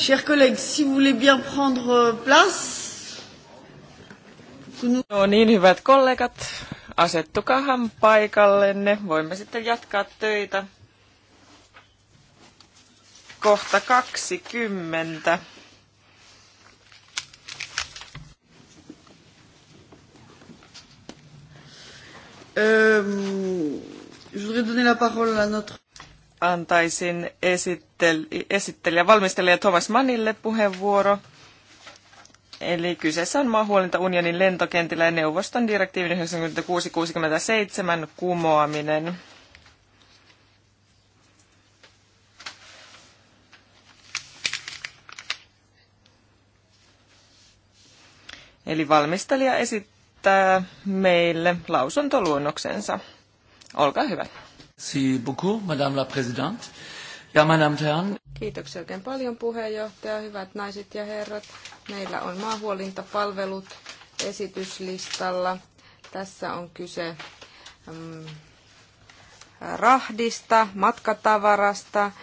Chers collègues, si vous voulez bien prendre euh, place. No niin, hyvät kollegat, asettukahan paikallenne. Voimme sitten jatkaa töitä. Kohta 20. Euh, je voudrais donner la parole à notre antaisin esittelijä, esittelijä valmistelija Thomas Mannille puheenvuoro. Eli kyseessä on maahuolinta unionin lentokentillä ja neuvoston direktiivin 9667 kumoaminen. Eli valmistelija esittää meille lausuntoluonnoksensa. Olkaa hyvä. Kiitoksia oikein paljon puheenjohtaja, hyvät naiset ja herrat. Meillä on maahuolintapalvelut esityslistalla. Tässä on kyse mm, rahdista, matkatavarasta, eh,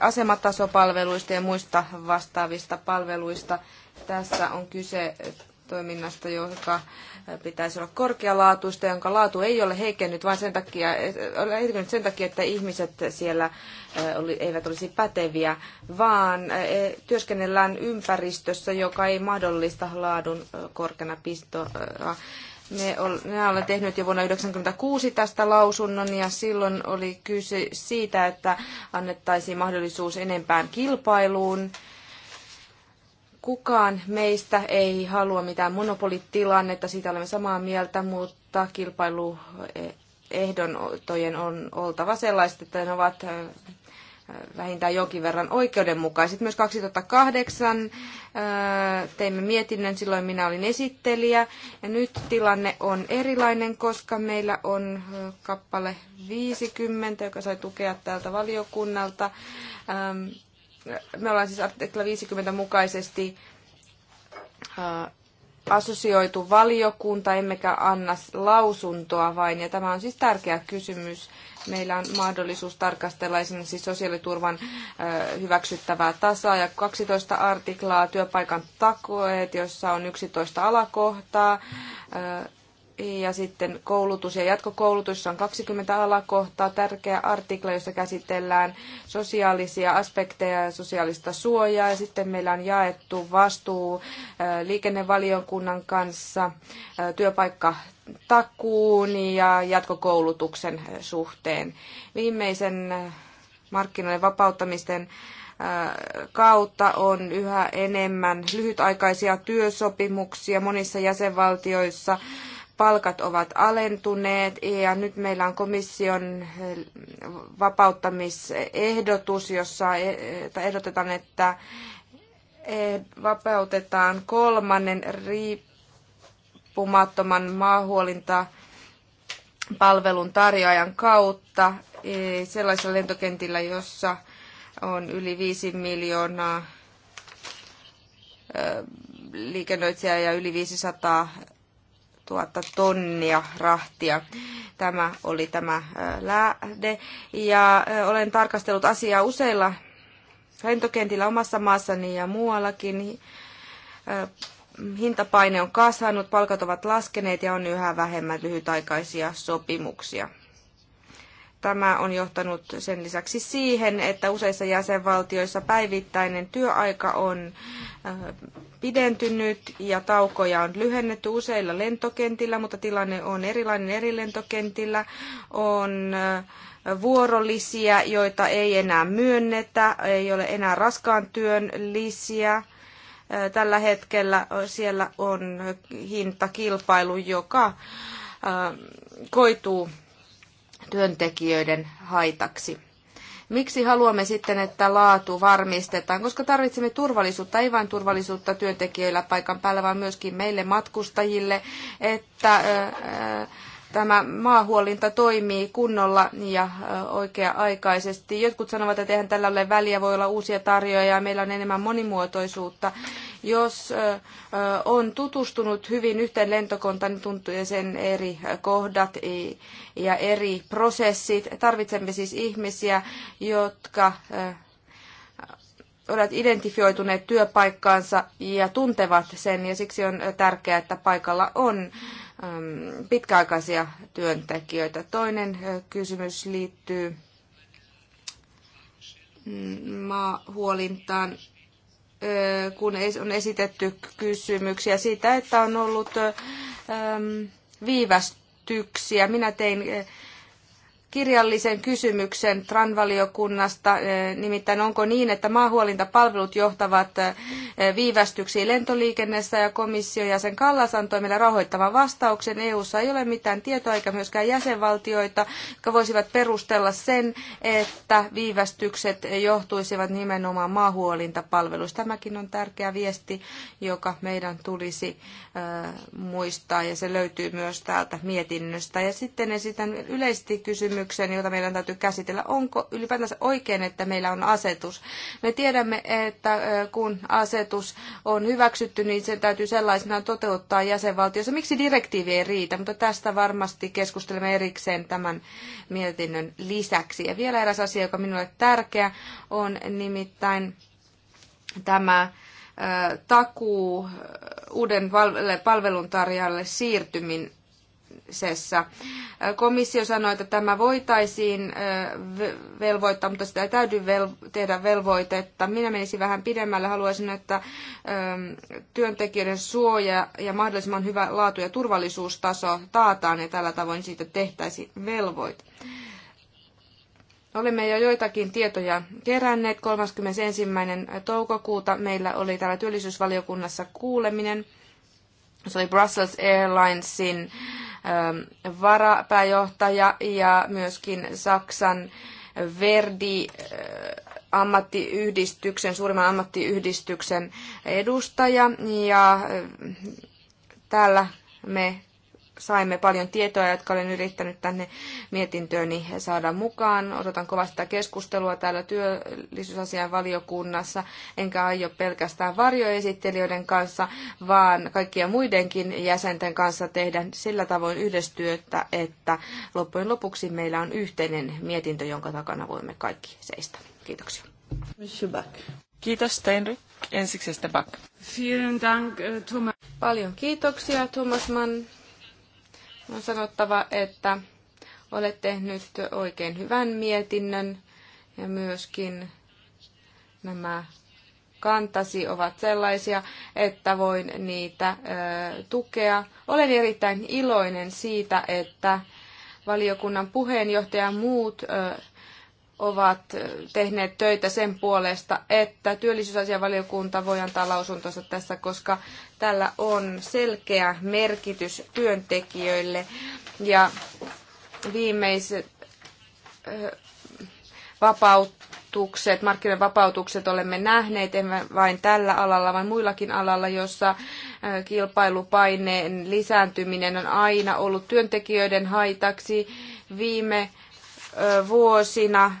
asematasopalveluista ja muista vastaavista palveluista. Tässä on kyse toiminnasta, joka pitäisi olla korkealaatuista, jonka laatu ei ole heikennyt vain sen takia, heikennyt sen takia, että ihmiset siellä eivät olisi päteviä, vaan työskennellään ympäristössä, joka ei mahdollista laadun korkeana pistoa. Me ol, minä olen tehnyt jo vuonna 1996 tästä lausunnon ja silloin oli kyse siitä, että annettaisiin mahdollisuus enempään kilpailuun Kukaan meistä ei halua mitään monopolitilannetta, siitä olemme samaa mieltä, mutta kilpailuehdontojen on oltava sellaiset, että ne ovat vähintään jonkin verran oikeudenmukaiset. Myös 2008 teimme mietinnön, silloin minä olin esittelijä. Ja nyt tilanne on erilainen, koska meillä on kappale 50, joka sai tukea täältä valiokunnalta me ollaan siis artikla 50 mukaisesti assosioitu valiokunta, emmekä anna lausuntoa vain. Ja tämä on siis tärkeä kysymys. Meillä on mahdollisuus tarkastella esimerkiksi sosiaaliturvan hyväksyttävää tasaa ja 12 artiklaa työpaikan takoet, jossa on 11 alakohtaa. Ö, ja sitten koulutus ja jatkokoulutus on 20 alakohtaa, tärkeä artikla, jossa käsitellään sosiaalisia aspekteja ja sosiaalista suojaa. Ja sitten meillä on jaettu vastuu liikennevaliokunnan kanssa työpaikka takuun ja jatkokoulutuksen suhteen. Viimeisen markkinoiden vapauttamisten kautta on yhä enemmän lyhytaikaisia työsopimuksia monissa jäsenvaltioissa palkat ovat alentuneet ja nyt meillä on komission vapauttamisehdotus, jossa e- ehdotetaan, että e- vapautetaan kolmannen riippumattoman maahuolinta palvelun tarjoajan kautta e- sellaisilla lentokentillä, jossa on yli 5 miljoonaa liikennöitsijää ja yli 500 tuota tonnia rahtia. Tämä oli tämä äh, lähde. Ja äh, olen tarkastellut asiaa useilla lentokentillä omassa maassani ja muuallakin. Äh, hintapaine on kasvanut, palkat ovat laskeneet ja on yhä vähemmän lyhytaikaisia sopimuksia. Tämä on johtanut sen lisäksi siihen, että useissa jäsenvaltioissa päivittäinen työaika on pidentynyt ja taukoja on lyhennetty useilla lentokentillä, mutta tilanne on erilainen eri lentokentillä. On vuorolisiä, joita ei enää myönnetä, ei ole enää raskaan työn lisiä. Tällä hetkellä siellä on hintakilpailu, joka koituu työntekijöiden haitaksi. Miksi haluamme sitten, että laatu varmistetaan? Koska tarvitsemme turvallisuutta, ei vain turvallisuutta työntekijöillä paikan päällä, vaan myöskin meille matkustajille, että tämä maahuolinta toimii kunnolla ja oikea-aikaisesti. Jotkut sanovat, että eihän tällä ole väliä, voi olla uusia tarjoajia, meillä on enemmän monimuotoisuutta. Jos on tutustunut hyvin yhteen lentokontaan, niin tuntee sen eri kohdat ja eri prosessit. Tarvitsemme siis ihmisiä, jotka ovat identifioituneet työpaikkaansa ja tuntevat sen, ja siksi on tärkeää, että paikalla on pitkäaikaisia työntekijöitä. Toinen kysymys liittyy mm, maahuolintaan kun on esitetty kysymyksiä siitä, että on ollut viivästyksiä. Minä tein kirjallisen kysymyksen TRAN-valiokunnasta, eh, nimittäin onko niin, että maahuolintapalvelut johtavat eh, viivästyksiin lentoliikennessä ja komissio ja sen Kallas antoi meille rahoittavan vastauksen. EUssa ei ole mitään tietoa eikä myöskään jäsenvaltioita, jotka voisivat perustella sen, että viivästykset johtuisivat nimenomaan maahuolintapalveluista. Tämäkin on tärkeä viesti, joka meidän tulisi eh, muistaa ja se löytyy myös täältä mietinnöstä. Ja sitten esitän yleisesti kysymyksen kysymykseen, jota meidän täytyy käsitellä. Onko ylipäätänsä oikein, että meillä on asetus? Me tiedämme, että kun asetus on hyväksytty, niin sen täytyy sellaisenaan toteuttaa jäsenvaltiossa. Miksi direktiivi ei riitä? Mutta tästä varmasti keskustelemme erikseen tämän mietinnön lisäksi. Ja vielä eräs asia, joka minulle tärkeä, on nimittäin tämä takuu uuden palveluntarjalle siirtymin sopimuksessa. Komissio sanoi, että tämä voitaisiin velvoittaa, mutta sitä ei täydy vel- tehdä velvoitetta. Minä menisin vähän pidemmälle. Haluaisin, että työntekijöiden suoja ja mahdollisimman hyvä laatu- ja turvallisuustaso taataan ja tällä tavoin siitä tehtäisiin velvoite. Olemme jo joitakin tietoja keränneet. 31. toukokuuta meillä oli täällä työllisyysvaliokunnassa kuuleminen. Se oli Brussels Airlinesin Ähm, varapääjohtaja ja myöskin Saksan Verdi äh, ammattiyhdistyksen, suurimman ammattiyhdistyksen edustaja ja äh, täällä me saimme paljon tietoa, jotka olen yrittänyt tänne mietintööni saada mukaan. Odotan kovasti keskustelua täällä työllisyysasian valiokunnassa, enkä aio pelkästään varjoesittelijöiden kanssa, vaan kaikkien muidenkin jäsenten kanssa tehdä sillä tavoin yhdestyötä, että loppujen lopuksi meillä on yhteinen mietintö, jonka takana voimme kaikki seistä. Kiitoksia. Kiitos Steinryk. Ensiksi Back. Vielen Dank, äh, Thomas. Paljon kiitoksia, Thomas Mann on sanottava, että olet tehnyt oikein hyvän mietinnön ja myöskin nämä kantasi ovat sellaisia, että voin niitä tukea. Olen erittäin iloinen siitä, että valiokunnan puheenjohtaja ja muut ö, ovat tehneet töitä sen puolesta, että työllisyysasiavaliokunta voi antaa lausuntonsa tässä, koska tällä on selkeä merkitys työntekijöille. Ja viimeiset vapautukset, markkinoiden vapautukset olemme nähneet, emme vain tällä alalla, vaan muillakin alalla, jossa kilpailupaineen lisääntyminen on aina ollut työntekijöiden haitaksi. Viime vuosina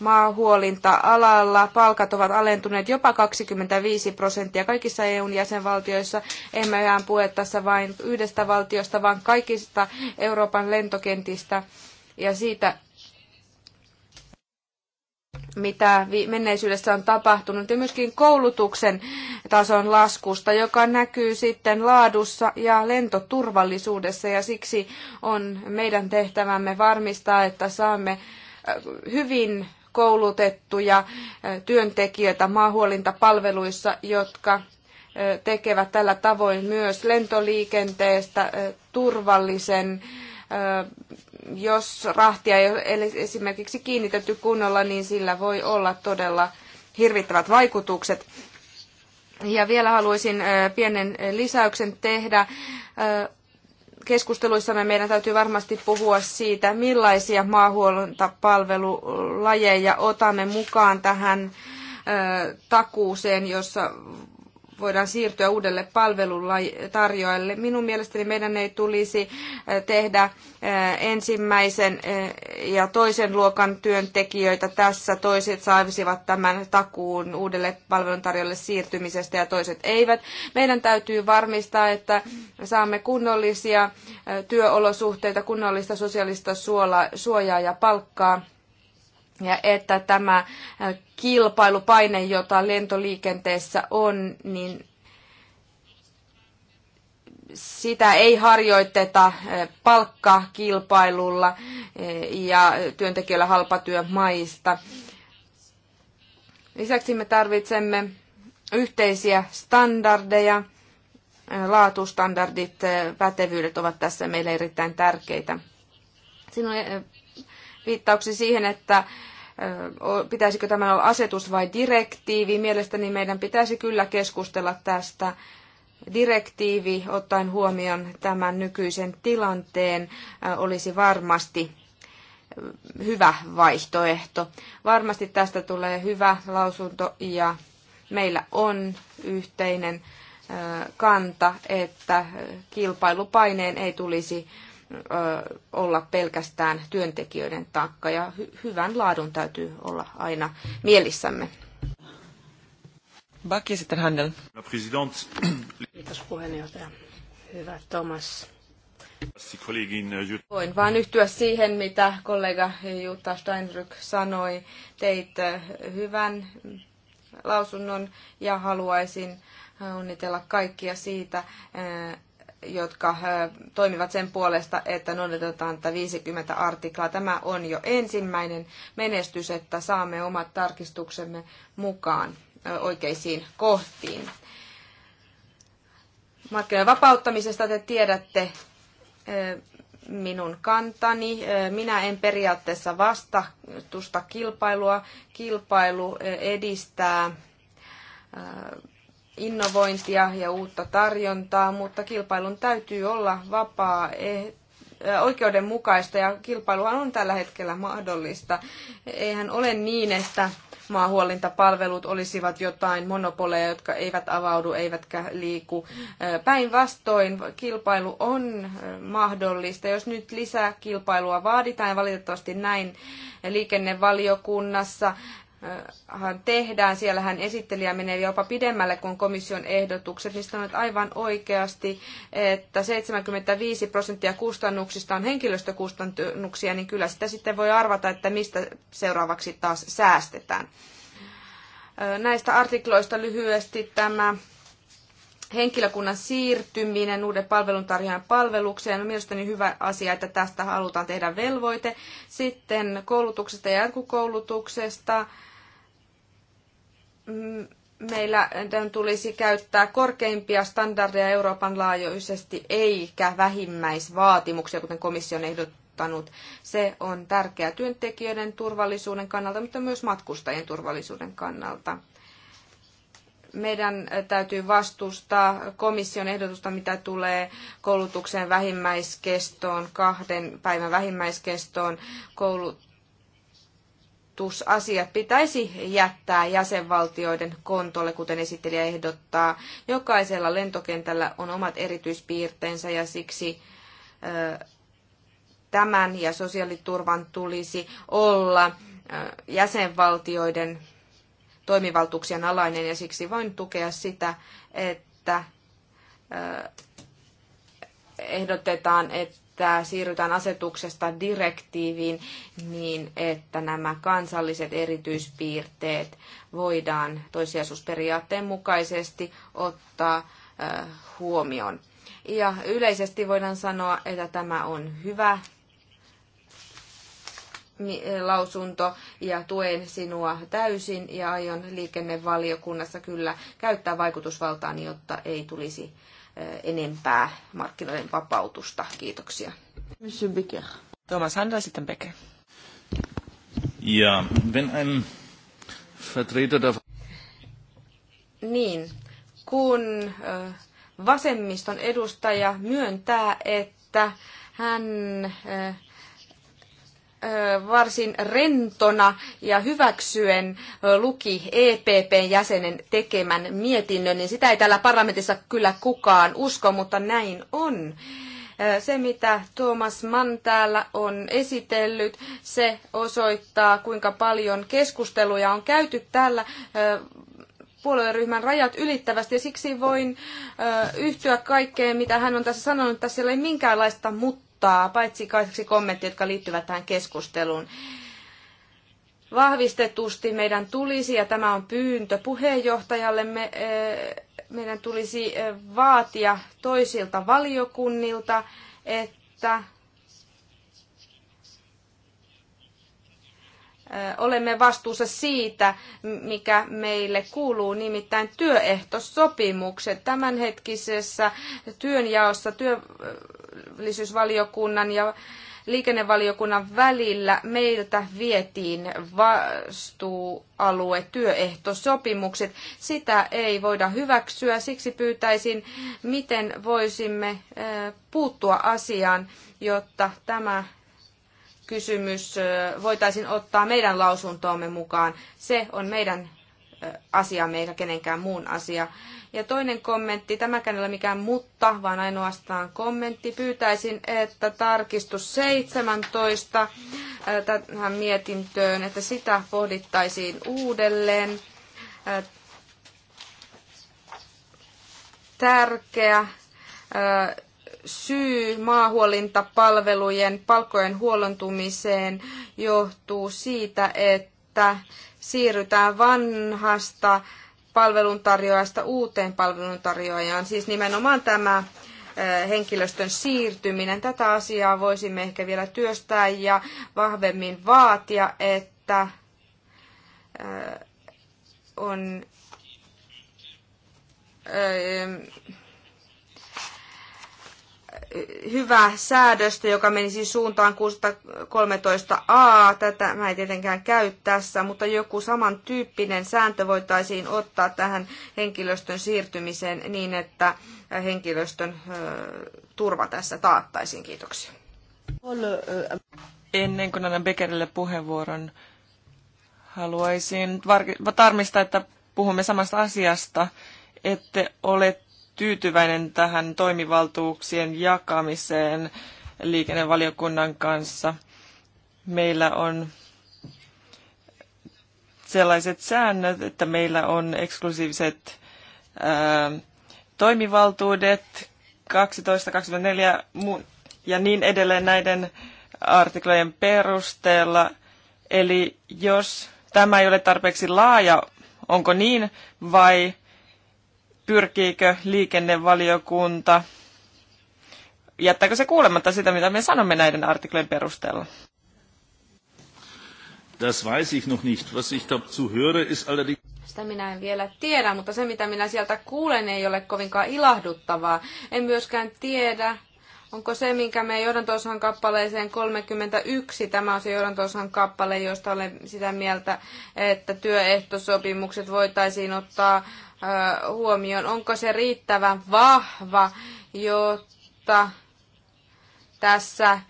maahuolinta-alalla palkat ovat alentuneet jopa 25 prosenttia kaikissa EUn jäsenvaltioissa. Emme enää puhe tässä vain yhdestä valtiosta, vaan kaikista Euroopan lentokentistä ja siitä, mitä menneisyydessä on tapahtunut ja myöskin koulutuksen tason laskusta, joka näkyy sitten laadussa ja lentoturvallisuudessa ja siksi on meidän tehtävämme varmistaa, että saamme äh, hyvin koulutettuja työntekijöitä maahuolintapalveluissa, jotka tekevät tällä tavoin myös lentoliikenteestä turvallisen. Jos rahtia ei ole esimerkiksi kiinnitetty kunnolla, niin sillä voi olla todella hirvittävät vaikutukset. Ja vielä haluaisin pienen lisäyksen tehdä keskusteluissamme meidän täytyy varmasti puhua siitä, millaisia maahuoltopalvelulajeja otamme mukaan tähän takuuseen, jossa voidaan siirtyä uudelle palveluntarjoajalle. Minun mielestäni meidän ei tulisi tehdä ensimmäisen ja toisen luokan työntekijöitä tässä. Toiset saisivat tämän takuun uudelle palveluntarjoajalle siirtymisestä ja toiset eivät. Meidän täytyy varmistaa, että saamme kunnollisia työolosuhteita, kunnollista sosiaalista suojaa ja palkkaa ja että tämä äh, kilpailupaine, jota lentoliikenteessä on, niin sitä ei harjoiteta äh, palkkakilpailulla äh, ja työntekijöillä halpatyömaista. Lisäksi me tarvitsemme yhteisiä standardeja. Laatustandardit, pätevyydet ovat tässä meille erittäin tärkeitä. Siinä on viittauksen siihen, että pitäisikö tämä olla asetus vai direktiivi. Mielestäni meidän pitäisi kyllä keskustella tästä direktiivi, ottaen huomioon tämän nykyisen tilanteen, olisi varmasti hyvä vaihtoehto. Varmasti tästä tulee hyvä lausunto ja meillä on yhteinen kanta, että kilpailupaineen ei tulisi olla pelkästään työntekijöiden taakka ja hyvän laadun täytyy olla aina mielissämme. Back sitten Handel. Kiitos puheenjohtaja. Hyvä Thomas. Äh, Voin vain yhtyä siihen, mitä kollega Jutta Steinrück sanoi. Teit äh, hyvän lausunnon ja haluaisin onnitella kaikkia siitä, äh, jotka äh, toimivat sen puolesta, että noudatetaan tätä 50 artiklaa. Tämä on jo ensimmäinen menestys, että saamme omat tarkistuksemme mukaan oikeisiin kohtiin. Markkinoiden vapauttamisesta te tiedätte minun kantani. Minä en periaatteessa vastusta kilpailua. Kilpailu edistää innovointia ja uutta tarjontaa, mutta kilpailun täytyy olla vapaa, eh, eh, oikeudenmukaista ja kilpailuhan on tällä hetkellä mahdollista. Eihän ole niin, että maahuolintapalvelut olisivat jotain monopoleja, jotka eivät avaudu eivätkä liiku. Eh, päinvastoin kilpailu on mahdollista. Jos nyt lisää kilpailua vaaditaan, ja valitettavasti näin liikennevaliokunnassa hän äh, tehdään. Siellähän esittelijä menee jopa pidemmälle kuin komission ehdotukset, mistä on aivan oikeasti, että 75 prosenttia kustannuksista on henkilöstökustannuksia, niin kyllä sitä sitten voi arvata, että mistä seuraavaksi taas säästetään. Äh, näistä artikloista lyhyesti tämä henkilökunnan siirtyminen uuden palveluntarjoajan palvelukseen on mielestäni hyvä asia, että tästä halutaan tehdä velvoite. Sitten koulutuksesta ja jatkukoulutuksesta meillä tulisi käyttää korkeimpia standardeja Euroopan laajuisesti eikä vähimmäisvaatimuksia, kuten komissio on ehdottanut. Se on tärkeää työntekijöiden turvallisuuden kannalta, mutta myös matkustajien turvallisuuden kannalta. Meidän täytyy vastustaa komission ehdotusta, mitä tulee koulutukseen vähimmäiskestoon, kahden päivän vähimmäiskestoon, koulut verotusasiat pitäisi jättää jäsenvaltioiden kontolle, kuten esittelijä ehdottaa. Jokaisella lentokentällä on omat erityispiirteensä ja siksi tämän ja sosiaaliturvan tulisi olla jäsenvaltioiden toimivaltuuksien alainen ja siksi voin tukea sitä, että ehdotetaan, että että siirrytään asetuksesta direktiiviin niin, että nämä kansalliset erityispiirteet voidaan toissijaisuusperiaatteen mukaisesti ottaa äh, huomioon. Ja yleisesti voidaan sanoa, että tämä on hyvä lausunto ja tuen sinua täysin ja aion liikennevaliokunnassa kyllä käyttää vaikutusvaltaani, jotta ei tulisi enempää markkinoiden vapautusta. Kiitoksia. Monsieur Becker. Thomas Handel, sitten Becker. Ja, wenn ein Vertreter der... Niin, kun vasemmiston edustaja myöntää, että hän varsin rentona ja hyväksyen luki EPPn jäsenen tekemän mietinnön, niin sitä ei täällä parlamentissa kyllä kukaan usko, mutta näin on. Se, mitä Thomas Mann täällä on esitellyt, se osoittaa, kuinka paljon keskusteluja on käyty täällä puolueryhmän rajat ylittävästi ja siksi voin yhtyä kaikkeen, mitä hän on tässä sanonut. Tässä ei ole minkäänlaista mutta muuttaa, paitsi kaksi kommenttia, jotka liittyvät tähän keskusteluun. Vahvistetusti meidän tulisi, ja tämä on pyyntö puheenjohtajallemme, eh, meidän tulisi eh, vaatia toisilta valiokunnilta, että eh, olemme vastuussa siitä, mikä meille kuuluu, nimittäin työehtosopimukset. Tämänhetkisessä työnjaossa työ, työllisyysvaliokunnan ja liikennevaliokunnan välillä meiltä vietiin vastuualue, työehtosopimukset. Sitä ei voida hyväksyä, siksi pyytäisin, miten voisimme puuttua asiaan, jotta tämä kysymys voitaisiin ottaa meidän lausuntoomme mukaan. Se on meidän asiamme eikä kenenkään muun asia. Ja toinen kommentti, tämäkään ei ole mikään mutta, vaan ainoastaan kommentti. Pyytäisin, että tarkistus 17 äh, tähän mietintöön, että sitä pohdittaisiin uudelleen. Äh, tärkeä äh, syy maahuolintapalvelujen palkojen huolontumiseen johtuu siitä, että siirrytään vanhasta palveluntarjoajasta uuteen palveluntarjoajaan. Siis nimenomaan tämä henkilöstön siirtyminen. Tätä asiaa voisimme ehkä vielä työstää ja vahvemmin vaatia, että on hyvä säädöstä, joka menisi siis suuntaan 613a. Tätä mä en tietenkään käy tässä, mutta joku samantyyppinen sääntö voitaisiin ottaa tähän henkilöstön siirtymiseen niin, että henkilöstön turva tässä taattaisiin. Kiitoksia. Ennen kuin annan Beckerille puheenvuoron, haluaisin varmistaa, että puhumme samasta asiasta. Ette ole tyytyväinen tähän toimivaltuuksien jakamiseen liikennevaliokunnan kanssa. Meillä on sellaiset säännöt, että meillä on eksklusiiviset ää, toimivaltuudet 12, 24 ja niin edelleen näiden artiklojen perusteella. Eli jos tämä ei ole tarpeeksi laaja, onko niin, vai pyrkiikö liikennevaliokunta, jättääkö se kuulematta sitä, mitä me sanomme näiden artiklojen perusteella? Das weiß ich noch nicht. Was ich dazu höre, ist allerdings... Sitä minä en vielä tiedä, mutta se mitä minä sieltä kuulen ei ole kovinkaan ilahduttavaa. En myöskään tiedä, onko se, minkä me johdantosan kappaleeseen 31, tämä on se johdantosan kappale, josta olen sitä mieltä, että työehtosopimukset voitaisiin ottaa huomioon? Onko se riittävän vahva, jotta tässä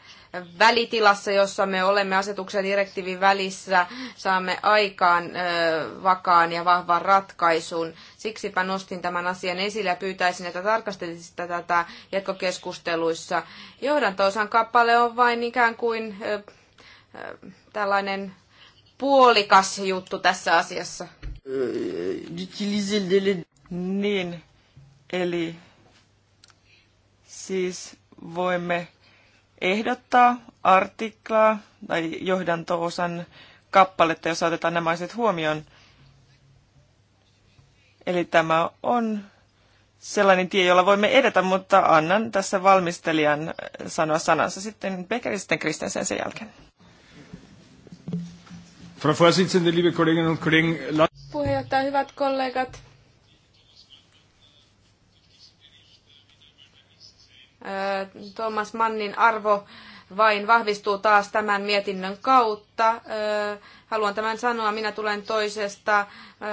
välitilassa, jossa me olemme asetuksen direktiivin välissä, saamme aikaan vakaan ja vahvan ratkaisun. Siksipä nostin tämän asian esille ja pyytäisin, että tarkastelisitte tätä jatkokeskusteluissa. Johdantoosan kappale on vain ikään kuin tällainen puolikas juttu tässä asiassa. Niin, eli siis voimme ehdottaa artiklaa tai johdanto-osan kappaletta, jos otetaan nämä asiat huomioon. Eli tämä on sellainen tie, jolla voimme edetä, mutta annan tässä valmistelijan sanoa sanansa sitten Becker sitten Kristensen sen jälkeen. Frau Vorsitzende, liebe Kolleginnen und Kollegen, että hyvät kollegat, äh, Thomas Mannin arvo vain vahvistuu taas tämän mietinnön kautta. Äh, haluan tämän sanoa, minä tulen toisesta äh,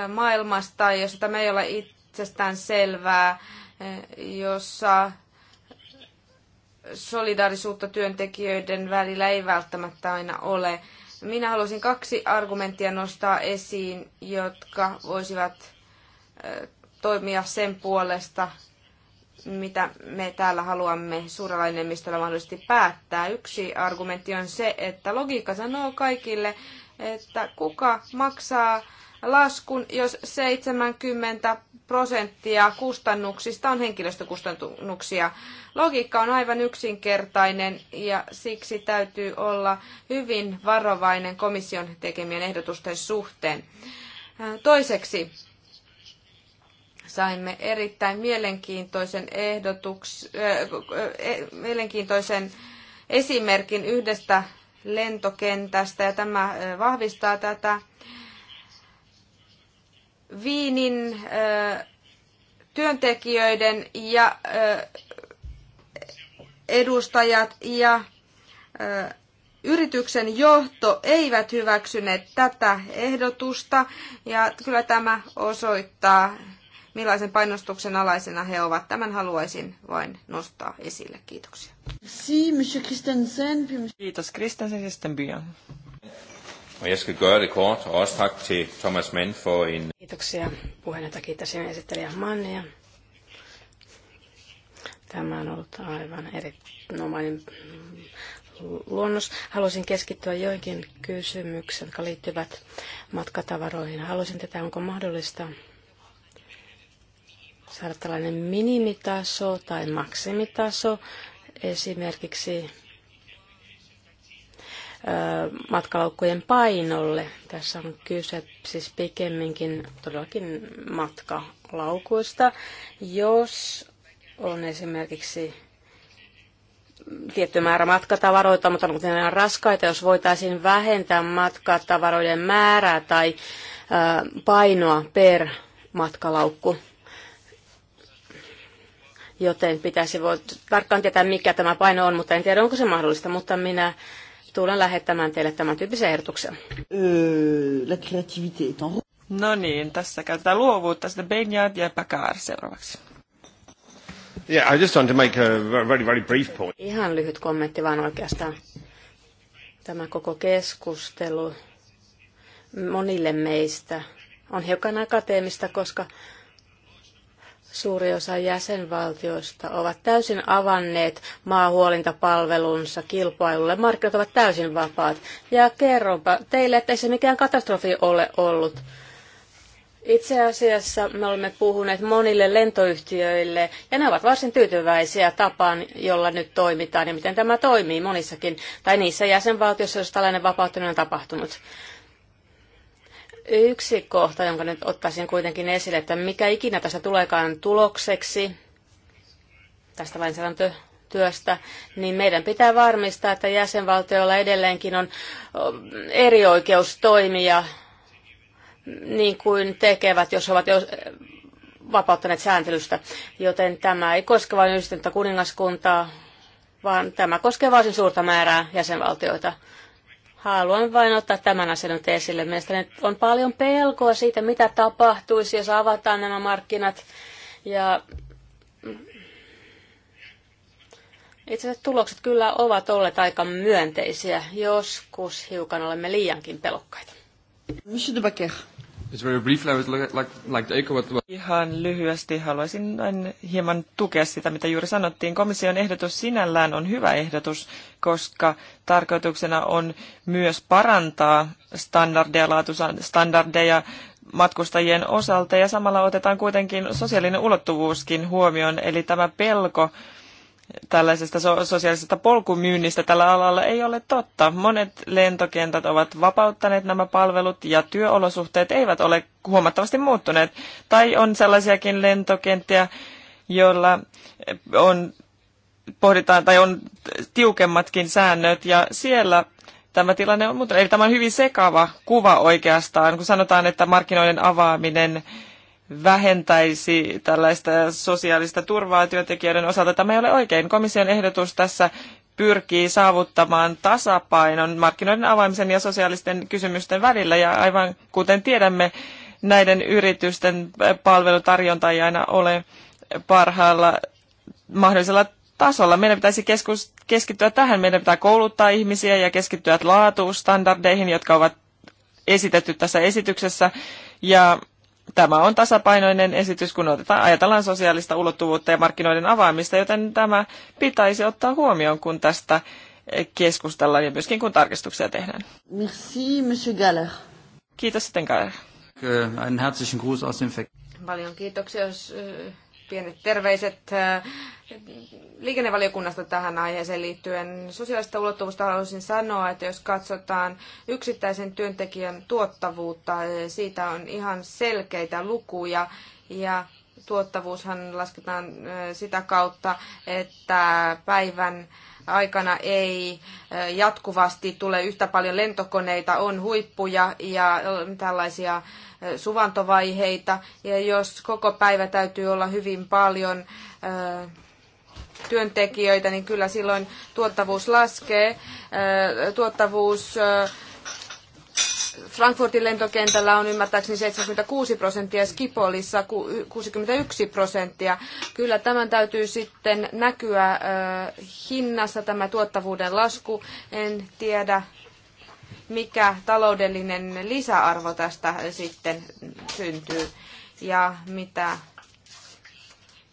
maailmasta, jossa tämä ei ole itsestään selvää, jossa solidaarisuutta työntekijöiden välillä ei välttämättä aina ole. Minä haluaisin kaksi argumenttia nostaa esiin, jotka voisivat toimia sen puolesta, mitä me täällä haluamme suurella enemmistöllä mahdollisesti päättää. Yksi argumentti on se, että logiikka sanoo kaikille, että kuka maksaa laskun, jos 70 prosenttia kustannuksista on henkilöstökustannuksia. Logiikka on aivan yksinkertainen ja siksi täytyy olla hyvin varovainen komission tekemien ehdotusten suhteen. Toiseksi saimme erittäin mielenkiintoisen, ehdotuks, äh, mielenkiintoisen esimerkin yhdestä lentokentästä ja tämä eh, vahvistaa tätä. Viinin työntekijöiden ja edustajat ja yrityksen johto eivät hyväksyneet tätä ehdotusta ja kyllä tämä osoittaa, millaisen painostuksen alaisena he ovat. Tämän haluaisin vain nostaa esille. Kiitoksia. Kiitos Kristensen ja Og jeg skal gøre det kort, og også tak til Thomas Mann for en... Kiitoksia puheenjohtaja, kiitäisin esittelijä Mannia. Tämä on ollut aivan erinomainen luonnos. Haluaisin keskittyä joihinkin kysymyksiin, jotka liittyvät matkatavaroihin. Haluaisin tätä, onko mahdollista saada tällainen minimitaso tai maksimitaso esimerkiksi matkalaukkujen painolle. Tässä on kyse siis pikemminkin todellakin matkalaukuista. Jos on esimerkiksi tietty määrä matkatavaroita, mutta ne on raskaita, jos voitaisiin vähentää matkatavaroiden määrää tai painoa per matkalaukku, joten pitäisi voi tarkkaan tietää, mikä tämä paino on, mutta en tiedä, onko se mahdollista, mutta minä tulen lähettämään teille tämän tyyppisen ehdotuksen. No niin, tässä käytetään luovuutta. Sitten Benjad ja Pakar seuraavaksi. Yeah, I just want to make a very, very brief point. Ihan lyhyt kommentti vaan oikeastaan. Tämä koko keskustelu monille meistä on hiukan akateemista, koska Suuri osa jäsenvaltioista ovat täysin avanneet maahuolintapalvelunsa kilpailulle. Markkinat ovat täysin vapaat. Ja kerronpa teille, että ei se mikään katastrofi ole ollut. Itse asiassa me olemme puhuneet monille lentoyhtiöille, ja ne ovat varsin tyytyväisiä tapaan, jolla nyt toimitaan ja miten tämä toimii monissakin, tai niissä jäsenvaltioissa, joissa tällainen vapauttaminen on tapahtunut. Yksi kohta, jonka nyt ottaisin kuitenkin esille, että mikä ikinä tästä tuleekaan tulokseksi, tästä lainsäädäntötyöstä, niin meidän pitää varmistaa, että jäsenvaltioilla edelleenkin on eri oikeus toimia niin kuin tekevät, jos ovat vapauttaneet sääntelystä. Joten tämä ei koske vain yhdistettä kuningaskuntaa, vaan tämä koskee varsin suurta määrää jäsenvaltioita. Haluan vain ottaa tämän asian nyt esille. Mielestäni on paljon pelkoa siitä, mitä tapahtuisi, jos avataan nämä markkinat. Ja itse asiassa tulokset kyllä ovat olleet aika myönteisiä. Joskus hiukan olemme liiankin pelokkaita. Monsieur de Baker. Ihan lyhyesti haluaisin vain hieman tukea sitä, mitä juuri sanottiin. Komission ehdotus sinällään on hyvä ehdotus, koska tarkoituksena on myös parantaa standardeja, laatustandardeja matkustajien osalta ja samalla otetaan kuitenkin sosiaalinen ulottuvuuskin huomioon, eli tämä pelko tällaisesta so- sosiaalisesta polkumyynnistä tällä alalla ei ole totta. Monet lentokentät ovat vapauttaneet nämä palvelut ja työolosuhteet eivät ole huomattavasti muuttuneet. Tai on sellaisiakin lentokenttiä, joilla on, pohditaan, tai on tiukemmatkin säännöt ja siellä tämä tilanne on muuttunut. Eli tämä on hyvin sekava kuva oikeastaan, kun sanotaan, että markkinoiden avaaminen vähentäisi tällaista sosiaalista turvaa työntekijöiden osalta. Tämä ei ole oikein. Komission ehdotus tässä pyrkii saavuttamaan tasapainon markkinoiden avaamisen ja sosiaalisten kysymysten välillä. Ja aivan kuten tiedämme, näiden yritysten palvelutarjonta ei aina ole parhaalla mahdollisella tasolla. Meidän pitäisi keskus, keskittyä tähän. Meidän pitää kouluttaa ihmisiä ja keskittyä laatustandardeihin, jotka ovat esitetty tässä esityksessä. Ja Tämä on tasapainoinen esitys, kun otetaan, ajatellaan sosiaalista ulottuvuutta ja markkinoiden avaamista, joten tämä pitäisi ottaa huomioon, kun tästä keskustellaan ja myöskin kun tarkistuksia tehdään. Merci, Monsieur Galler. Kiitos sitten Galler. Äh, herzlichen Gruß aus dem Paljon kiitoksia äh, pienet terveiset äh, liikennevaliokunnasta tähän aiheeseen liittyen. Sosiaalista ulottuvuutta haluaisin sanoa, että jos katsotaan yksittäisen työntekijän tuottavuutta, äh, siitä on ihan selkeitä lukuja ja tuottavuushan lasketaan äh, sitä kautta, että päivän aikana ei jatkuvasti tule yhtä paljon lentokoneita, on huippuja ja tällaisia suvantovaiheita. Ja jos koko päivä täytyy olla hyvin paljon työntekijöitä, niin kyllä silloin tuottavuus laskee. Tuottavuus Frankfurtin lentokentällä on ymmärtääkseni 76 prosenttia, Skipolissa 61 prosenttia. Kyllä tämän täytyy sitten näkyä hinnassa tämä tuottavuuden lasku. En tiedä, mikä taloudellinen lisäarvo tästä sitten syntyy ja mitä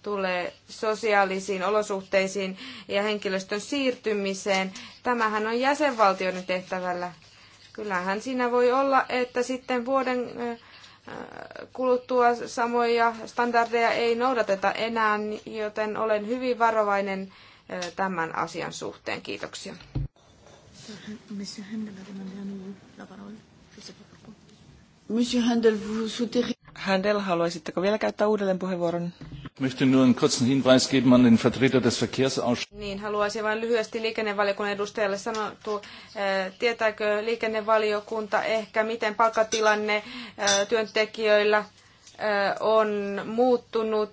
tulee sosiaalisiin olosuhteisiin ja henkilöstön siirtymiseen. Tämähän on jäsenvaltioiden tehtävällä Kyllähän siinä voi olla, että sitten vuoden kuluttua samoja standardeja ei noudateta enää, joten olen hyvin varovainen tämän asian suhteen. Kiitoksia. Händel, haluaisitteko vielä käyttää uudelleen puheenvuoron? Möchte nur einen kurzen Hinweis geben an den Vertreter des Verkehrsausschusses. Niin, haluaisin vain lyhyesti liikennevaliokunnan edustajalle sanoa, tietääkö liikennevaliokunta ehkä, miten palkkatilanne työntekijöillä on muuttunut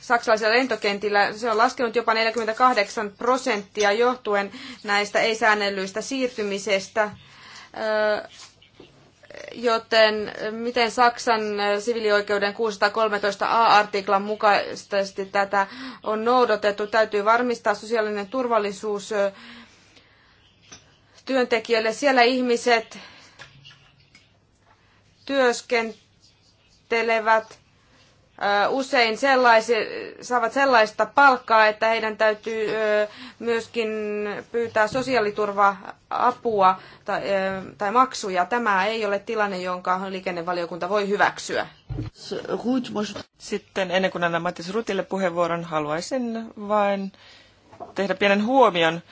saksalaisilla lentokentillä. Se on laskenut jopa 48 prosenttia johtuen näistä ei-säännellyistä siirtymisestä joten eh, miten Saksan eh, sivilioikeuden 613a-artiklan mukaisesti tätä on noudatettu? Täytyy varmistaa sosiaalinen turvallisuus eh, työntekijöille. Siellä ihmiset työskentelevät usein sellaisi, saavat sellaista palkkaa, että heidän täytyy myöskin pyytää sosiaaliturva-apua tai, tai maksuja. Tämä ei ole tilanne, jonka liikennevaliokunta voi hyväksyä. Sitten ennen kuin annan Mattis Rutille puheenvuoron, haluaisin vain tehdä pienen huomion.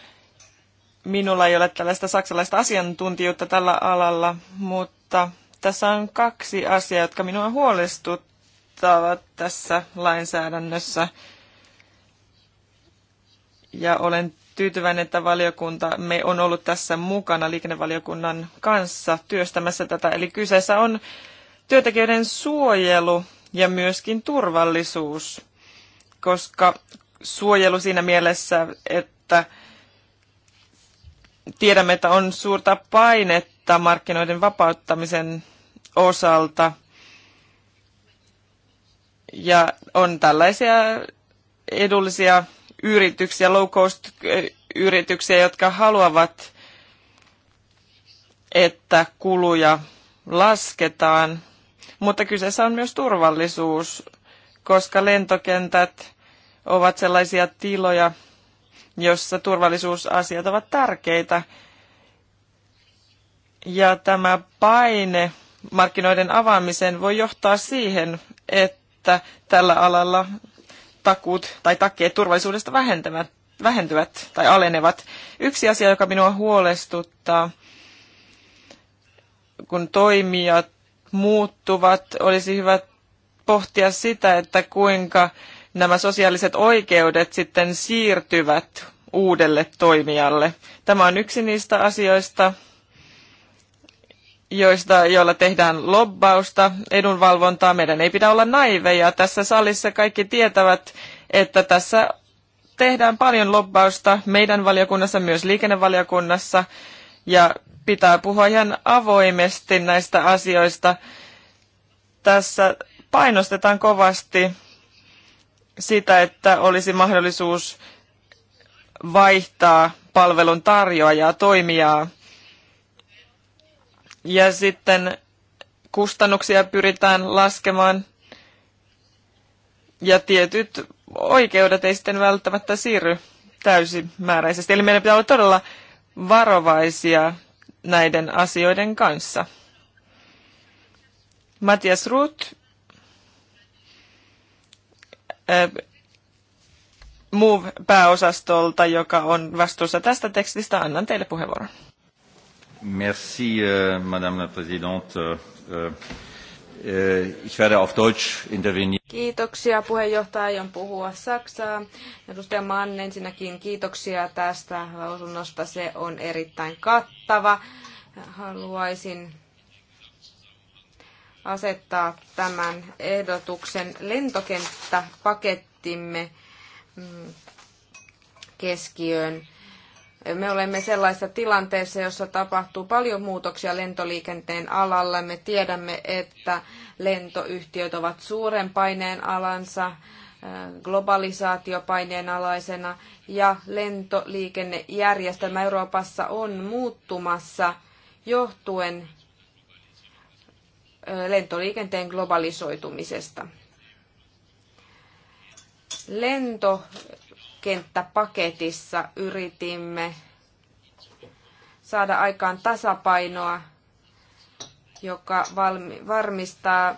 Minulla ei ole tällaista saksalaista asiantuntijuutta tällä alalla, mutta tässä on kaksi asiaa, jotka minua huolestuttaa auttavat tässä lainsäädännössä. Ja olen tyytyväinen, että valiokunta me on ollut tässä mukana liikennevaliokunnan kanssa työstämässä tätä. Eli kyseessä on työntekijöiden suojelu ja myöskin turvallisuus, koska suojelu siinä mielessä, että tiedämme, että on suurta painetta markkinoiden vapauttamisen osalta – ja on tällaisia edullisia yrityksiä, low cost yrityksiä, jotka haluavat, että kuluja lasketaan. Mutta kyseessä on myös turvallisuus, koska lentokentät ovat sellaisia tiloja, jossa turvallisuusasiat ovat tärkeitä. Ja tämä paine markkinoiden avaamiseen voi johtaa siihen, että että tällä alalla takuut tai takkeet turvallisuudesta vähentävät, vähentyvät tai alenevat. Yksi asia, joka minua huolestuttaa, kun toimijat muuttuvat, olisi hyvä pohtia sitä, että kuinka nämä sosiaaliset oikeudet sitten siirtyvät uudelle toimijalle. Tämä on yksi niistä asioista, joista, joilla tehdään lobbausta, edunvalvontaa. Meidän ei pidä olla naiveja. Tässä salissa kaikki tietävät, että tässä tehdään paljon lobbausta meidän valiokunnassa, myös liikennevaliokunnassa, ja pitää puhua ihan avoimesti näistä asioista. Tässä painostetaan kovasti sitä, että olisi mahdollisuus vaihtaa palvelun tarjoajaa, toimijaa. Ja sitten kustannuksia pyritään laskemaan. Ja tietyt oikeudet ei sitten välttämättä siirry täysimääräisesti. Eli meidän pitää olla todella varovaisia näiden asioiden kanssa. Matias Ruth äh, Move-pääosastolta, joka on vastuussa tästä tekstistä, annan teille puheenvuoron. Merci, äh, Madame la Présidente. Äh, Ich werde auf Deutsch intervenieren. Kiitoksia puheenjohtaja, aion puhua Saksaa. Edustaja Mann, ensinnäkin kiitoksia tästä lausunnosta, se on erittäin kattava. Haluaisin asettaa tämän ehdotuksen lentokenttäpakettimme mm, keskiöön me olemme sellaisessa tilanteessa, jossa tapahtuu paljon muutoksia lentoliikenteen alalla. Me tiedämme, että lentoyhtiöt ovat suuren paineen alansa äh, globalisaatiopaineen alaisena ja lentoliikennejärjestelmä Euroopassa on muuttumassa johtuen äh, lentoliikenteen globalisoitumisesta. Lento kenttäpaketissa yritimme saada aikaan tasapainoa, joka varmistaa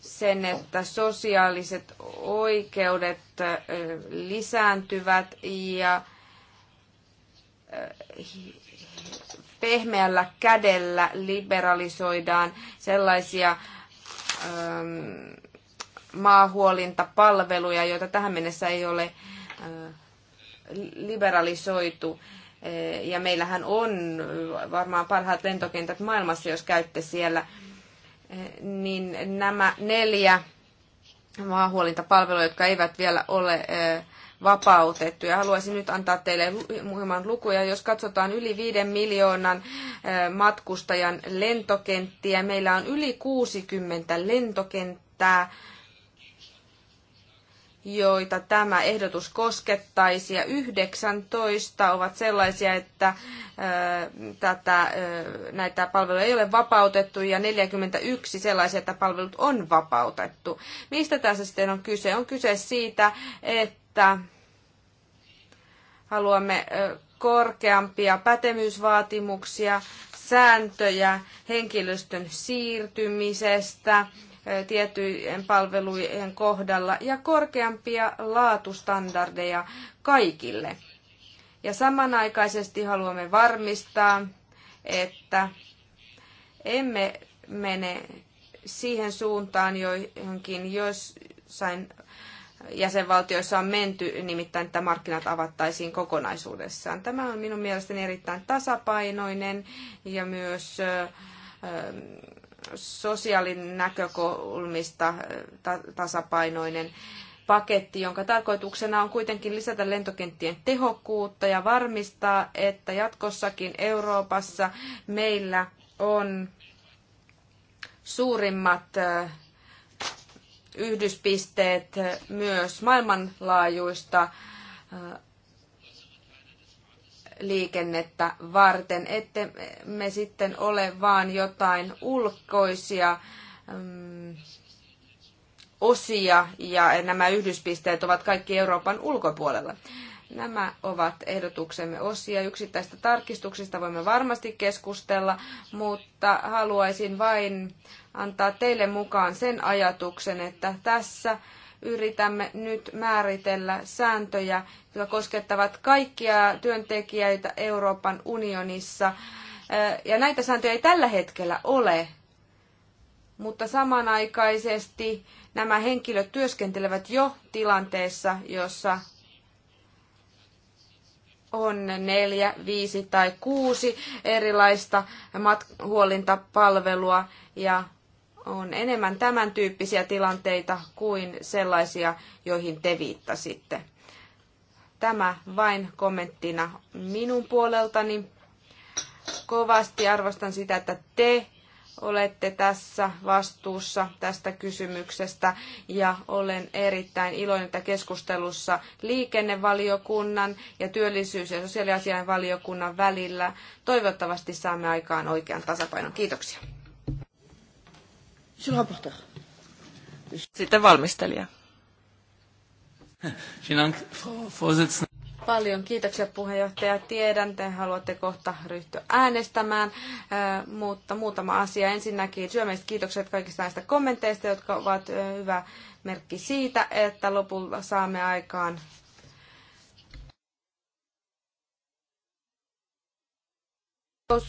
sen, että sosiaaliset oikeudet lisääntyvät ja pehmeällä kädellä liberalisoidaan sellaisia maahuolintapalveluja, joita tähän mennessä ei ole liberalisoitu. Ja meillähän on varmaan parhaat lentokentät maailmassa, jos käytte siellä. Niin nämä neljä maahuolintapalvelua, jotka eivät vielä ole vapautettu. Ja haluaisin nyt antaa teille muhimman lukuja. Jos katsotaan yli 5 miljoonan matkustajan lentokenttiä, meillä on yli 60 lentokenttää joita tämä ehdotus koskettaisi. Ja 19 ovat sellaisia, että tätä, näitä palveluja ei ole vapautettu ja 41 sellaisia, että palvelut on vapautettu. Mistä tässä sitten on kyse? On kyse siitä, että haluamme korkeampia pätevyysvaatimuksia, sääntöjä henkilöstön siirtymisestä, tiettyjen palvelujen kohdalla ja korkeampia laatustandardeja kaikille. Ja samanaikaisesti haluamme varmistaa, että emme mene siihen suuntaan johonkin joissain jäsenvaltioissa on menty, nimittäin että markkinat avattaisiin kokonaisuudessaan. Tämä on minun mielestäni erittäin tasapainoinen ja myös sosiaalin näkökulmista äh, tasapainoinen paketti, jonka tarkoituksena on kuitenkin lisätä lentokenttien tehokkuutta ja varmistaa, että jatkossakin Euroopassa meillä on suurimmat äh, yhdyspisteet äh, myös maailmanlaajuista liikennettä varten, ette me sitten ole vaan jotain ulkoisia mm, osia ja nämä yhdyspisteet ovat kaikki Euroopan ulkopuolella. Nämä ovat ehdotuksemme osia. Yksittäistä tarkistuksista voimme varmasti keskustella, mutta haluaisin vain antaa teille mukaan sen ajatuksen, että tässä yritämme nyt määritellä sääntöjä, jotka koskettavat kaikkia työntekijöitä Euroopan unionissa. Ja näitä sääntöjä ei tällä hetkellä ole, mutta samanaikaisesti nämä henkilöt työskentelevät jo tilanteessa, jossa on neljä, viisi tai kuusi erilaista mat- huolintapalvelua ja on enemmän tämän tyyppisiä tilanteita kuin sellaisia, joihin te viittasitte. Tämä vain kommenttina minun puoleltani. Kovasti arvostan sitä, että te olette tässä vastuussa tästä kysymyksestä ja olen erittäin iloinen, että keskustelussa liikennevaliokunnan ja työllisyys- ja sosiaaliasiainvaliokunnan välillä toivottavasti saamme aikaan oikean tasapainon. Kiitoksia. Monsieur le rapporteur. Sitten valmistelija. Paljon kiitoksia puheenjohtaja. Tiedän, te haluatte kohta ryhtyä äänestämään, mutta muutama asia. Ensinnäkin syömeiset kiitokset kaikista näistä kommenteista, jotka ovat hyvä merkki siitä, että lopulta saamme aikaan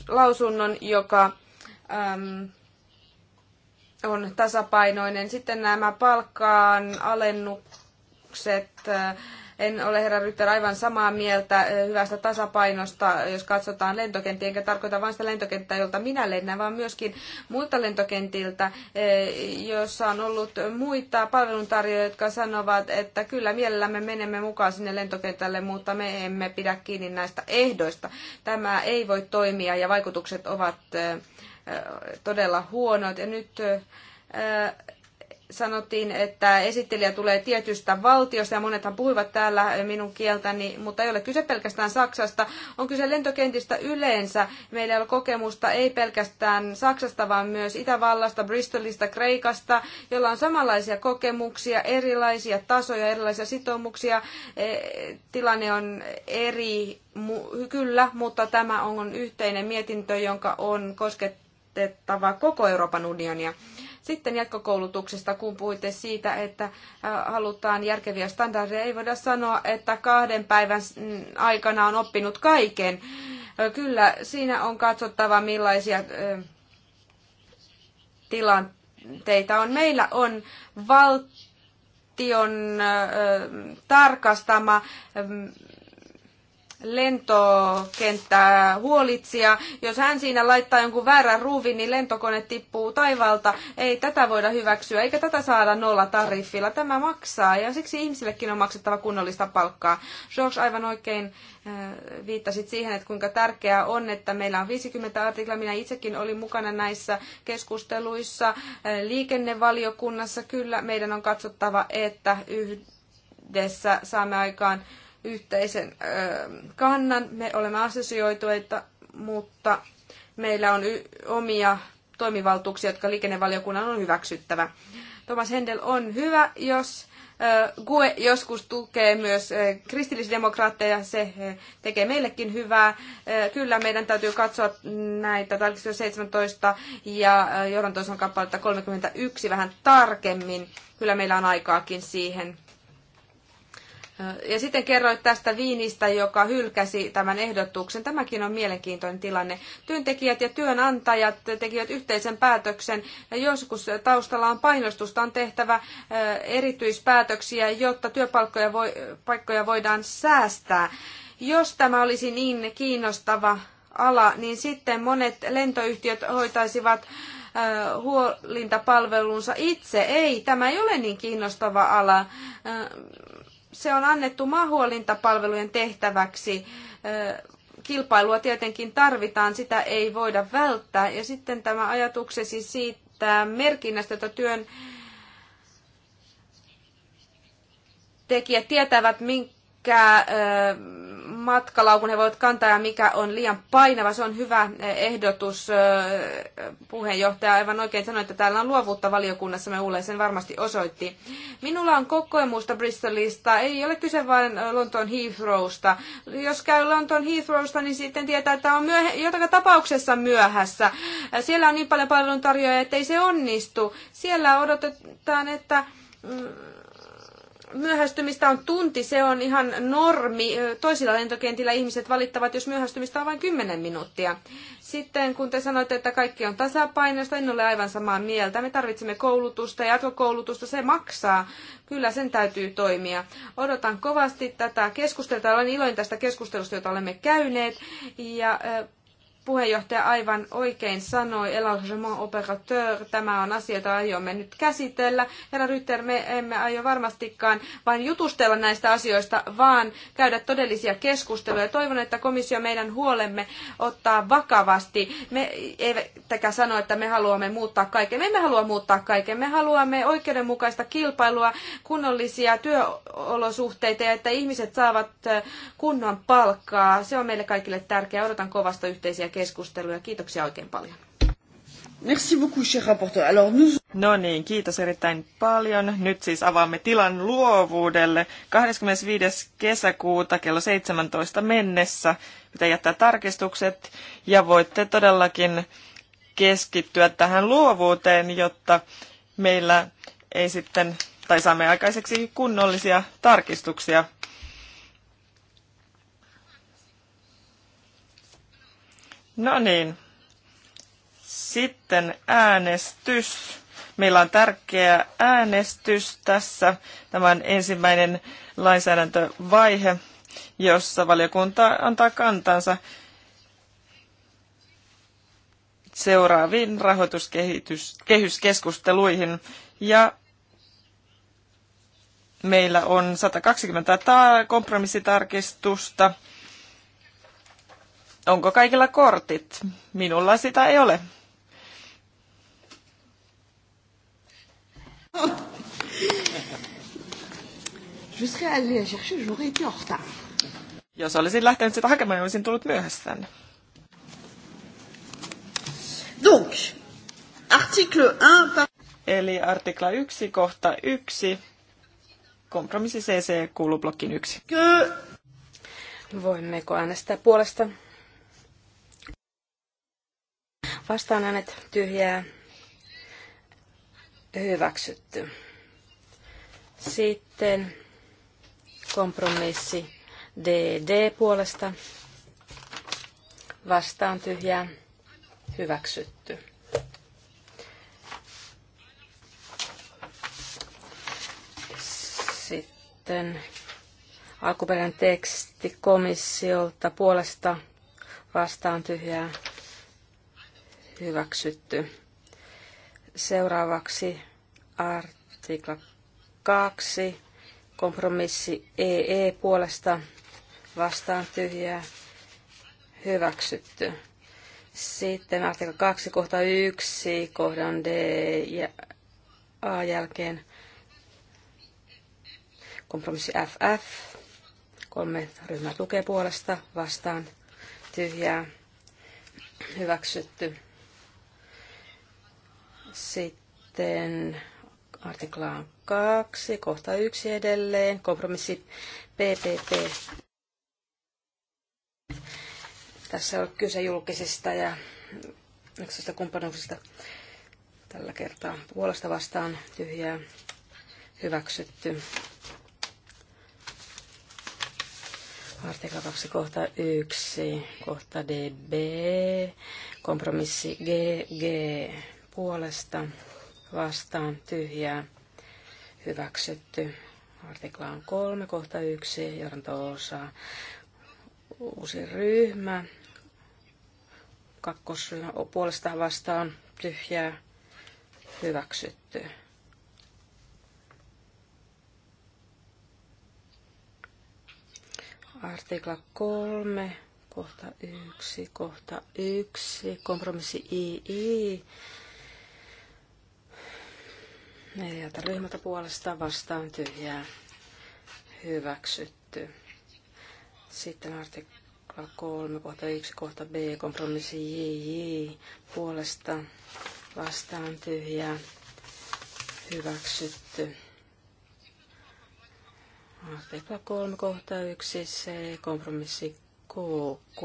lausunnon, joka äm, on tasapainoinen. Sitten nämä palkkaan alennukset. En ole herra Rytter aivan samaa mieltä eh, hyvästä tasapainosta, jos katsotaan lentokenttiä, enkä tarkoita vain sitä lentokenttää, jolta minä lennän, vaan myöskin muilta lentokentiltä, eh, jossa on ollut muita palveluntarjoajia, jotka sanovat, että kyllä mielellämme menemme mukaan sinne lentokentälle, mutta me emme pidä kiinni näistä ehdoista. Tämä ei voi toimia ja vaikutukset ovat eh, todella huonot. Ja nyt sanottiin, että esittelijä tulee tietystä valtiosta ja monethan puhuivat täällä minun kieltäni, mutta ei ole kyse pelkästään Saksasta, on kyse lentokentistä yleensä. Meillä ei ole kokemusta ei pelkästään Saksasta, vaan myös Itävallasta, Bristolista, Kreikasta, jolla on samanlaisia kokemuksia, erilaisia tasoja, erilaisia sitoumuksia. E, tilanne on eri, kyllä, mutta tämä on yhteinen mietintö, jonka on kosket koskettava koko Euroopan unionia. Sitten jatkokoulutuksesta, kun puhuitte siitä, että halutaan järkeviä standardeja, ei voida sanoa, että kahden päivän mm, aikana on oppinut kaiken. Kyllä, siinä on katsottava, millaisia tilanteita on. Meillä on valtion tarkastama lentokenttää huolitsija. Jos hän siinä laittaa jonkun väärän ruuvin, niin lentokone tippuu taivalta, Ei tätä voida hyväksyä, eikä tätä saada nolla tariffilla. Tämä maksaa ja siksi ihmisillekin on maksettava kunnollista palkkaa. George aivan oikein äh, viittasit siihen, että kuinka tärkeää on, että meillä on 50 artiklaa. Minä itsekin olin mukana näissä keskusteluissa äh, liikennevaliokunnassa. Kyllä meidän on katsottava, että yhdessä saamme aikaan yhteisen kannan. Me olemme assosioituita, mutta meillä on omia toimivaltuuksia, jotka liikennevaliokunnan on hyväksyttävä. Thomas Hendel on hyvä, jos GUE joskus tukee myös kristillisdemokraatteja, se tekee meillekin hyvää. Kyllä meidän täytyy katsoa näitä tarkistus 17 ja johdantoson kappaletta 31 vähän tarkemmin. Kyllä meillä on aikaakin siihen. Ja sitten kerroit tästä viinistä, joka hylkäsi tämän ehdotuksen. Tämäkin on mielenkiintoinen tilanne. Työntekijät ja työnantajat tekivät yhteisen päätöksen. Ja joskus taustalla on painostusta, on tehtävä eh, erityispäätöksiä, jotta työpaikkoja voi, paikkoja voidaan säästää. Jos tämä olisi niin kiinnostava ala, niin sitten monet lentoyhtiöt hoitaisivat eh, huolintapalvelunsa itse. Ei, tämä ei ole niin kiinnostava ala. Eh, se on annettu maahuolintapalvelujen tehtäväksi. Kilpailua tietenkin tarvitaan, sitä ei voida välttää. Ja sitten tämä ajatuksesi siitä merkinnästä, että työn tekijät tietävät, minkä matkalaukun he voivat kantaa ja mikä on liian painava. Se on hyvä eh, ehdotus. Eh, puheenjohtaja aivan oikein sanoi, että täällä on luovuutta valiokunnassa. Me Ulle sen varmasti osoitti. Minulla on kokemusta Bristolista. Ei ole kyse vain eh, Lontoon Heathrowsta. Jos käy Lontoon Heathrowsta, niin sitten tietää, että on myöh- jotakin tapauksessa myöhässä. Siellä on niin paljon palveluntarjoajia, että ei se onnistu. Siellä odotetaan, että mm, myöhästymistä on tunti, se on ihan normi. Toisilla lentokentillä ihmiset valittavat, jos myöhästymistä on vain 10 minuuttia. Sitten kun te sanoitte, että kaikki on tasapainosta, en ole aivan samaa mieltä. Me tarvitsemme koulutusta, ja jatkokoulutusta, se maksaa. Kyllä sen täytyy toimia. Odotan kovasti tätä keskustelua. Olen iloinen tästä keskustelusta, jota olemme käyneet. Ja puheenjohtaja aivan oikein sanoi, elagement operateur, tämä on asia, jota aiomme nyt käsitellä. Herra Rytter, me emme aio varmastikaan vain jutustella näistä asioista, vaan käydä todellisia keskusteluja. Toivon, että komissio meidän huolemme ottaa vakavasti. Me eivätkä sano, että me haluamme muuttaa kaiken. Me emme halua muuttaa kaiken. Me haluamme oikeudenmukaista kilpailua, kunnollisia työolosuhteita ja että ihmiset saavat äh, kunnon palkkaa. Se on meille kaikille tärkeää. Odotan kovasta yhteisiä keskustelua. Kiitoksia oikein paljon. Merci beaucoup, cher rapporteur. Alors, nous... No niin, kiitos erittäin paljon. Nyt siis avaamme tilan luovuudelle. 25. kesäkuuta kello 17 mennessä pitää jättää tarkistukset ja voitte todellakin keskittyä tähän luovuuteen, jotta meillä ei sitten, tai saamme aikaiseksi kunnollisia tarkistuksia No niin. Sitten äänestys. Meillä on tärkeä äänestys tässä. Tämä on ensimmäinen lainsäädäntövaihe, jossa valiokunta antaa kantansa seuraaviin rahoituskehyskeskusteluihin. Ja meillä on 120 kompromissitarkistusta Onko kaikilla kortit? Minulla sitä ei ole. Jos olisin lähtenyt sitä hakemaan, niin olisin tullut myöhässä tänne. Donc, article 1... Eli artikla 1, kohta 1, kompromissi CC kuuluu blokkin 1. Voimmeko äänestää puolesta? Vastaan äänet tyhjää. Hyväksytty. Sitten kompromissi DD puolesta. Vastaan tyhjää. Hyväksytty. Sitten alkuperäinen teksti komissiolta puolesta vastaan tyhjää hyväksytty. Seuraavaksi artikla 2, kompromissi EE e puolesta vastaan tyhjää hyväksytty. Sitten artikla 2, kohta 1, kohdan D ja A jälkeen kompromissi FF. Kolme ryhmää tukee puolesta vastaan tyhjää hyväksytty. Sitten artiklaan 2, kohta 1 edelleen, kompromissi PPP. Tässä on kyse julkisista ja yksistä kumppanuuksista tällä kertaa puolesta vastaan tyhjää hyväksytty. Artikla 2 kohta 1, kohta DB, kompromissi GG, puolesta vastaan tyhjää hyväksytty. Artikla on 3, kohta 1, johdanto osaa. Uusi ryhmä. Kakkosryhmä puolesta vastaan tyhjää hyväksytty. Artikla 3, kohta 1, kohta 1, kompromissi II Neljältä ryhmältä puolesta vastaan tyhjää hyväksytty. Sitten artikla 3, kohta 1, kohta B, kompromissi JJ puolesta vastaan tyhjää hyväksytty. Artikla 3, kohta 1, C, kompromissi KK.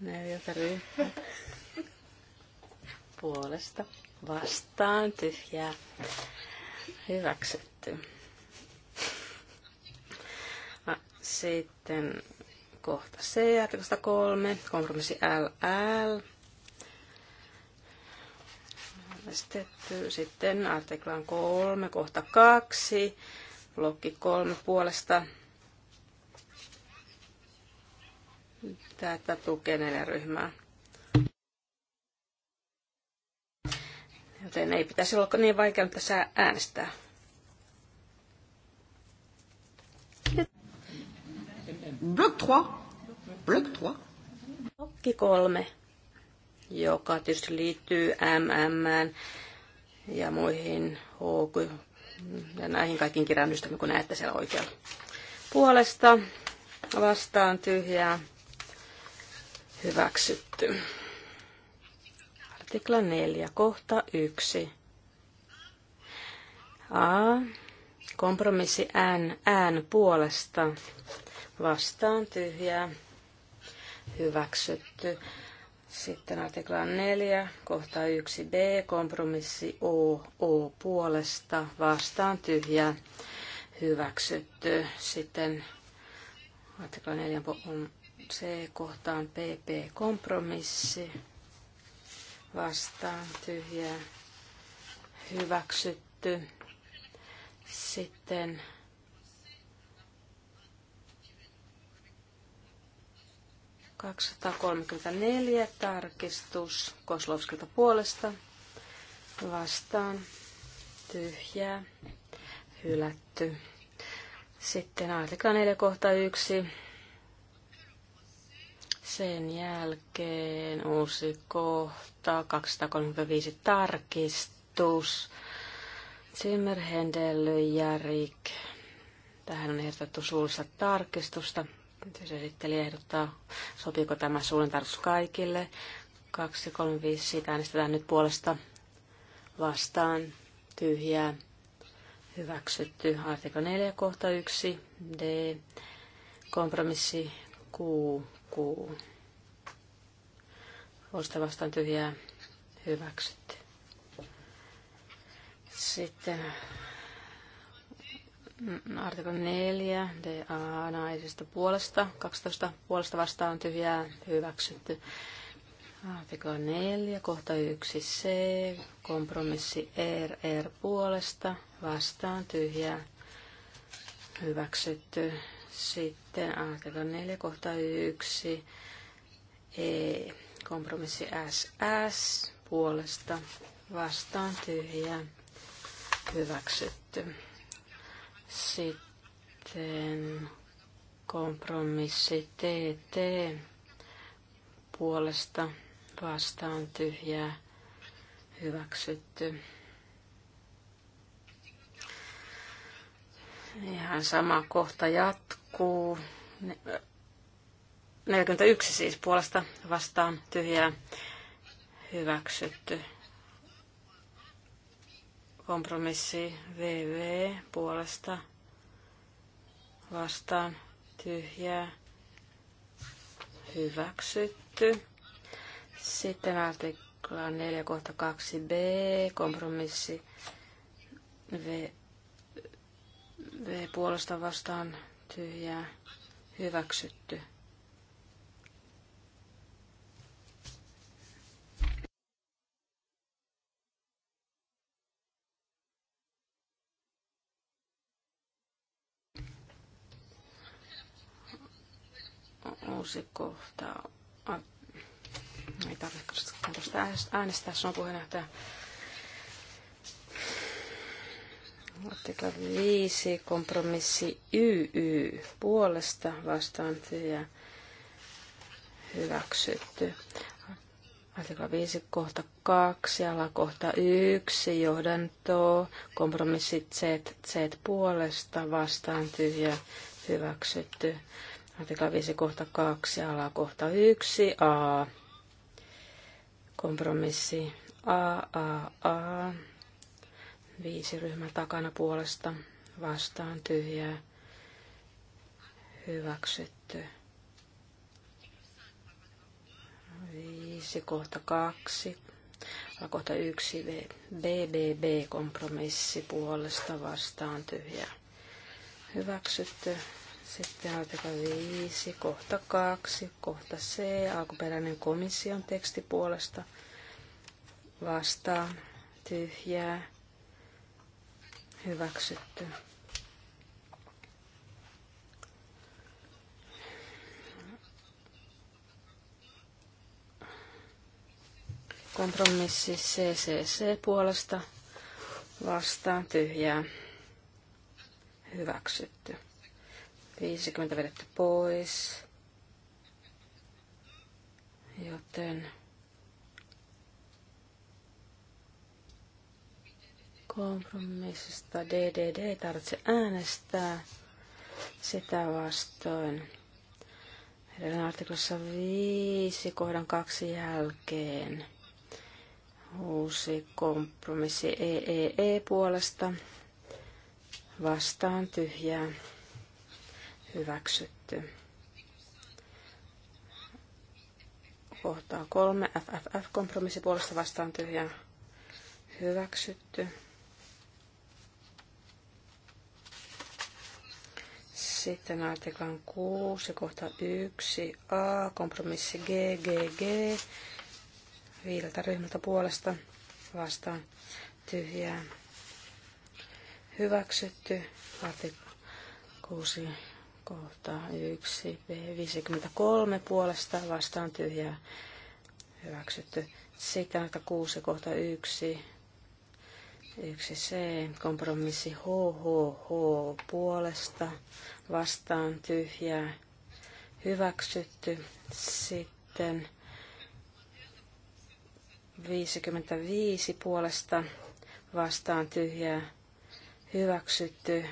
Neljältä ryhmältä puolesta vastaan tyhjää hyväksytty. Sitten kohta C, artikosta kolme, kompromissi LL. Estetty. Sitten artiklaan 3, kohta 2, blokki 3 puolesta. Tätä tukeneen ryhmää joten ei pitäisi olla niin vaikea tässä äänestää. Block 3. Block 3. kolme, joka tietysti liittyy MM ja muihin HK ja näihin kaikkiin kirjaimistamiin, kun näette siellä oikealla puolesta vastaan tyhjää hyväksytty. Artikla 4, kohta 1. A. Kompromissi N, N puolesta. Vastaan tyhjää. Hyväksytty. Sitten artikla 4, kohta 1 B, kompromissi O, O puolesta, vastaan tyhjä, hyväksytty. Sitten artikla 4 on C, kohtaan PP, kompromissi vastaan tyhjää hyväksytty. Sitten ...234 tarkistus Koslovskilta puolesta vastaan tyhjää hylätty. Sitten artikla 4 kohta 1 sen jälkeen uusi kohta, 235 tarkistus. Zimmer, Händel, ja Tähän on ehdotettu suullista tarkistusta. Se siis sitten ehdottaa, sopiiko tämä suullinen tarkistus kaikille. 235, siitä äänestetään nyt puolesta vastaan. Tyhjää. Hyväksytty. Artikla 4, kohta 1, D. Kompromissi Q nukkuu. Puolesta vastaan tyhjää hyväksytty. Sitten mm, artikla 4, DA naisesta puolesta, 12 puolesta vastaan tyhjää hyväksytty. Artikla 4, kohta 1 C, kompromissi R, R puolesta, vastaan tyhjää, hyväksytty. Sitten artikla 4 kohta 1, e, kompromissi SS puolesta vastaan tyhjä hyväksytty. Sitten kompromissi TT puolesta vastaan tyhjää hyväksytty. Ihan sama kohta jatkuu jatkuu. 41 siis puolesta vastaan tyhjää hyväksytty. Kompromissi VV puolesta vastaan tyhjää hyväksytty. Sitten artikla 4 kohta b kompromissi V, v puolesta vastaan tyhjää hyväksytty. uusi kohta. Ei tarvitse tästä äänestää, sanoo puheenjohtaja. Artikla 5, kompromissi YY, puolesta vastaan ja hyväksytty. Artikla 5, kohta 2, alakohta 1, johdanto, kompromissi Z, Z puolesta vastaan tyhjä hyväksytty. Artikla 5, kohta 2, alakohta 1, A, kompromissi A, A, A, Viisi ryhmän takana puolesta vastaan tyhjää hyväksytty. Viisi kohta kaksi. Kohta yksi BBB kompromissi puolesta vastaan tyhjää hyväksytty. Sitten aika viisi kohta kaksi kohta C, alkuperäinen komission teksti puolesta vastaan, tyhjää, Hyväksytty. Kompromissi CCC puolesta vastaan tyhjää. Hyväksytty. 50 vedetty pois. Joten Kompromissista DDD ei tarvitse äänestää. Sitä vastoin. Edellinen artiklassa 5 kohdan 2 jälkeen. Uusi kompromissi EEE e e puolesta. Vastaan tyhjää. Hyväksytty. Kohtaa 3. FFF kompromissi puolesta vastaan tyhjää. Hyväksytty. Sitten artiklan 6, kohta 1, A, kompromissi G, G, G, viideltä ryhmältä puolesta vastaan tyhjää. Hyväksytty, artikla 6, kohta 1, B, 53 puolesta vastaan tyhjää. Hyväksytty. Sitten artikla 6, kohta 1, Yksi C, kompromissi HHH puolesta, vastaan tyhjää, hyväksytty. Sitten 55 puolesta, vastaan tyhjää, hyväksytty.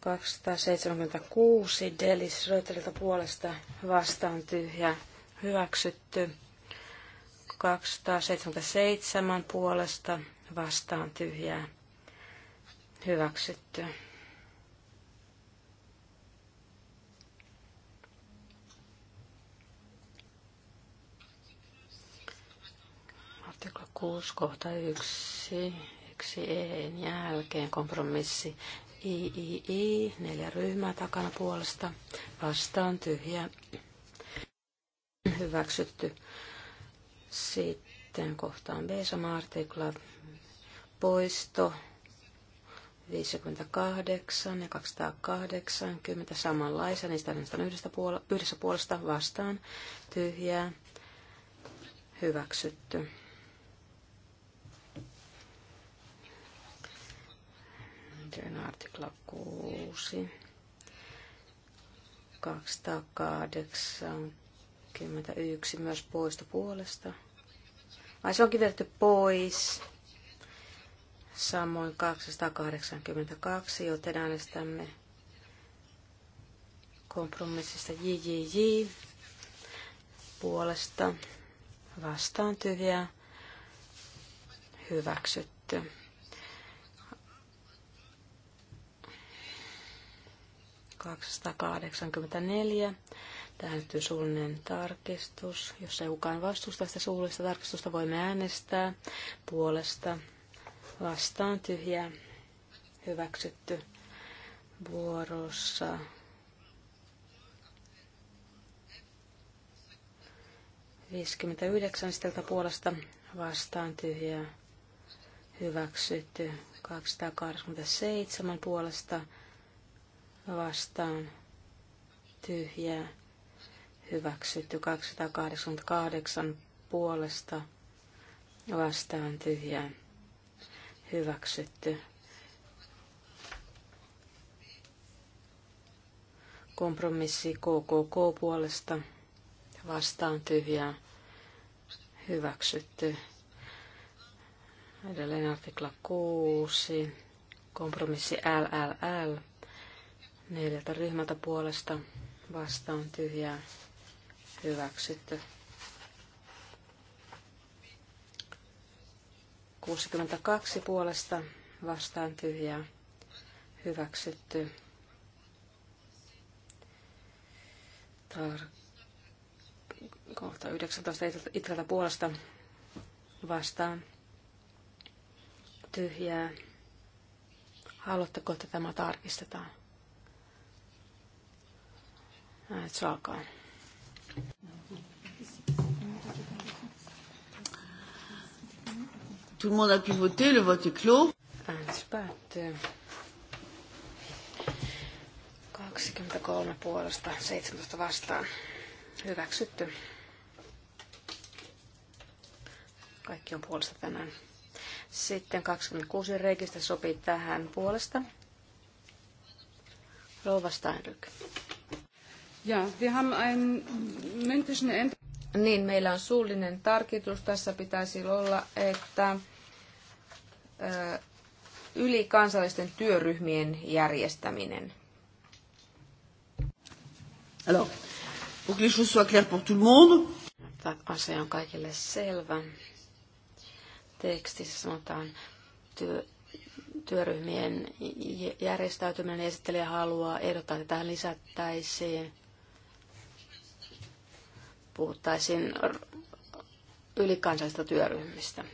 276 Delis Röytelilta puolesta vastaan tyhjä hyväksytty. 277 puolesta vastaan tyhjää hyväksytty. Artikla 6, kohta 1, 1 E, jälkeen kompromissi III, neljä ryhmää takana puolesta, vastaan tyhjä, hyväksytty. Sitten kohtaan B sama artikla. Poisto 58 ja 280 samanlaisia. Niistä äänestän yhdestä puol- yhdessä puolesta vastaan. Tyhjää. Hyväksytty. Then artikla 6. 280 21 myös poisto puolesta. Ai se on vedetty pois. Samoin 282, joten äänestämme kompromissista JJJ puolesta vastaan tyhjää hyväksytty. Kaksisataakahdeksankymmentäneljä täytyy suullinen tarkistus. Jos ei kukaan vastusta sitä suullista tarkistusta, voimme äänestää puolesta vastaan tyhjä hyväksytty vuorossa. Viisikymmentäyhdeksän sieltä puolesta vastaan tyhjä hyväksytty. 287 puolesta vastaan tyhjää hyväksytty 288 puolesta vastaan tyhjää hyväksytty. Kompromissi KKK puolesta vastaan tyhjää hyväksytty. Edelleen artikla 6, kompromissi LLL, neljältä ryhmältä puolesta vastaan tyhjää Hyväksytty. 62 puolesta vastaan tyhjää. Hyväksytty. Tar- kohta 19 iträltä puolesta vastaan tyhjää. Haluatteko, että tämä tarkistetaan? se alkaa. Tout le monde a pu voter, le vote est clos. Äänestys päättyy. Eh, 23 puolesta, 17 vastaan. Hyväksytty. Kaikki on puolesta tänään. Sitten 26 reikistä sopii tähän puolesta. Rouva Steinrück. Ja, wir haben einen mündlichen Ent niin, meillä on suullinen tarkitus. Tässä pitäisi olla, että ylikansallisten työryhmien järjestäminen. Alors, pour que les choses soient claires pour tout le monde. asia on kaikille selvä. Tekstissä sanotaan työ, työryhmien järjestäytyminen esittelijä haluaa ehdottaa, että tähän lisättäisiin puhuttaisiin ylikansallisista työryhmistä.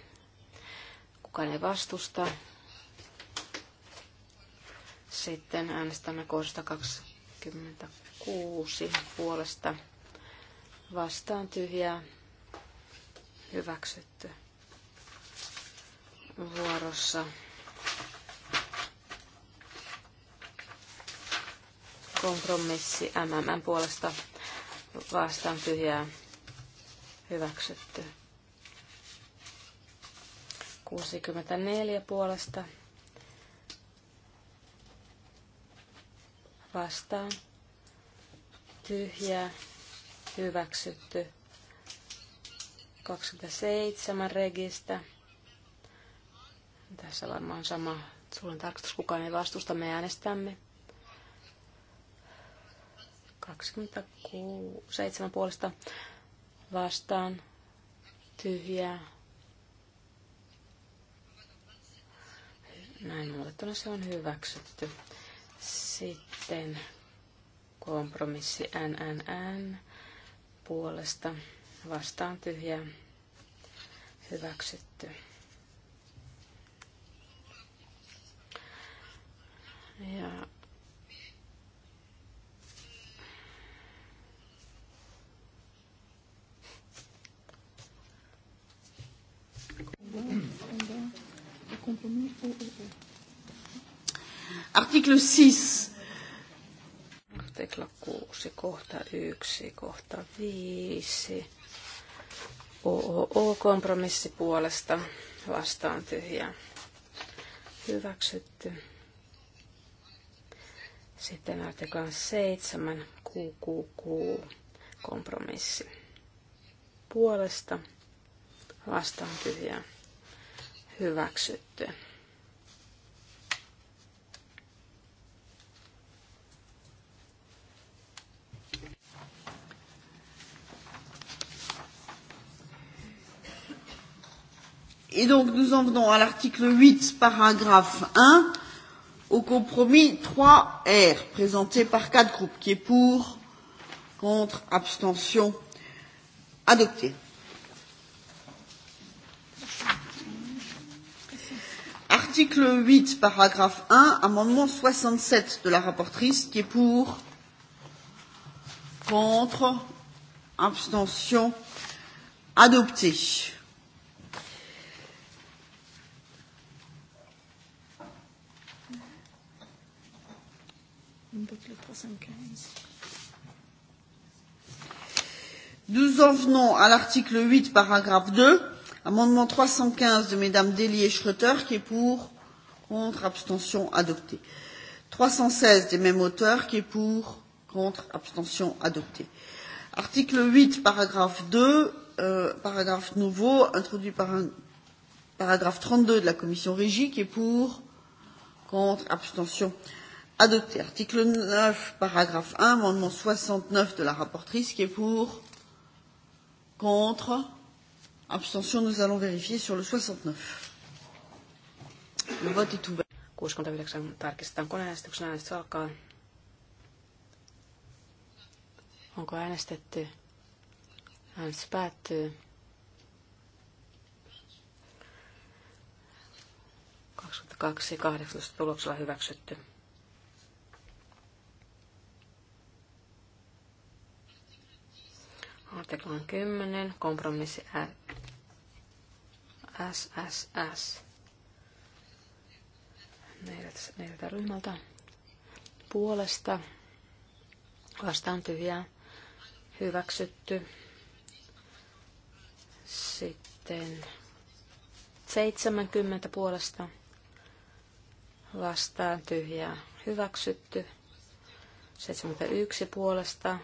Kukaan ei vastusta. Sitten äänestämme kohdasta 26 puolesta vastaan tyhjää hyväksytty vuorossa. Kompromissi MMM puolesta vastaan tyhjää hyväksytty. 64 puolesta vastaan tyhjää hyväksytty. 27 registä. Tässä varmaan sama. Sulla on tarkoitus, kukaan ei vastusta, me äänestämme. 27 puolesta vastaan tyhjää. Näin muutettuna se on hyväksytty. Sitten kompromissi NNN puolesta vastaan tyhjää hyväksytty. Ja Artikla 6. Artikla 6, kohta 1, kohta 5. OOO-kompromissi puolesta vastaan tyhjää. Hyväksytty. Sitten artiklan 7, QQQ, kompromissi puolesta vastaan tyhjää hyväksytty. Et donc nous en venons à l'article 8, paragraphe 1, au compromis 3R, présenté par quatre groupes, qui est pour, contre, abstention, adopté. Article 8, paragraphe 1, amendement 67 de la rapporteure, qui est pour, contre, abstention, adopté. Nous en venons à l'article 8, paragraphe 2 Amendement 315 de Mesdames Dely et Schroeter, qui est pour, contre, abstention adopté. 316 des mêmes auteurs, qui est pour, contre, abstention adopté. Article 8, paragraphe 2, euh, paragraphe nouveau, introduit par un paragraphe 32 de la commission régie, qui est pour, contre, abstention adopté. Article 9, paragraphe 1, amendement 69 de la rapportrice, qui est pour, contre, abstention. Abstention, nous allons vérifier sur le 69. Le vote est ouvert. 69 tarkistetaan koneäänestyksen äänestys alkaa. Onko äänestetty? Äänestys päättyy. 22.18 tuloksella hyväksytty. artiklan 10, kompromissi SSS. Neljältä, neljältä ryhmältä puolesta vastaan tyhjää hyväksytty. Sitten 70 puolesta vastaan tyhjää hyväksytty. 71 puolesta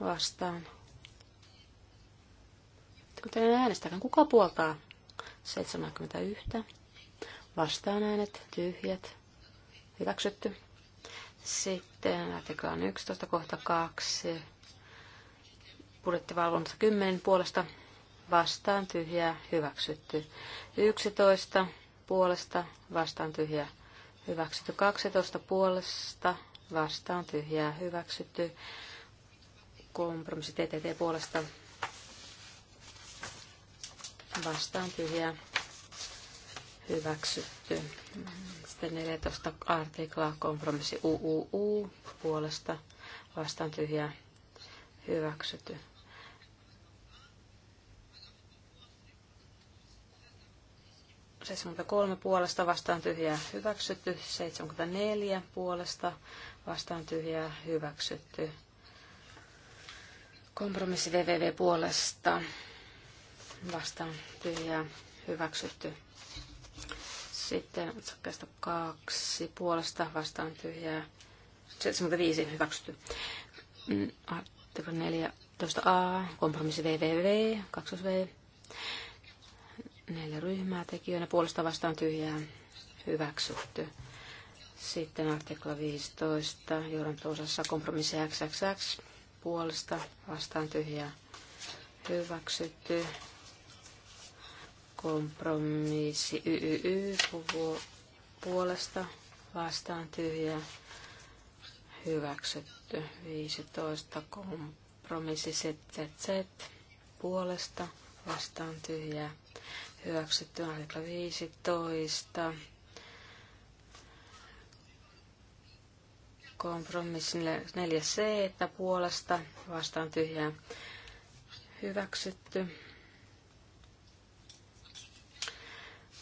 vastaan. Kun teidän äänestäkään, kuka puoltaa? 71. Vastaan äänet, tyhjät, hyväksytty. Sitten artiklaan 11, kohta 2. Budjettivalvonta 10 puolesta vastaan tyhjää, hyväksytty. 11 puolesta vastaan tyhjää, hyväksytty. 12 puolesta vastaan tyhjää, hyväksytty. Kompromissi TTT puolesta vastaan tyhjä hyväksytty. Sitten 14 artiklaa kompromissi UUU puolesta vastaan tyhjä hyväksytty. kolme puolesta vastaan tyhjää hyväksytty, 74 puolesta vastaan tyhjää hyväksytty, Kompromissi VVV puolesta vastaan tyhjää hyväksytty. Sitten otsakkeesta kaksi puolesta vastaan tyhjää 75 hyväksytty. Mm, artikla 14a, kompromissi VVV, 2V, neljä ryhmää tekijöinä, puolesta vastaan tyhjää hyväksytty. Sitten artikla 15, johdanto-osassa kompromissi XXX, puolesta vastaan tyhjää hyväksytty. Kompromissi YYY puolesta vastaan tyhjää hyväksytty. 15 kompromissi ZZZ puolesta vastaan tyhjää hyväksytty. Artikla 15 Kompromissi 4c, että puolesta vastaan tyhjää hyväksytty.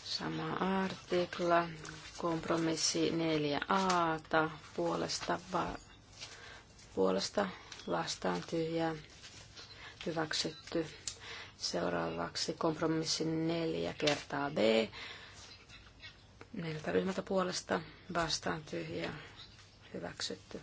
Sama artikla, kompromissi 4a, -ta, puolesta, va, puolesta vastaan tyhjää hyväksytty. Seuraavaksi kompromissi 4 kertaa b, neljältä ryhmältä puolesta vastaan tyhjää hyväksytty.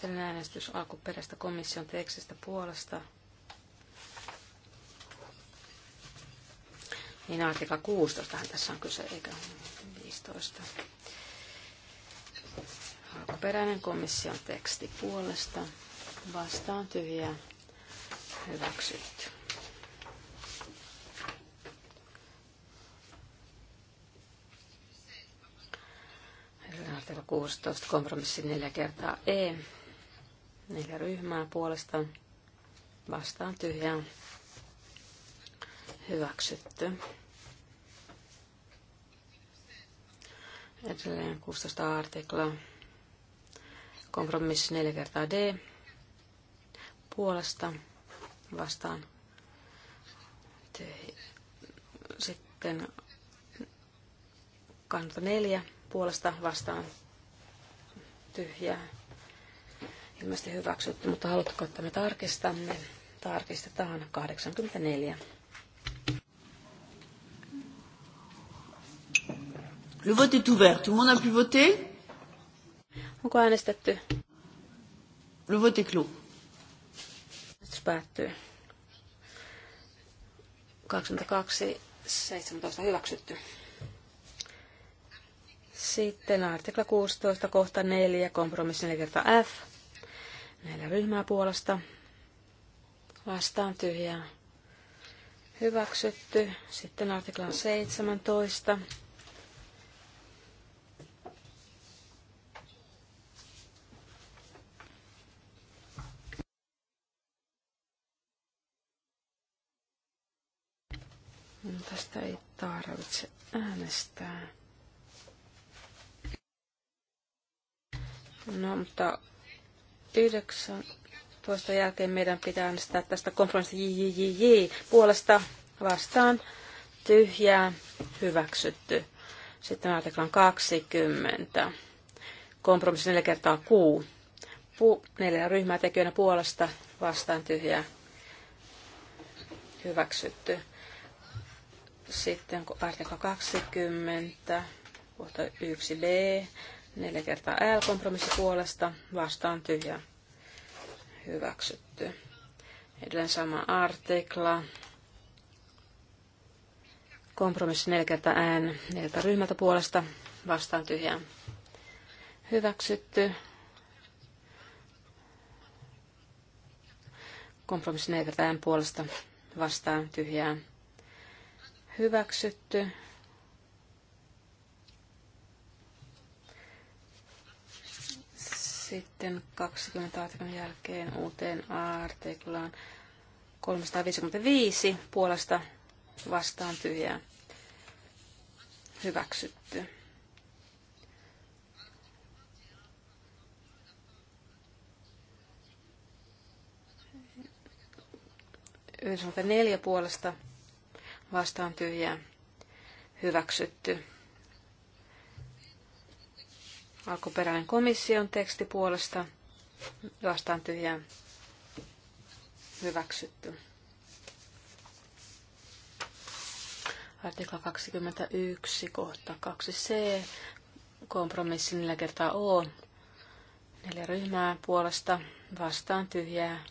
Tällainen äänestys alkuperäistä komission tekstistä puolesta. Niin artikla 16 tässä on kyse, eikä 15. Alkuperäinen komission teksti puolesta vastaan tyhjä hyväksytty. Artikla 16, kompromissi 4 kertaa E. Neljä ryhmää puolesta vastaan tyhjä hyväksytty. Edelleen 16 artikla. Kompromissi 4 kertaa D puolesta vastaan. Sitten kanta 4 puolesta vastaan tyhjää. Ilmeisesti hyväksytty, mutta haluatteko, että me tarkistamme? Tarkistetaan 84. Le vote est ouvert. Tout le monde a pu voter Onko äänestetty? Le vote est clos. Äänestys päättyy. 22, 17 hyväksytty. Sitten artikla 16, kohta 4, kompromissi 4 kertaa F. Neljä ryhmää puolesta. Vastaan tyhjää. Hyväksytty. Sitten artikla 17, Tästä ei tarvitse äänestää. No, mutta 19 jälkeen meidän pitää äänestää tästä konferenssista JJJJ puolesta vastaan tyhjää hyväksytty. Sitten artiklan 20. Kompromissi 4 kertaa Q. Pu- neljä ryhmää tekijöinä puolesta vastaan tyhjää hyväksytty. Sitten artikla 20, kohta 1b, 4 kertaa L kompromissi puolesta, vastaan tyhjä, hyväksytty. Edelleen sama artikla. Kompromissi 4 kertaa N, 4 ryhmältä puolesta, vastaan tyhjä, hyväksytty. Kompromissi 4 kertaa N puolesta, vastaan tyhjää, hyväksytty. Sitten 20 artiklan jälkeen uuteen artiklaan 355 puolesta vastaan tyhjää hyväksytty. Yhdysvaltain neljä puolesta vastaan tyhjää hyväksytty. Alkuperäinen komission teksti puolesta vastaan tyhjää hyväksytty. Artikla 21, kohta 2c, kompromissi 4 kertaa O, neljä ryhmää puolesta vastaan tyhjää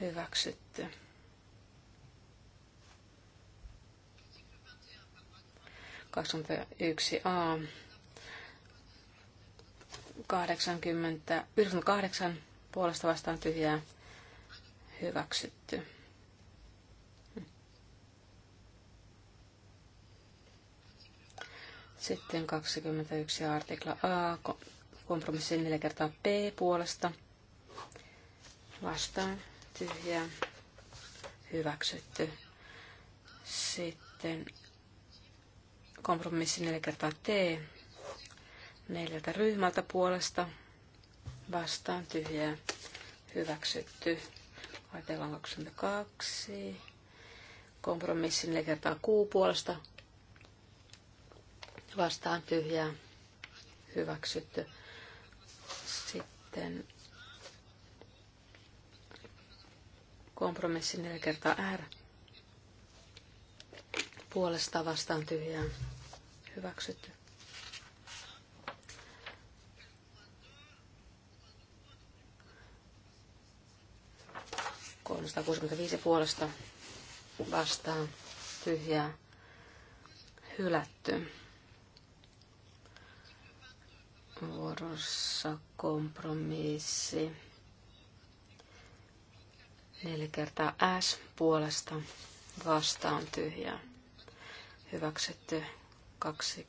hyväksytty. 21a 80, 98 puolesta vastaan tyhjää hyväksytty. Sitten 21 artikla A, kompromissi 4 kertaa B puolesta. Vastaan tyhjää, hyväksytty. Sitten Kompromissi 4 kertaa T. Neljältä ryhmältä puolesta vastaan tyhjää hyväksytty. Ajatellaan 22. Kompromissi 4 kertaa Q puolesta vastaan tyhjää hyväksytty. Sitten kompromissi 4 kertaa R puolesta vastaan tyhjää hyväksytty. Kolmesta puolesta vastaan tyhjää hylätty. Vuorossa kompromissi. Neljä kertaa S puolesta vastaan tyhjää. Hyväksytty Kaksi,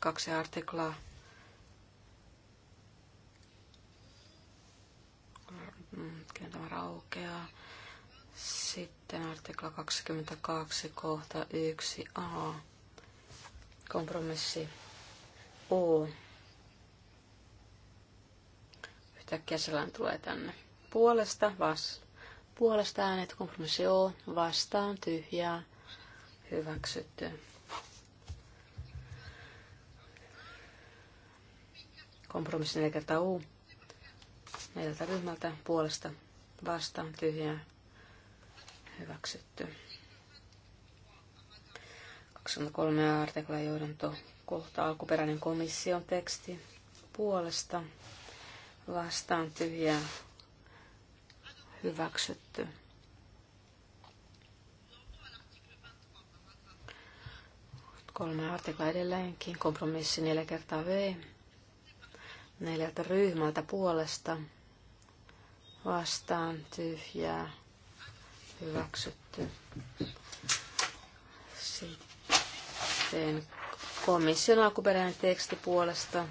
kaksi artiklaa. Kyllä tämä raukeaa. Sitten artikla 22, kohta 1a. Kompromissi o Yhtäkkiä sellainen tulee tänne. Puolesta, vas, puolesta äänet, kompromissi O, vastaan, tyhjää, hyväksytty. Kompromissi 4 kertaa U. Neljältä ryhmältä puolesta vastaan tyhjää hyväksytty. 23 artikla johdanto kohta alkuperäinen komission teksti puolesta vastaan tyhjää hyväksytty. Kolme artikla edelleenkin, kompromissi neljä kertaa V neljältä ryhmältä puolesta vastaan tyhjää hyväksytty. Sitten komission alkuperäinen teksti puolesta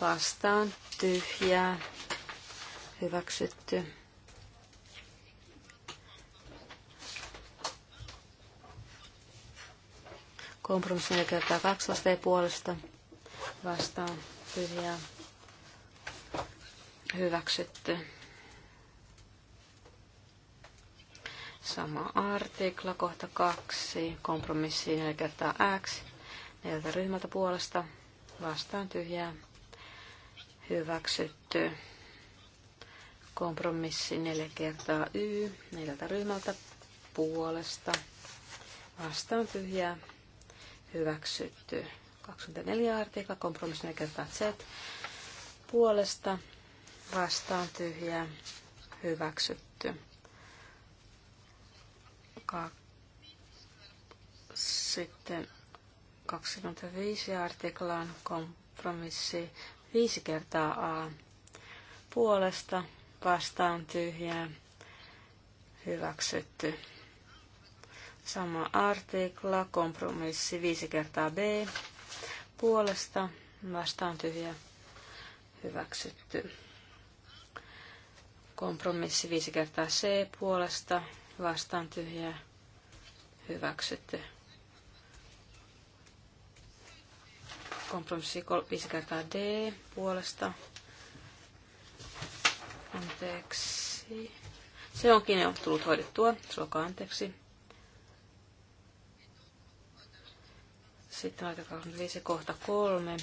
vastaan tyhjää hyväksytty. Kompromissi 4 kertaa 2 puolesta vastaan tyhjää hyväksytty. Sama artikla, kohta kaksi, kompromissi 4 kertaa x, neljältä ryhmältä puolesta, vastaan tyhjää, hyväksytty. Kompromissi 4 kertaa y, neljältä ryhmältä puolesta, vastaan tyhjää, hyväksytty. 24 artikla, kompromissi 4 kertaa Z, puolesta vastaan tyhjä, hyväksytty. Ka- Sitten 25 artiklaan kompromissi 5 kertaa A puolesta vastaan tyhjä, hyväksytty. Sama artikla, kompromissi 5 kertaa B puolesta vastaan tyhjä hyväksytty. Kompromissi 5 kertaa C puolesta vastaan tyhjä hyväksytty. Kompromissi 5 kertaa D puolesta. Anteeksi. Se onkin jo tullut hoidettua. Suokaa anteeksi. Sitten laita 25 kohta 3.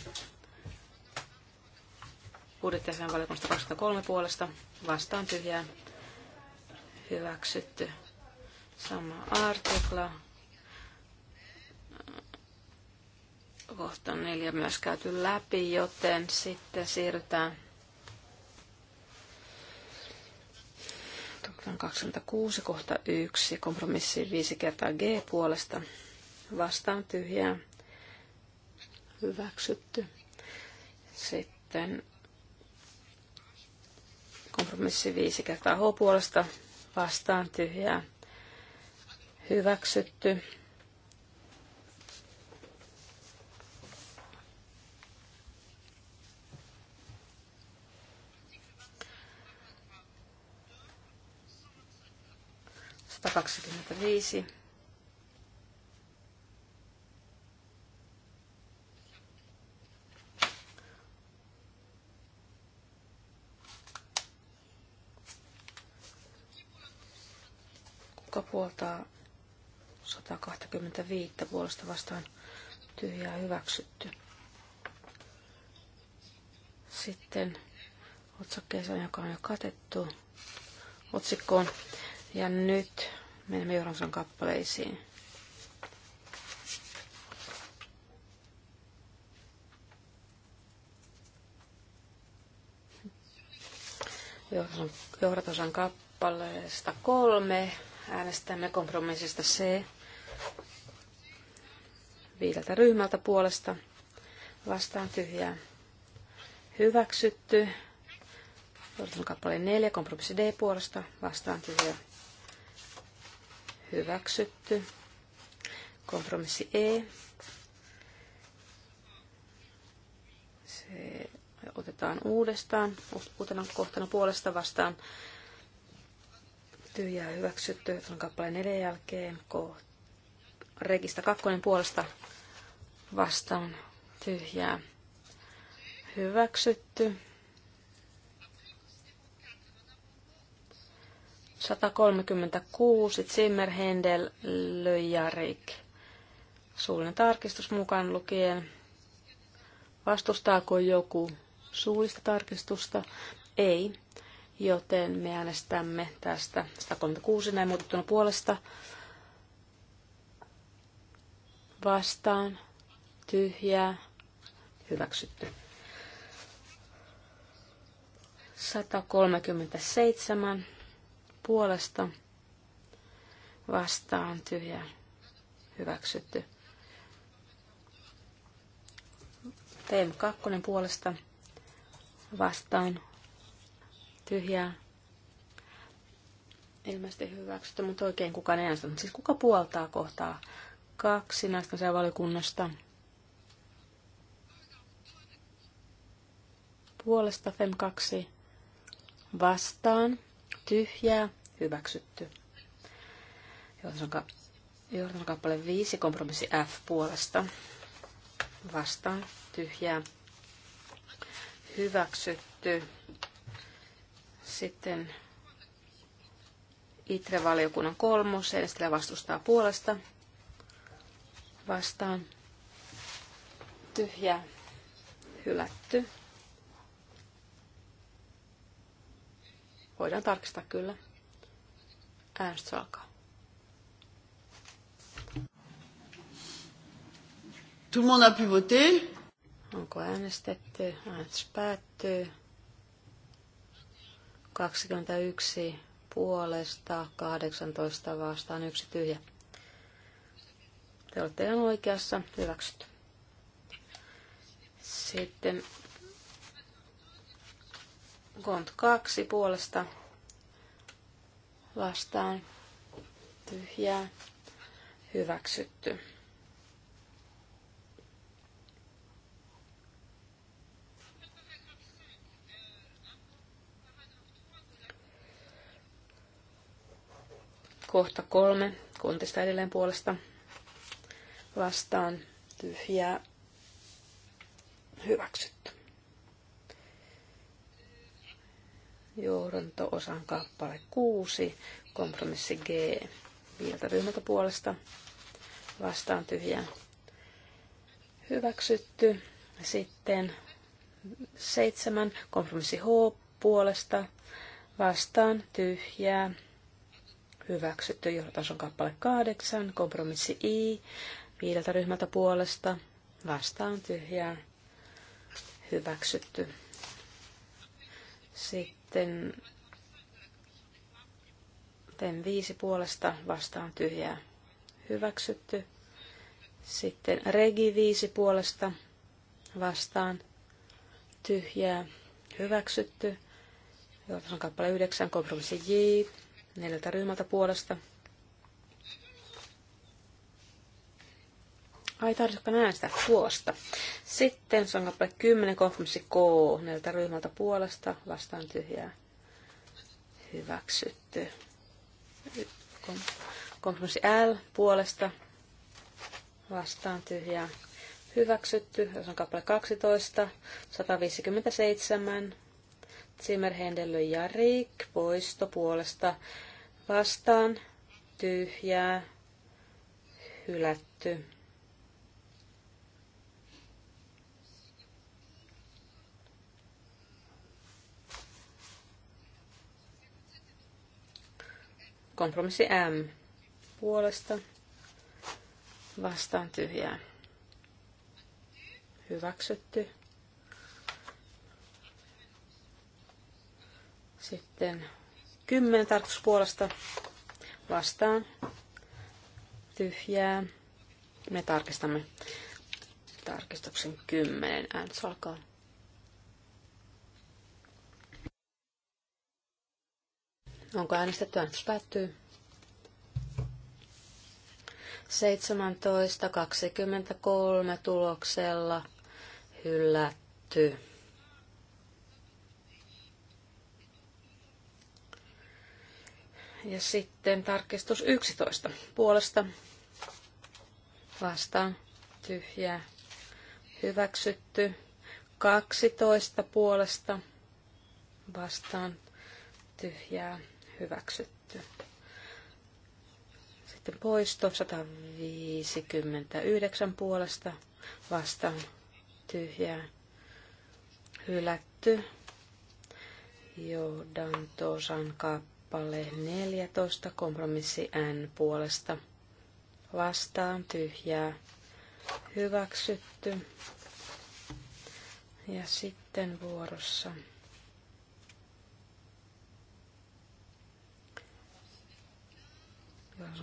Budjettiasian valiokunnasta 23 puolesta vastaan tyhjää hyväksytty. Sama artikla. Kohta neljä myös käyty läpi, joten sitten siirrytään 26 kohta 1, kompromissi 5 kertaa G puolesta vastaan tyhjää hyväksytty. Sitten kompromissi viisi kertaa H puolesta vastaan tyhjää hyväksytty. Kaksikymmentäviisi Kukka puoltaa 125 puolesta vastaan tyhjää hyväksytty. Sitten otsakkeeseen, joka on jo katettu otsikkoon. Ja nyt menemme Joranson kappaleisiin. Johdatosan kappaleesta kolme Äänestämme kompromissista C viideltä ryhmältä puolesta vastaan tyhjää hyväksytty. Odotan kappale 4, kompromissi D puolesta vastaan tyhjää hyväksytty. Kompromissi E. Se otetaan uudestaan uutena kohtana puolesta vastaan ja hyväksytty. tuon kappaleen neljän jälkeen. K. Regista kakkonen puolesta vastaan tyhjää hyväksytty. 136 Zimmer, Händel, Löjarik. Suullinen tarkistus mukaan lukien. Vastustaako joku suullista tarkistusta? Ei joten me äänestämme tästä 136 näin muutettuna puolesta vastaan tyhjää hyväksytty. 137 puolesta vastaan tyhjää hyväksytty. Teemu Kakkonen puolesta vastaan Tyhjää. Ilmeisesti hyväksytty, mutta oikein kukaan ei äänestänyt. Siis kuka puoltaa kohtaa kaksi naisten valiokunnasta? Puolesta FEM 2 vastaan. Tyhjää. Hyväksytty. Johdaton kappale 5, kompromissi F puolesta. Vastaan. Tyhjää. Hyväksytty. Sitten ITRE-valiokunnan kolmos, Enestilä vastustaa puolesta. Vastaan. Tyhjä. Hylätty. Voidaan tarkistaa kyllä. Äänestys alkaa. Tout le monde a pu voter. Onko äänestetty? Äänestys päättyy. 21 puolesta, 18 vastaan, yksi tyhjä. Te olette ihan oikeassa, hyväksytty. Sitten kont 2 puolesta vastaan, tyhjää, hyväksytty. Kohta kolme, kontista edelleen puolesta vastaan tyhjää hyväksytty. Johdanto-osan kappale 6, kompromissi G, viiltä ryhmältä puolesta vastaan tyhjää hyväksytty. Sitten seitsemän, kompromissi H puolesta vastaan tyhjää Hyväksytty johdotason kappale 8, kompromissi I, viideltä ryhmältä puolesta, vastaan tyhjää, hyväksytty. Sitten TEM viisi puolesta vastaan tyhjää, hyväksytty. Sitten regi viisi puolesta vastaan tyhjää, hyväksytty. Johdotason kappale 9, kompromissi J, neljältä ryhmältä puolesta. Ai tarvitsetko tarvitsekaan sitä tuosta. Sitten se on kappale 10, konfirmissi K, neljältä ryhmältä puolesta, vastaan tyhjää, hyväksytty. Konfirmissi L puolesta, vastaan tyhjää, hyväksytty. Se on kappale 12, 157, Zimmer, Hendel ja Rik poisto puolesta vastaan tyhjää hylätty. Kompromissi M puolesta vastaan tyhjää. Hyväksytty. Sitten 10 tarkistuspuolesta vastaan. Tyhjää. Me tarkistamme tarkistuksen 10. Äänestys alkaa. Onko äänestetty? Äänestys päättyy. 17.23 tuloksella hylätty. Ja sitten tarkistus 11 puolesta vastaan tyhjää hyväksytty. 12 puolesta vastaan tyhjää hyväksytty. Sitten poisto 159 puolesta vastaan tyhjää hylätty. Johdantosan kappale kappale 14, kompromissi N puolesta. Vastaan tyhjää hyväksytty. Ja sitten vuorossa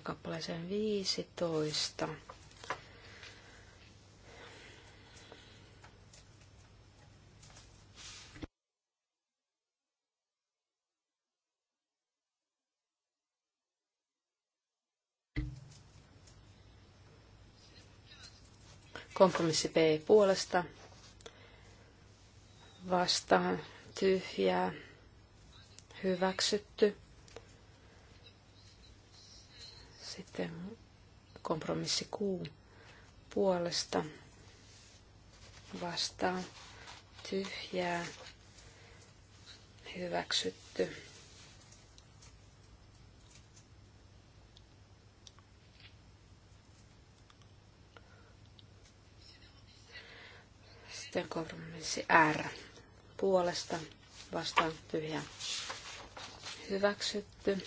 kappaleeseen 15. Kompromissi B puolesta vastaan tyhjää hyväksytty. Sitten kompromissi Q puolesta vastaan tyhjää hyväksytty. Sitten kompromissi R puolesta vastaan tyhjä hyväksytty.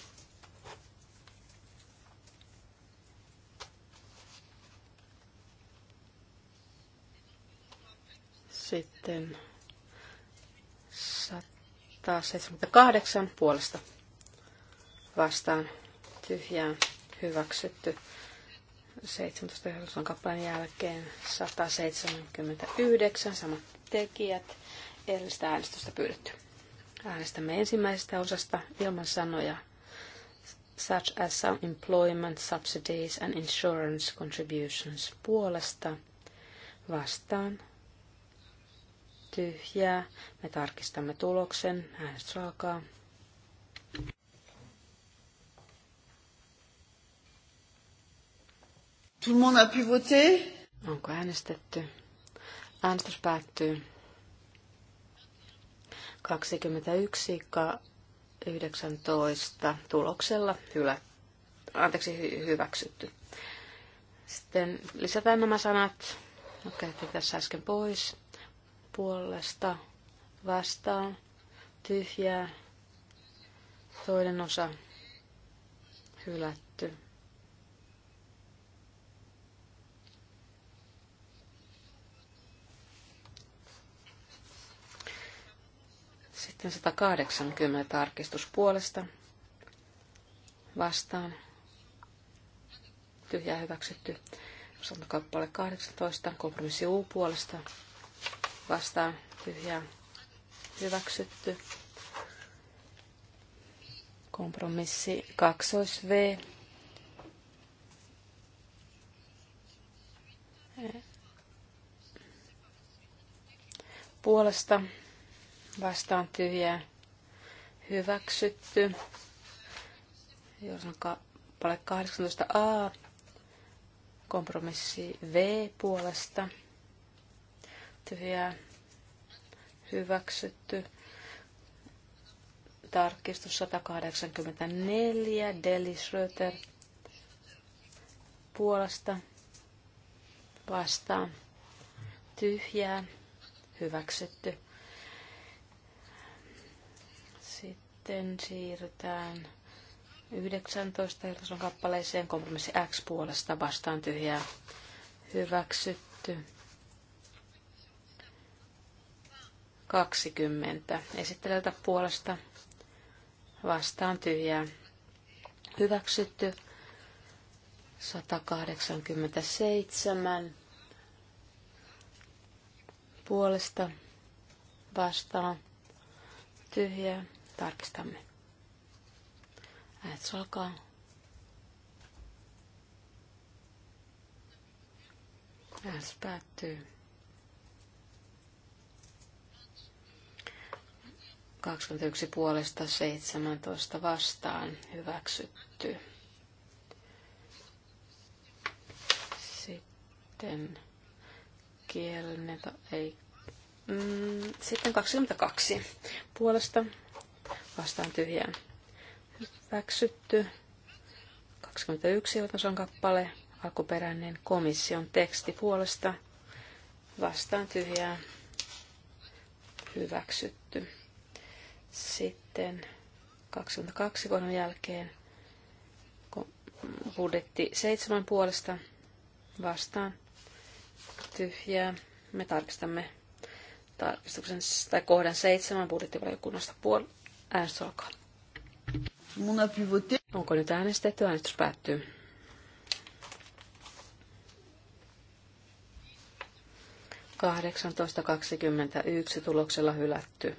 Sitten 178 puolesta vastaan tyhjään hyväksytty. 17 Jeesuksen kappaleen jälkeen 179 samat tekijät. Edellistä äänestystä pyydetty. Äänestämme ensimmäisestä osasta ilman sanoja such as some employment subsidies and insurance contributions puolesta vastaan tyhjää. Me tarkistamme tuloksen. Äänestys alkaa. Tout le monde a pu voter? Onko äänestetty? Äänestys päättyy. 21 19 tuloksella hylä, anteeksi, hy, hyväksytty. Sitten lisätään nämä sanat, jotka jätettiin tässä äsken pois. Puolesta, vastaan, tyhjää, toinen osa, hylätty. Sitten 180 tarkistus puolesta vastaan. Tyhjää hyväksytty. Osanto kappale 18. Kompromissi U puolesta vastaan. Tyhjää hyväksytty. Kompromissi 2 V. Puolesta vastaan tyhjää hyväksytty. Jos on kappale 18a, kompromissi V puolesta, tyhjää hyväksytty. Tarkistus 184, Deli Schröter puolesta vastaan tyhjää hyväksytty. Sitten siirrytään 19 ehdotuksen kappaleeseen kompromissi X puolesta vastaan tyhjää hyväksytty. 20 esittelijältä puolesta vastaan tyhjää hyväksytty. 187 puolesta vastaan tyhjää Tarkistamme. Äänestys alkaa. Äänestys päättyy. 21 puolesta 17 vastaan hyväksytty. Sitten kielinen, ei. Mm, sitten 22 puolesta vastaan tyhjään Hyväksytty. 21 osan kappale. Alkuperäinen komission teksti puolesta vastaan tyhjää. Hyväksytty. Sitten 22 vuoden jälkeen budjetti 7 puolesta vastaan tyhjää. Me tarkistamme tarkistuksen tai kohdan 7 budjettivaliokunnasta puolesta Mun Onko nyt äänestetty? Äänestys päättyy. Kahdeksantoista tuloksella hylätty.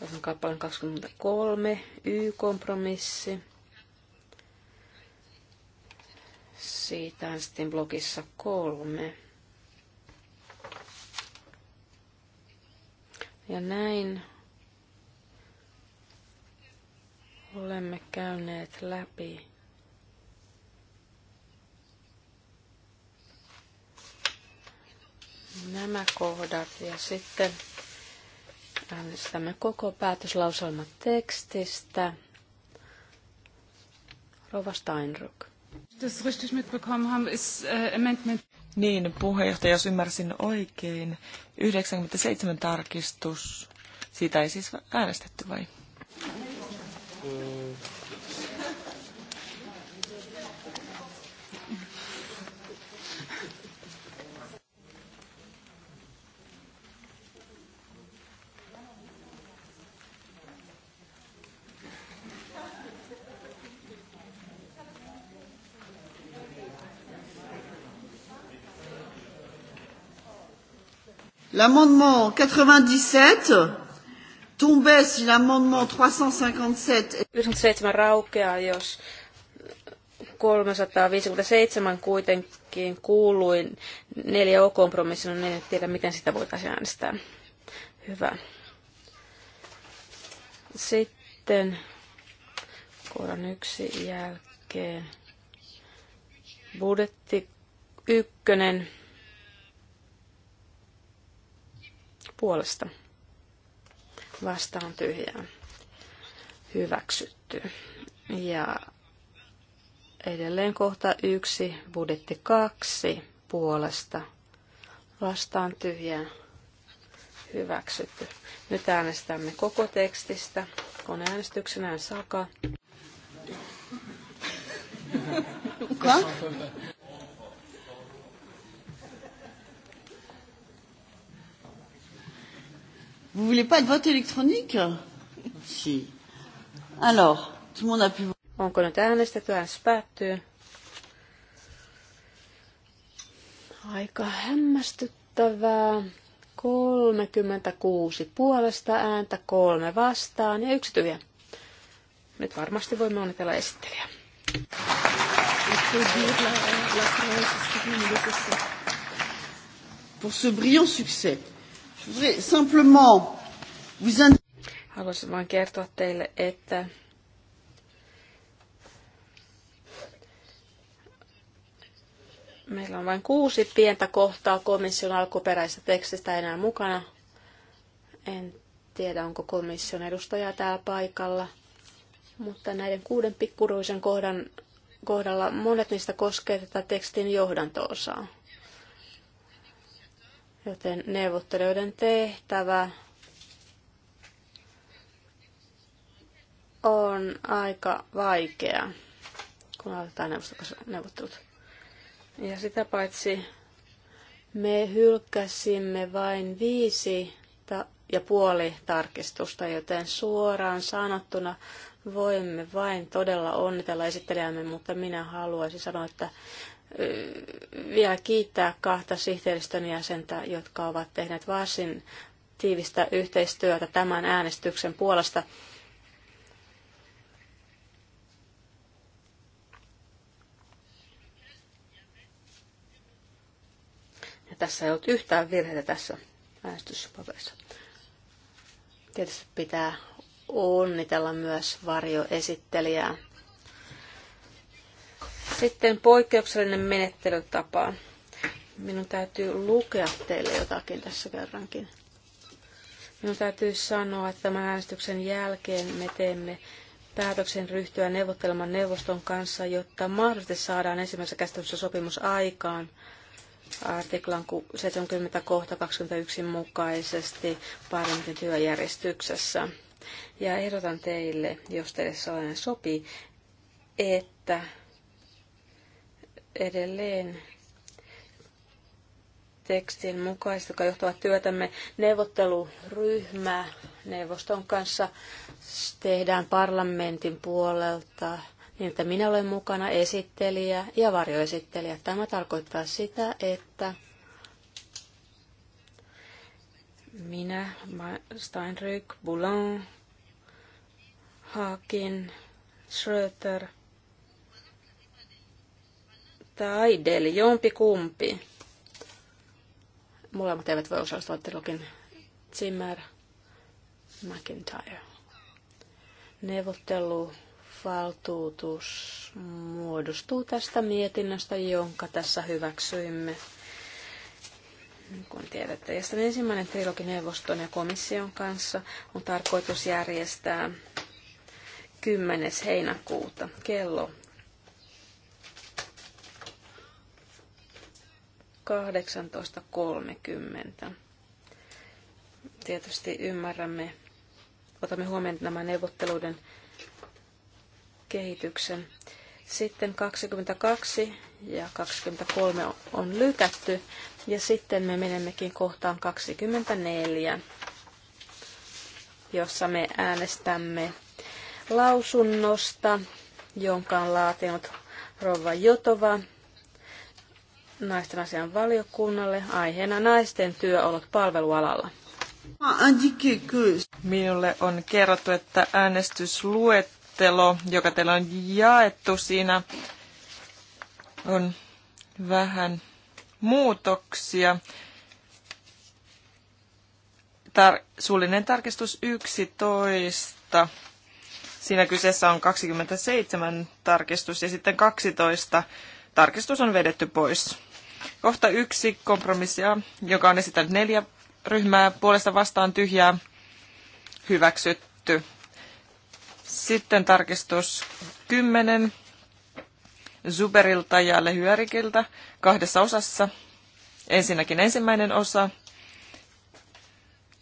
Tässä on kappaleen 23, Y-kompromissi. Siitä sitten blogissa kolme. Ja näin olemme käyneet läpi nämä kohdat ja sitten äänestämme koko päätöslauselman tekstistä. Rova Steinruck. Das richtig mitbekommen haben, ist äh, Amendment. Niin, puheenjohtaja, jos ymmärsin oikein, 97 tarkistus, siitä ei siis äänestetty vai? Mm. L'amendement 97 tumbee si l'amendement 357. 97 raukeaa, jos 357 kuitenkin kuului neljä O-kompromissina, niin en tiedä miten sitä voitaisiin äänestää. Hyvä. Sitten kohdan yksi jälkeen budjetti ykkönen puolesta vastaan tyhjää hyväksytty. Ja edelleen kohta yksi, budjetti kaksi puolesta vastaan tyhjää hyväksytty. Nyt äänestämme koko tekstistä. Kun äänestyksenään saka. Kuka? Vous voulez pas de vote électronique Si. Alors, tout le monde a pu... voter. Onko nyt äänestetty? Äänestys päättyy. Aika hämmästyttävää. 36 puolesta ääntä, kolme vastaan ja yksi tyhjä. Nyt varmasti voimme onnitella esittelijää. Pour ce brillant succès. Haluaisin vain kertoa teille, että meillä on vain kuusi pientä kohtaa komission alkuperäisestä tekstistä enää mukana. En tiedä, onko komission edustaja täällä paikalla, mutta näiden kuuden pikkuruisen kohdan, kohdalla monet niistä koskee tätä tekstin johdanto osaa Joten neuvottelijoiden tehtävä on aika vaikea, kun aloitetaan neuvottelut. Ja sitä paitsi me hylkäsimme vain viisi ja puoli tarkistusta, joten suoraan sanottuna voimme vain todella onnitella esittelijämme, mutta minä haluaisin sanoa, että vielä kiittää kahta sihteeristön jäsentä, jotka ovat tehneet varsin tiivistä yhteistyötä tämän äänestyksen puolesta. Ja tässä ei ollut yhtään virheitä tässä äänestyspaperissa. Tietysti pitää onnitella myös varjoesittelijää sitten poikkeuksellinen menettelytapa. Minun täytyy lukea teille jotakin tässä kerrankin. Minun täytyy sanoa, että tämän äänestyksen jälkeen me teemme päätöksen ryhtyä neuvottelemaan neuvoston kanssa, jotta mahdollisesti saadaan ensimmäisessä käsittelyssä sopimus aikaan artiklan 70 kohta 21 mukaisesti parlamentin työjärjestyksessä. Ja ehdotan teille, jos teille sellainen sopii, että edelleen tekstin mukaista, joka johtavat työtämme neuvotteluryhmä neuvoston kanssa tehdään parlamentin puolelta niin, että minä olen mukana esittelijä ja varjoesittelijä. Tämä tarkoittaa sitä, että minä, Steinrück, Boulogne, Hakin Schröter – tai Deli, kumpi. Molemmat eivät voi osallistua trilogin Zimmer McIntyre. valtuutus, muodostuu tästä mietinnöstä, jonka tässä hyväksyimme. Kun tiedätte, ja ensimmäinen trilogineuvoston neuvoston ja komission kanssa on tarkoitus järjestää 10. heinäkuuta kello 18.30. Tietysti ymmärrämme, otamme huomioon nämä neuvotteluiden kehityksen. Sitten 22 ja 23 on lykätty ja sitten me menemmekin kohtaan 24, jossa me äänestämme lausunnosta, jonka on laatinut Rova Jotova naisten asian valiokunnalle aiheena naisten työolot palvelualalla. Minulle on kerrottu, että äänestysluettelo, joka teillä on jaettu siinä, on vähän muutoksia. Tar- suullinen tarkistus 11. Siinä kyseessä on 27 tarkistus ja sitten 12 tarkistus on vedetty pois. Kohta yksi kompromissia, joka on esittänyt neljä ryhmää puolesta vastaan tyhjää hyväksytty. Sitten tarkistus 10 Zuberilta ja Lehyärikiltä kahdessa osassa. Ensinnäkin ensimmäinen osa,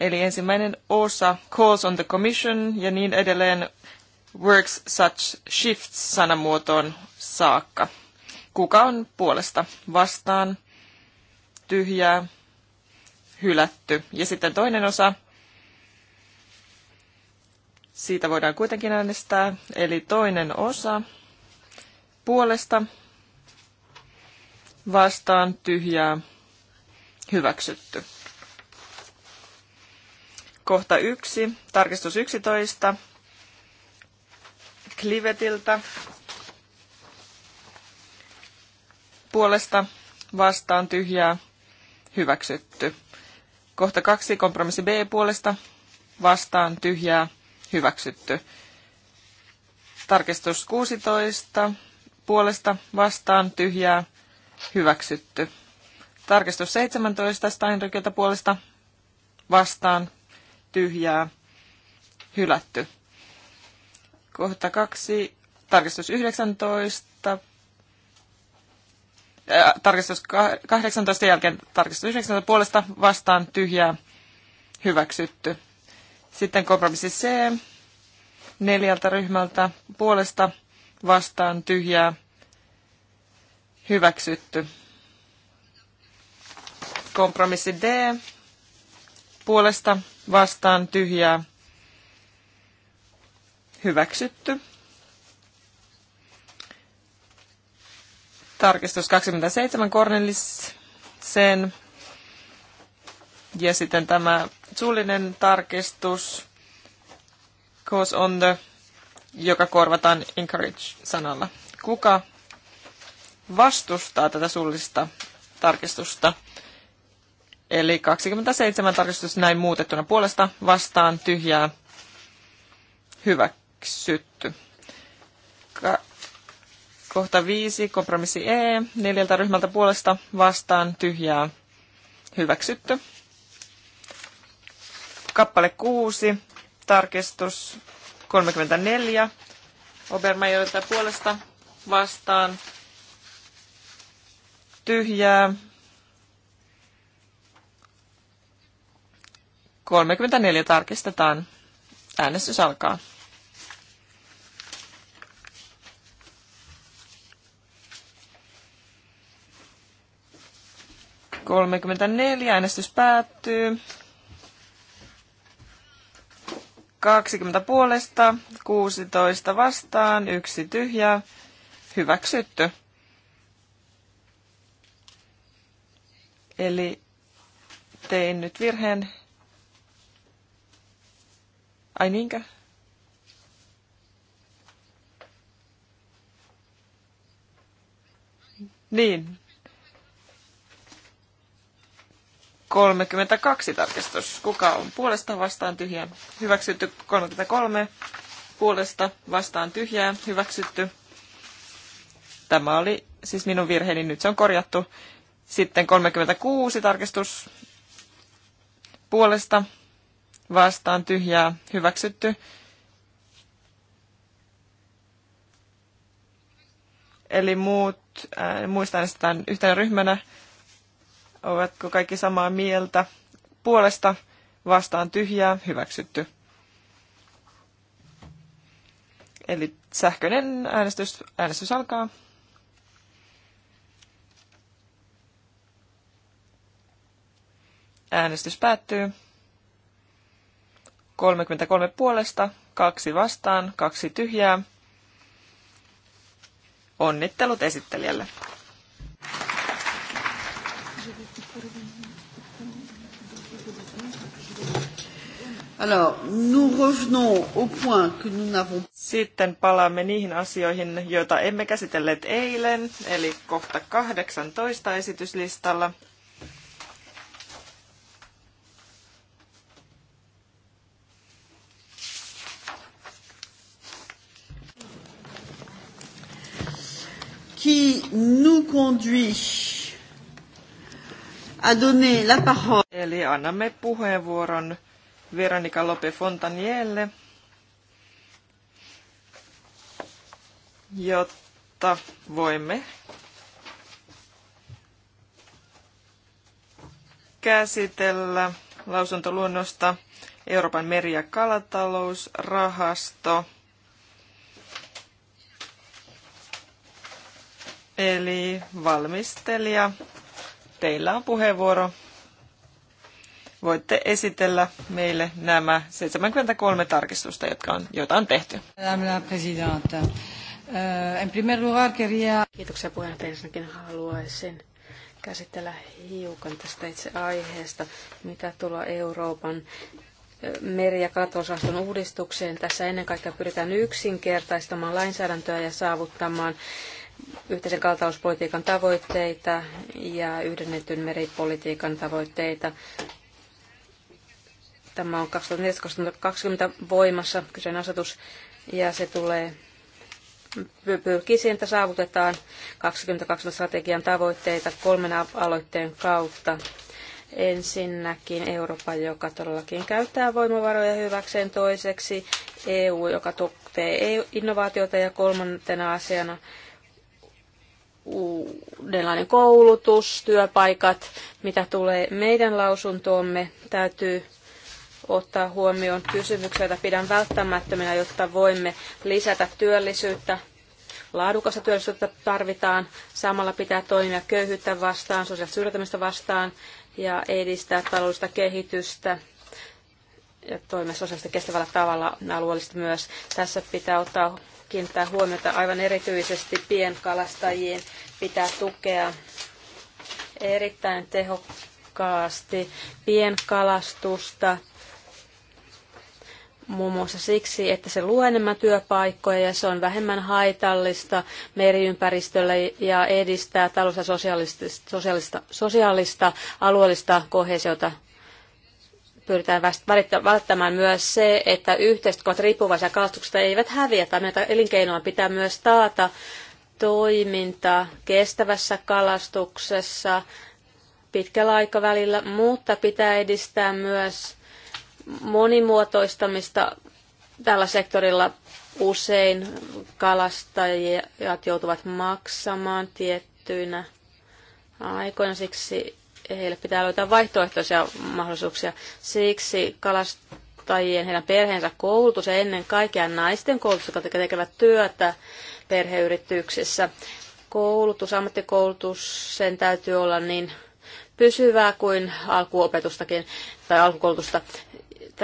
eli ensimmäinen osa calls on the commission ja niin edelleen works such shifts sanamuotoon saakka. Kuka on puolesta? Vastaan. Tyhjää. Hylätty. Ja sitten toinen osa. Siitä voidaan kuitenkin äänestää. Eli toinen osa. Puolesta. Vastaan. Tyhjää. Hyväksytty. Kohta yksi, tarkistus 11, Klivetiltä puolesta vastaan tyhjää hyväksytty. Kohta kaksi kompromissi B puolesta vastaan tyhjää hyväksytty. Tarkistus 16 puolesta vastaan tyhjää hyväksytty. Tarkistus 17 Steinrykiltä puolesta vastaan tyhjää hylätty. Kohta kaksi tarkistus 19 Äh, tarkistus 18 jälkeen tarkistus 19 puolesta vastaan tyhjää hyväksytty. Sitten kompromissi C neljältä ryhmältä puolesta vastaan tyhjää hyväksytty. Kompromissi D puolesta vastaan tyhjää hyväksytty. Tarkistus 27 Cornelis sen. Ja sitten tämä suullinen tarkistus, cause on the, joka korvataan encourage-sanalla. Kuka vastustaa tätä suullista tarkistusta? Eli 27 tarkistus näin muutettuna puolesta vastaan tyhjää hyväksytty. Kohta viisi, kompromissi E, neljältä ryhmältä puolesta vastaan tyhjää hyväksytty. Kappale kuusi, tarkistus 34, Obermajorilta puolesta vastaan tyhjää 34 tarkistetaan. Äänestys alkaa. 34 äänestys päättyy. 20 puolesta, 16 vastaan, yksi tyhjä, hyväksytty. Eli tein nyt virheen. Ai niinkö? Niin, 32 tarkistus. Kuka on puolesta vastaan tyhjää? Hyväksytty 33. Puolesta vastaan tyhjää. Hyväksytty. Tämä oli siis minun virheeni. Nyt se on korjattu. Sitten 36 tarkistus. Puolesta vastaan tyhjää. Hyväksytty. Eli muut, äh, muista äänestetään yhtenä ryhmänä Ovatko kaikki samaa mieltä? Puolesta vastaan tyhjää, hyväksytty. Eli sähköinen äänestys, äänestys alkaa. Äänestys päättyy. 33 puolesta, kaksi vastaan, kaksi tyhjää. Onnittelut esittelijälle. Sitten palaamme niihin asioihin, joita emme käsitelleet eilen, eli kohta 18 esityslistalla. qui nous conduit à donner la parole. Eli annamme puheenvuoron Veronika Lope Fontanielle, jotta voimme käsitellä lausuntoluonnosta Euroopan meri- ja kalatalousrahasto. Eli valmistelija, teillä on puheenvuoro voitte esitellä meille nämä 73 tarkistusta, jotka on, joita on tehty. Euh, Kiitoksia puheenjohtaja. Ensinnäkin haluaisin käsitellä hiukan tästä itse aiheesta, mitä tulee Euroopan meri- ja kalatalousrahaston uudistukseen. Tässä ennen kaikkea pyritään yksinkertaistamaan lainsäädäntöä ja saavuttamaan yhteisen kaltauspolitiikan tavoitteita ja yhdennetyn meripolitiikan tavoitteita. Tämä on 2020 voimassa kyseinen asetus ja se tulee pyrkii siihen, että saavutetaan 2020 strategian tavoitteita kolmen aloitteen kautta. Ensinnäkin Eurooppa, joka todellakin käyttää voimavaroja hyväkseen toiseksi, EU, joka tukee e innovaatiota ja kolmantena asiana uudenlainen koulutus, työpaikat, mitä tulee meidän lausuntoomme, täytyy ottaa huomioon kysymyksiä, joita pidän välttämättöminä, jotta voimme lisätä työllisyyttä. Laadukasta työllisyyttä tarvitaan. Samalla pitää toimia köyhyyttä vastaan, sosiaalista syrjäytymistä vastaan ja edistää taloudellista kehitystä ja toimia sosiaalisesti kestävällä tavalla alueellisesti myös. Tässä pitää ottaa kiinnittää huomiota aivan erityisesti pienkalastajiin. Pitää tukea erittäin tehokkaasti pienkalastusta muun muassa siksi, että se luo enemmän työpaikkoja ja se on vähemmän haitallista meriympäristölle ja edistää talous- sosiaalista, sosiaalista, sosiaalista alueellista kohesiota. Pyritään välttämään myös se, että yhteiset ovat riippuvaisia kalastuksesta eivät häviä tai näitä elinkeinoa pitää myös taata toiminta kestävässä kalastuksessa pitkällä aikavälillä, mutta pitää edistää myös monimuotoistamista tällä sektorilla usein kalastajat joutuvat maksamaan tiettyinä aikoina, siksi heille pitää löytää vaihtoehtoisia mahdollisuuksia. Siksi kalastajien, heidän perheensä koulutus ja ennen kaikkea naisten koulutus, jotka tekevät työtä perheyrityksissä. Koulutus, ammattikoulutus, sen täytyy olla niin pysyvää kuin alkuopetustakin tai alkukoulutusta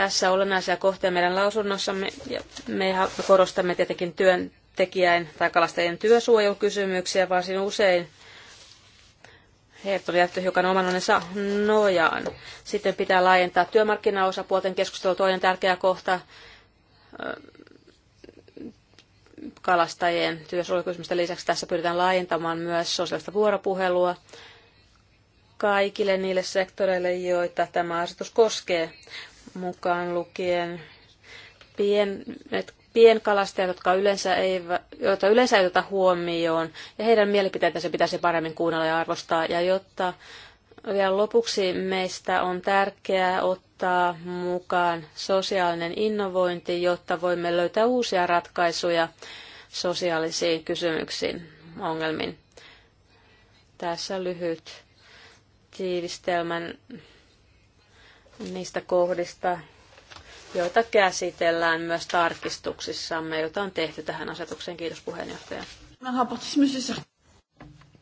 tässä olennaisia kohtia meidän lausunnossamme. Ja me korostamme tietenkin työntekijän tai kalastajien työsuojelukysymyksiä varsin usein. Heidät on jätetty hiukan oman onnensa nojaan. Sitten pitää laajentaa työmarkkinaosapuolten keskustelu. Toinen tärkeä kohta kalastajien työsuojelukysymysten lisäksi tässä pyritään laajentamaan myös sosiaalista vuoropuhelua kaikille niille sektoreille, joita tämä asetus koskee mukaan lukien pienet pienkalastajat, jotka yleensä ei, joita yleensä ei oteta huomioon, ja heidän se pitäisi paremmin kuunnella ja arvostaa. Ja jotta vielä lopuksi meistä on tärkeää ottaa mukaan sosiaalinen innovointi, jotta voimme löytää uusia ratkaisuja sosiaalisiin kysymyksiin, ongelmiin. Tässä lyhyt tiivistelmän niistä kohdista, joita käsitellään myös tarkistuksissamme, joita on tehty tähän asetukseen. Kiitos puheenjohtaja.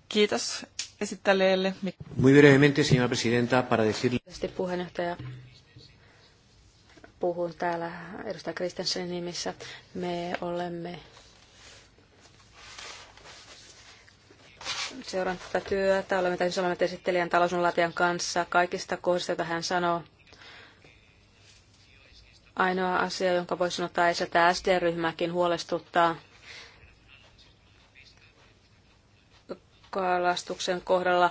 Kiitos esittelijälle. Muy brevemente, señora presidenta, para decirle... Puheenjohtaja, puhun täällä edustaja Kristensenin nimissä. Me olemme seurannut tätä työtä. Olemme täysin samalla esittelijän talousunlaatijan kanssa kaikista kohdista, joita hän sanoo. Ainoa asia, jonka voisin ottaa esille, että SD-ryhmäkin huolestuttaa kalastuksen kohdalla.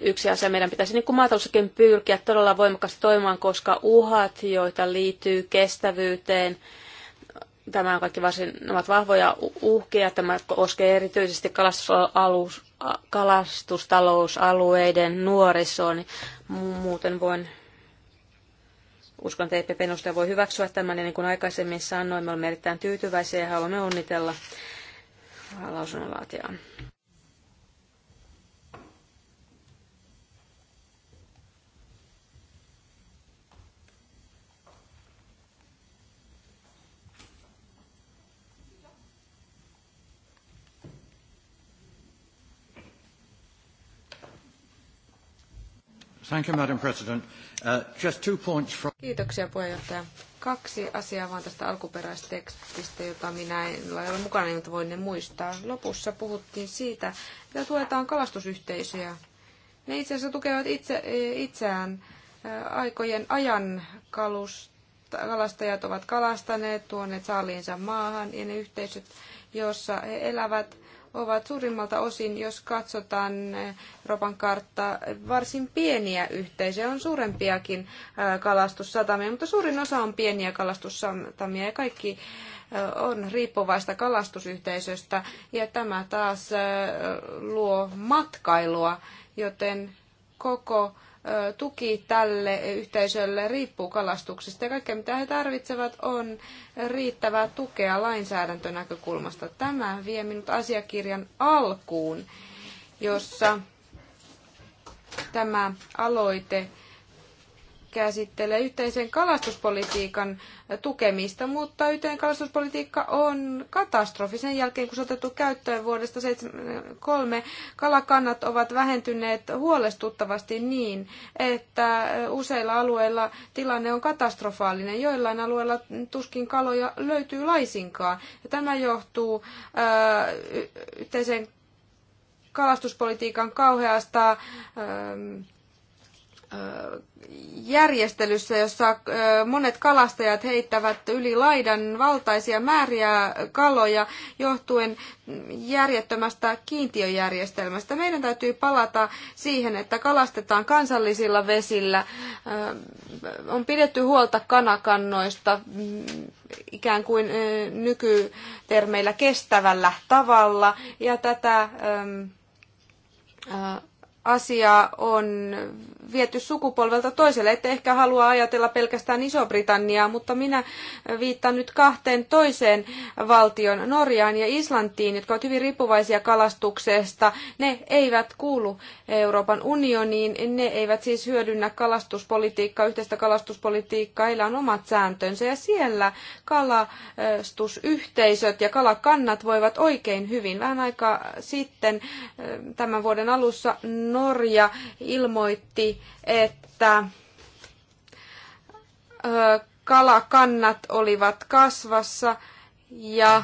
Yksi asia meidän pitäisi niin kuin maataloussakin pyrkiä todella voimakkaasti toimimaan, koska uhat, joita liittyy kestävyyteen, tämä on kaikki varsin, ovat vahvoja uhkia. Tämä koskee erityisesti kalastusalus, kalastustalousalueiden niin Muuten voin Uskon, että EPPn nostaja voi hyväksyä tämän, ja niin kuin aikaisemmin sanoin, me olemme erittäin tyytyväisiä ja haluamme onnitella lausunnonlaatijaa. Thank you, Madam President. Uh, just two points from... Kiitoksia puheenjohtaja. Kaksi asiaa vaan tästä alkuperäistekstistä, jota minä en ole mukana, mutta niin voin ne muistaa. Lopussa puhuttiin siitä, että tuetaan kalastusyhteisöjä. Ne itse asiassa tukevat itse, eh, itseään eh, aikojen ajan kalusta kalastajat ovat kalastaneet, tuoneet saaliinsa maahan ja ne yhteisöt, joissa he elävät, ovat suurimmalta osin, jos katsotaan Euroopan karttaa, varsin pieniä yhteisöjä. On suurempiakin kalastussatamia, mutta suurin osa on pieniä kalastussatamia ja kaikki on riippuvaista kalastusyhteisöstä ja tämä taas luo matkailua, joten koko tuki tälle yhteisölle riippuu kalastuksesta ja kaikkea mitä he tarvitsevat on riittävää tukea lainsäädäntönäkökulmasta. Tämä vie minut asiakirjan alkuun, jossa tämä aloite käsittelee yhteisen kalastuspolitiikan tukemista, mutta yhteinen kalastuspolitiikka on katastrofi. Sen jälkeen, kun se on otettu käyttöön vuodesta 1973, kalakannat ovat vähentyneet huolestuttavasti niin, että useilla alueilla tilanne on katastrofaalinen. Joillain alueilla tuskin kaloja löytyy laisinkaan. Ja tämä johtuu ää, äh, yhteisen kalastuspolitiikan kauheasta... Ää, ähm, järjestelyssä, jossa monet kalastajat heittävät yli laidan valtaisia määriä kaloja johtuen järjettömästä kiintiöjärjestelmästä. Meidän täytyy palata siihen, että kalastetaan kansallisilla vesillä. On pidetty huolta kanakannoista mm, ikään kuin nykytermeillä kestävällä tavalla ja tätä Asia on viety sukupolvelta toiselle. Ette ehkä halua ajatella pelkästään Iso-Britanniaa, mutta minä viittaan nyt kahteen toiseen valtion, Norjaan ja Islantiin, jotka ovat hyvin riippuvaisia kalastuksesta. Ne eivät kuulu Euroopan unioniin, ne eivät siis hyödynnä kalastuspolitiikkaa, yhteistä kalastuspolitiikkaa, heillä on omat sääntönsä ja siellä kalastusyhteisöt ja kalakannat voivat oikein hyvin. Vähän aikaa sitten eh, tämän vuoden alussa Norja ilmoitti, että kalakannat olivat kasvassa ja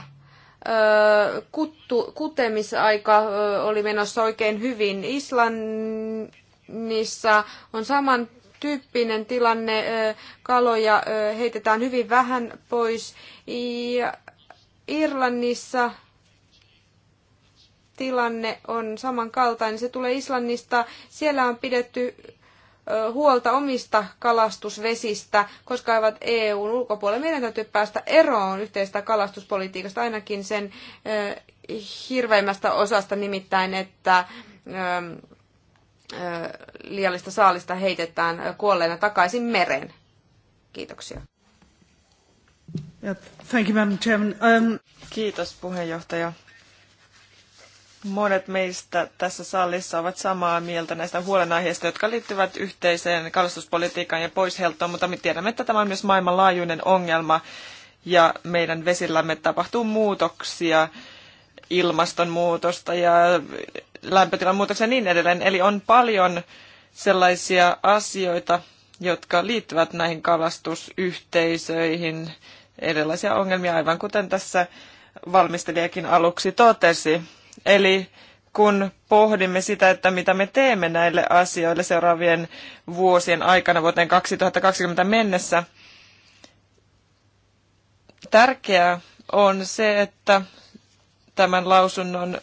kuttu, kutemisaika oli menossa oikein hyvin. Islannissa on saman tilanne, kaloja heitetään hyvin vähän pois. Ja Irlannissa tilanne on samankaltainen. Se tulee Islannista. Siellä on pidetty huolta omista kalastusvesistä, koska ovat EUn ulkopuolella. Meidän täytyy päästä eroon yhteistä kalastuspolitiikasta, ainakin sen hirveimmästä osasta nimittäin, että liiallista saalista heitetään kuolleena takaisin mereen. Kiitoksia. Thank you, Madam Chairman. Um, Kiitos puheenjohtaja. Monet meistä tässä salissa ovat samaa mieltä näistä huolenaiheista, jotka liittyvät yhteiseen kalastuspolitiikkaan ja poisheltoon, mutta me tiedämme, että tämä on myös maailmanlaajuinen ongelma ja meidän vesillämme tapahtuu muutoksia, ilmastonmuutosta ja lämpötilan muutoksia ja niin edelleen. Eli on paljon sellaisia asioita, jotka liittyvät näihin kalastusyhteisöihin, erilaisia ongelmia, aivan kuten tässä valmistelijakin aluksi totesi Eli kun pohdimme sitä, että mitä me teemme näille asioille seuraavien vuosien aikana vuoteen 2020 mennessä, tärkeää on se, että tämän lausunnon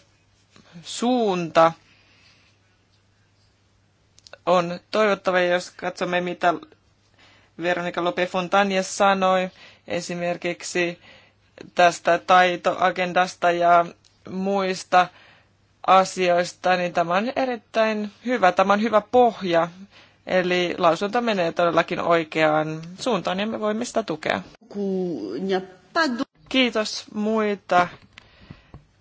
suunta on toivottava, jos katsomme, mitä Veronika Lope Fontanje sanoi esimerkiksi tästä taitoagendasta ja muista asioista, niin tämä on erittäin hyvä, tämä on hyvä pohja. Eli lausunto menee todellakin oikeaan suuntaan ja me voimme sitä tukea. Kiitos muita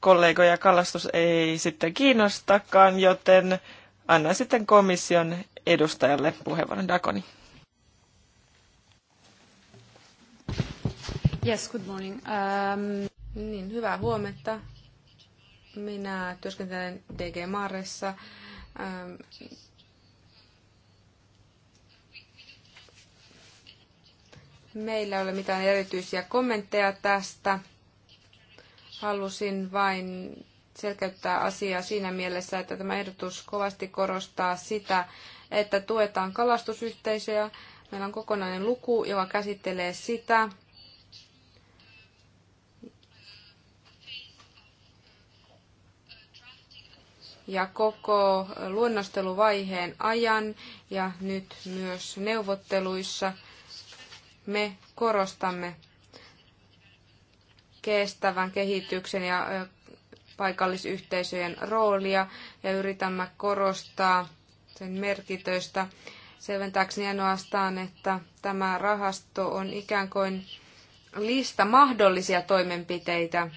kollegoja. Kalastus ei sitten kiinnostakaan, joten annan sitten komission edustajalle puheenvuoron Dakoni. Yes, good morning. Um... Niin, hyvää huomenta. Minä työskentelen DG Maaressa. Ähm, meillä ei ole mitään erityisiä kommentteja tästä. Halusin vain selkeyttää asiaa siinä mielessä, että tämä ehdotus kovasti korostaa sitä, että tuetaan kalastusyhteisöjä. Meillä on kokonainen luku, joka käsittelee sitä, ja koko luonnosteluvaiheen ajan ja nyt myös neuvotteluissa me korostamme kestävän kehityksen ja paikallisyhteisöjen roolia ja yritämme korostaa sen merkitystä selventääkseni ainoastaan, että tämä rahasto on ikään kuin lista mahdollisia toimenpiteitä,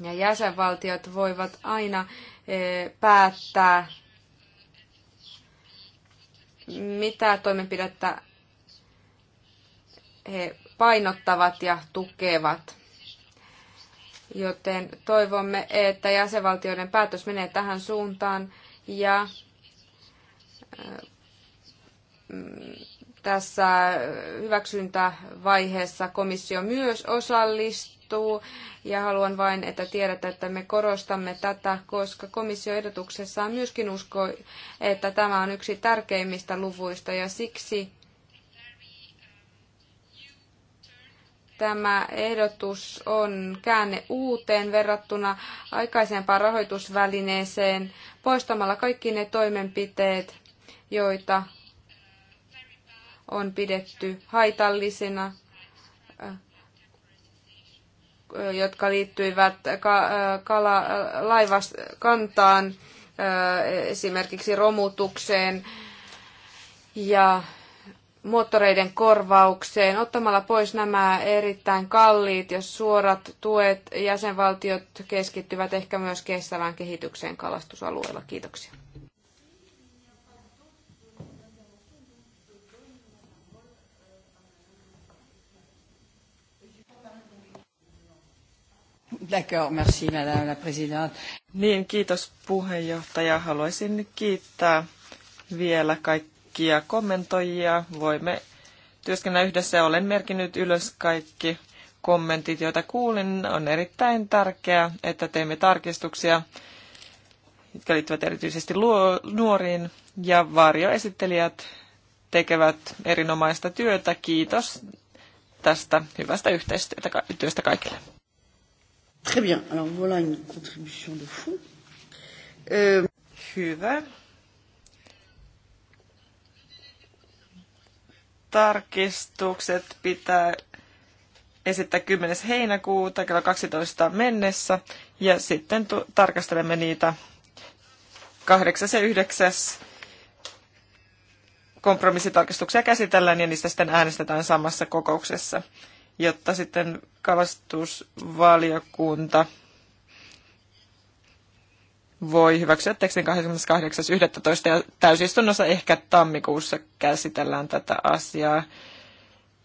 ja jäsenvaltiot voivat aina e, päättää, mitä toimenpidettä he painottavat ja tukevat. Joten toivomme, että jäsenvaltioiden päätös menee tähän suuntaan ja e, tässä hyväksyntävaiheessa komissio myös osallistuu. Ja haluan vain, että tiedät, että me korostamme tätä, koska komissio ehdotuksessaan myöskin uskoo, että tämä on yksi tärkeimmistä luvuista ja siksi tämä ehdotus on käänne uuteen verrattuna aikaisempaan rahoitusvälineeseen poistamalla kaikki ne toimenpiteet, joita on pidetty haitallisina, jotka liittyivät kala, kantaan, esimerkiksi romutukseen ja moottoreiden korvaukseen. Ottamalla pois nämä erittäin kalliit ja suorat tuet, jäsenvaltiot keskittyvät ehkä myös kestävään kehitykseen kalastusalueella. Kiitoksia. D'accord, merci madame la présidente. Niin, kiitos puheenjohtaja. Haluaisin kiittää vielä kaikkia kommentoijia. Voimme työskennellä yhdessä. Olen merkinnyt ylös kaikki kommentit, joita kuulin. On erittäin tärkeää, että teemme tarkistuksia, jotka liittyvät erityisesti nuoriin. Ja varjoesittelijät tekevät erinomaista työtä. Kiitos tästä hyvästä yhteistyöstä kaikille. Très bien. Alors voilà une contribution de fond. Euh... Tarkistukset pitää esittää 10. heinäkuuta kello 12 mennessä ja sitten tarkastelemme niitä 8. ja 9. kompromissitarkistuksia käsitellään ja niistä sitten äänestetään samassa kokouksessa jotta sitten kalastusvaliokunta voi hyväksyä tekstin 28.11. ja täysistunnossa ehkä tammikuussa käsitellään tätä asiaa.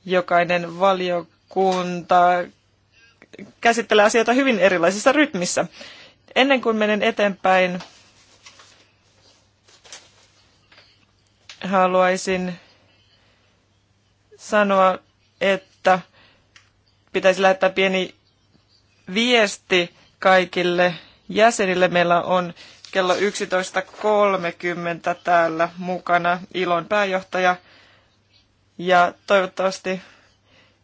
Jokainen valiokunta käsittelee asioita hyvin erilaisissa rytmissä. Ennen kuin menen eteenpäin, haluaisin sanoa, että pitäisi lähettää pieni viesti kaikille jäsenille. Meillä on kello 11.30 täällä mukana Ilon pääjohtaja. Ja toivottavasti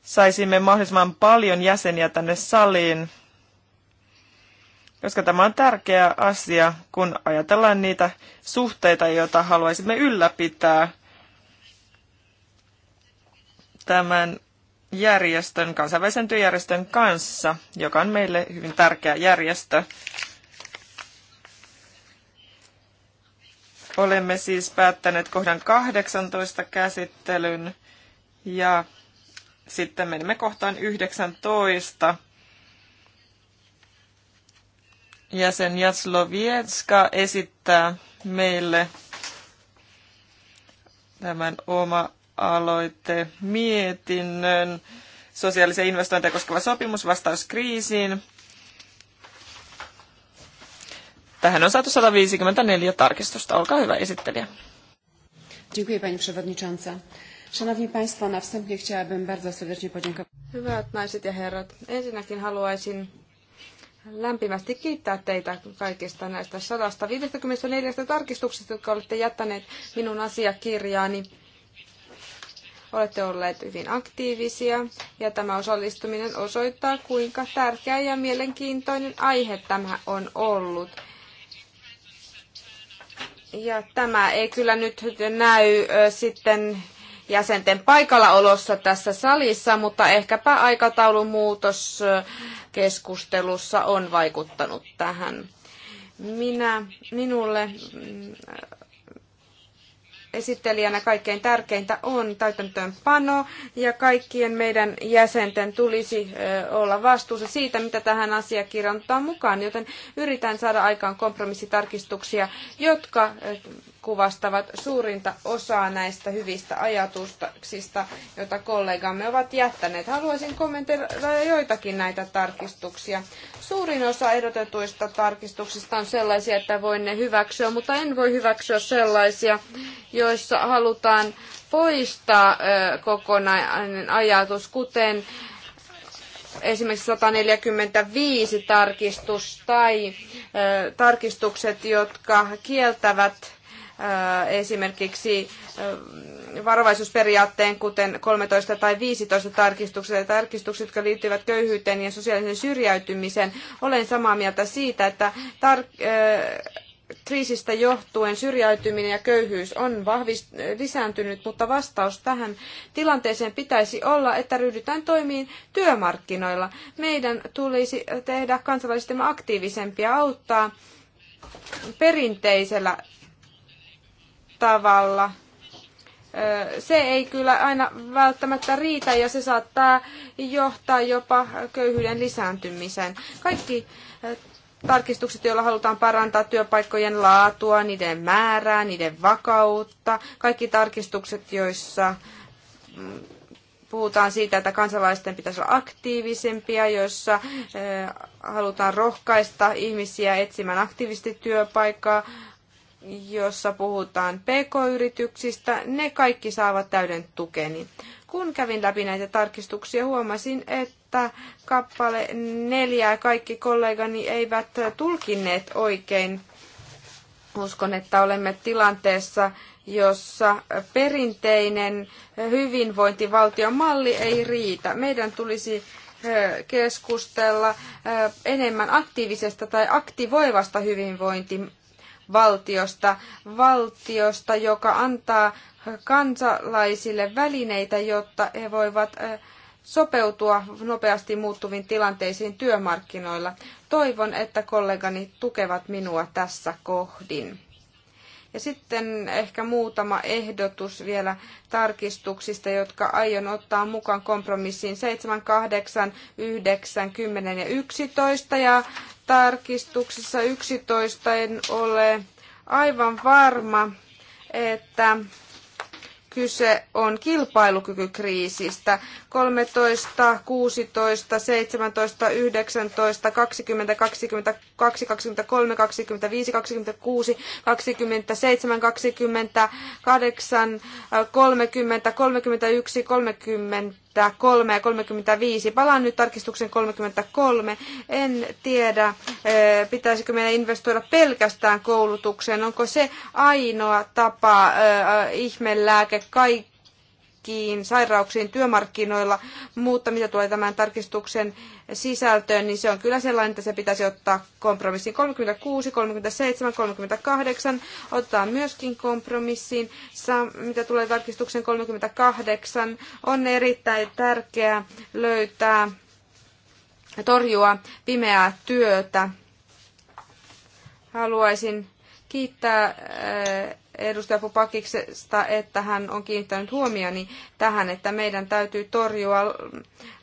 saisimme mahdollisimman paljon jäseniä tänne saliin, koska tämä on tärkeä asia, kun ajatellaan niitä suhteita, joita haluaisimme ylläpitää tämän järjestön, kansainvälisen työjärjestön kanssa, joka on meille hyvin tärkeä järjestö. Olemme siis päättäneet kohdan 18 käsittelyn ja sitten menemme kohtaan 19. Jäsen Jaslovietska esittää meille tämän oma aloite mietinnön sosiaalisen investointeja koskeva sopimus vastaus kriisiin. Tähän on saatu 154 tarkistusta. Olkaa hyvä esittelijä. Dziękuję Pani Przewodnicząca. Szanowni Państwo, na wstępie chciałabym bardzo serdecznie podziękować. Hyvät naiset ja herrat, ensinnäkin haluaisin lämpimästi kiittää teitä kaikista näistä 154 tarkistuksista, jotka olette jättäneet minun asiakirjaani Olette olleet hyvin aktiivisia ja tämä osallistuminen osoittaa, kuinka tärkeä ja mielenkiintoinen aihe tämä on ollut. Ja tämä ei kyllä nyt näy sitten jäsenten paikallaolossa tässä salissa, mutta ehkäpä aikataulun muutos keskustelussa on vaikuttanut tähän. Minä, minulle mm, esittelijänä kaikkein tärkeintä on täytäntöönpano ja kaikkien meidän jäsenten tulisi olla vastuussa siitä, mitä tähän asiakirjaan mukaan, joten yritän saada aikaan kompromissitarkistuksia, jotka kuvastavat suurinta osaa näistä hyvistä ajatuksista, joita kollegamme ovat jättäneet. Haluaisin kommentoida joitakin näitä tarkistuksia. Suurin osa ehdotetuista tarkistuksista on sellaisia, että voin ne hyväksyä, mutta en voi hyväksyä sellaisia, joissa halutaan poistaa kokonainen ajatus, kuten esimerkiksi 145 tarkistus tai tarkistukset, jotka kieltävät Äh, esimerkiksi äh, varovaisuusperiaatteen, kuten 13 tai 15 tarkistukset ja tarkistukset, jotka liittyvät köyhyyteen ja sosiaalisen syrjäytymiseen, Olen samaa mieltä siitä, että tar- äh, kriisistä johtuen syrjäytyminen ja köyhyys on vahvist- lisääntynyt, mutta vastaus tähän tilanteeseen pitäisi olla, että ryhdytään toimiin työmarkkinoilla. Meidän tulisi tehdä kansalaisistemme aktiivisempia auttaa perinteisellä tavalla. Se ei kyllä aina välttämättä riitä ja se saattaa johtaa jopa köyhyyden lisääntymiseen. Kaikki tarkistukset, joilla halutaan parantaa työpaikkojen laatua, niiden määrää, niiden vakautta. Kaikki tarkistukset, joissa mm, puhutaan siitä, että kansalaisten pitäisi olla aktiivisempia, joissa halutaan rohkaista ihmisiä etsimään aktiivisesti työpaikkaa jossa puhutaan pk-yrityksistä, ne kaikki saavat täyden tukeni. Kun kävin läpi näitä tarkistuksia, huomasin, että kappale neljää kaikki kollegani eivät tulkinneet oikein. Uskon, että olemme tilanteessa, jossa perinteinen hyvinvointivaltion malli ei riitä. Meidän tulisi keskustella enemmän aktiivisesta tai aktivoivasta hyvinvointi valtiosta, valtiosta, joka antaa kansalaisille välineitä, jotta he voivat eh, sopeutua nopeasti muuttuviin tilanteisiin työmarkkinoilla. Toivon, että kollegani tukevat minua tässä kohdin. Ja sitten ehkä muutama ehdotus vielä tarkistuksista, jotka aion ottaa mukaan kompromissiin 7, 8, 9, 10 ja 11. Ja tarkistuksessa 11 en ole aivan varma, että kyse on kilpailukykykriisistä, 13, 16, 17, 19, 20, 22, 23, 25, 26, 27, 28, 30, 31, 33 ja 35. Palaan nyt tarkistuksen 33. En tiedä, pitäisikö meidän investoida pelkästään koulutukseen. Onko se ainoa tapa, ihmelääke kaikki? kaikkiin sairauksiin työmarkkinoilla, mutta mitä tulee tämän tarkistuksen sisältöön, niin se on kyllä sellainen, että se pitäisi ottaa kompromissiin. 36, 37, 38 ottaa myöskin kompromissiin. mitä tulee tarkistuksen 38, on erittäin tärkeää löytää torjua pimeää työtä. Haluaisin kiittää äh, edustaja Pupakiksesta, että hän on kiinnittänyt huomioni tähän, että meidän täytyy torjua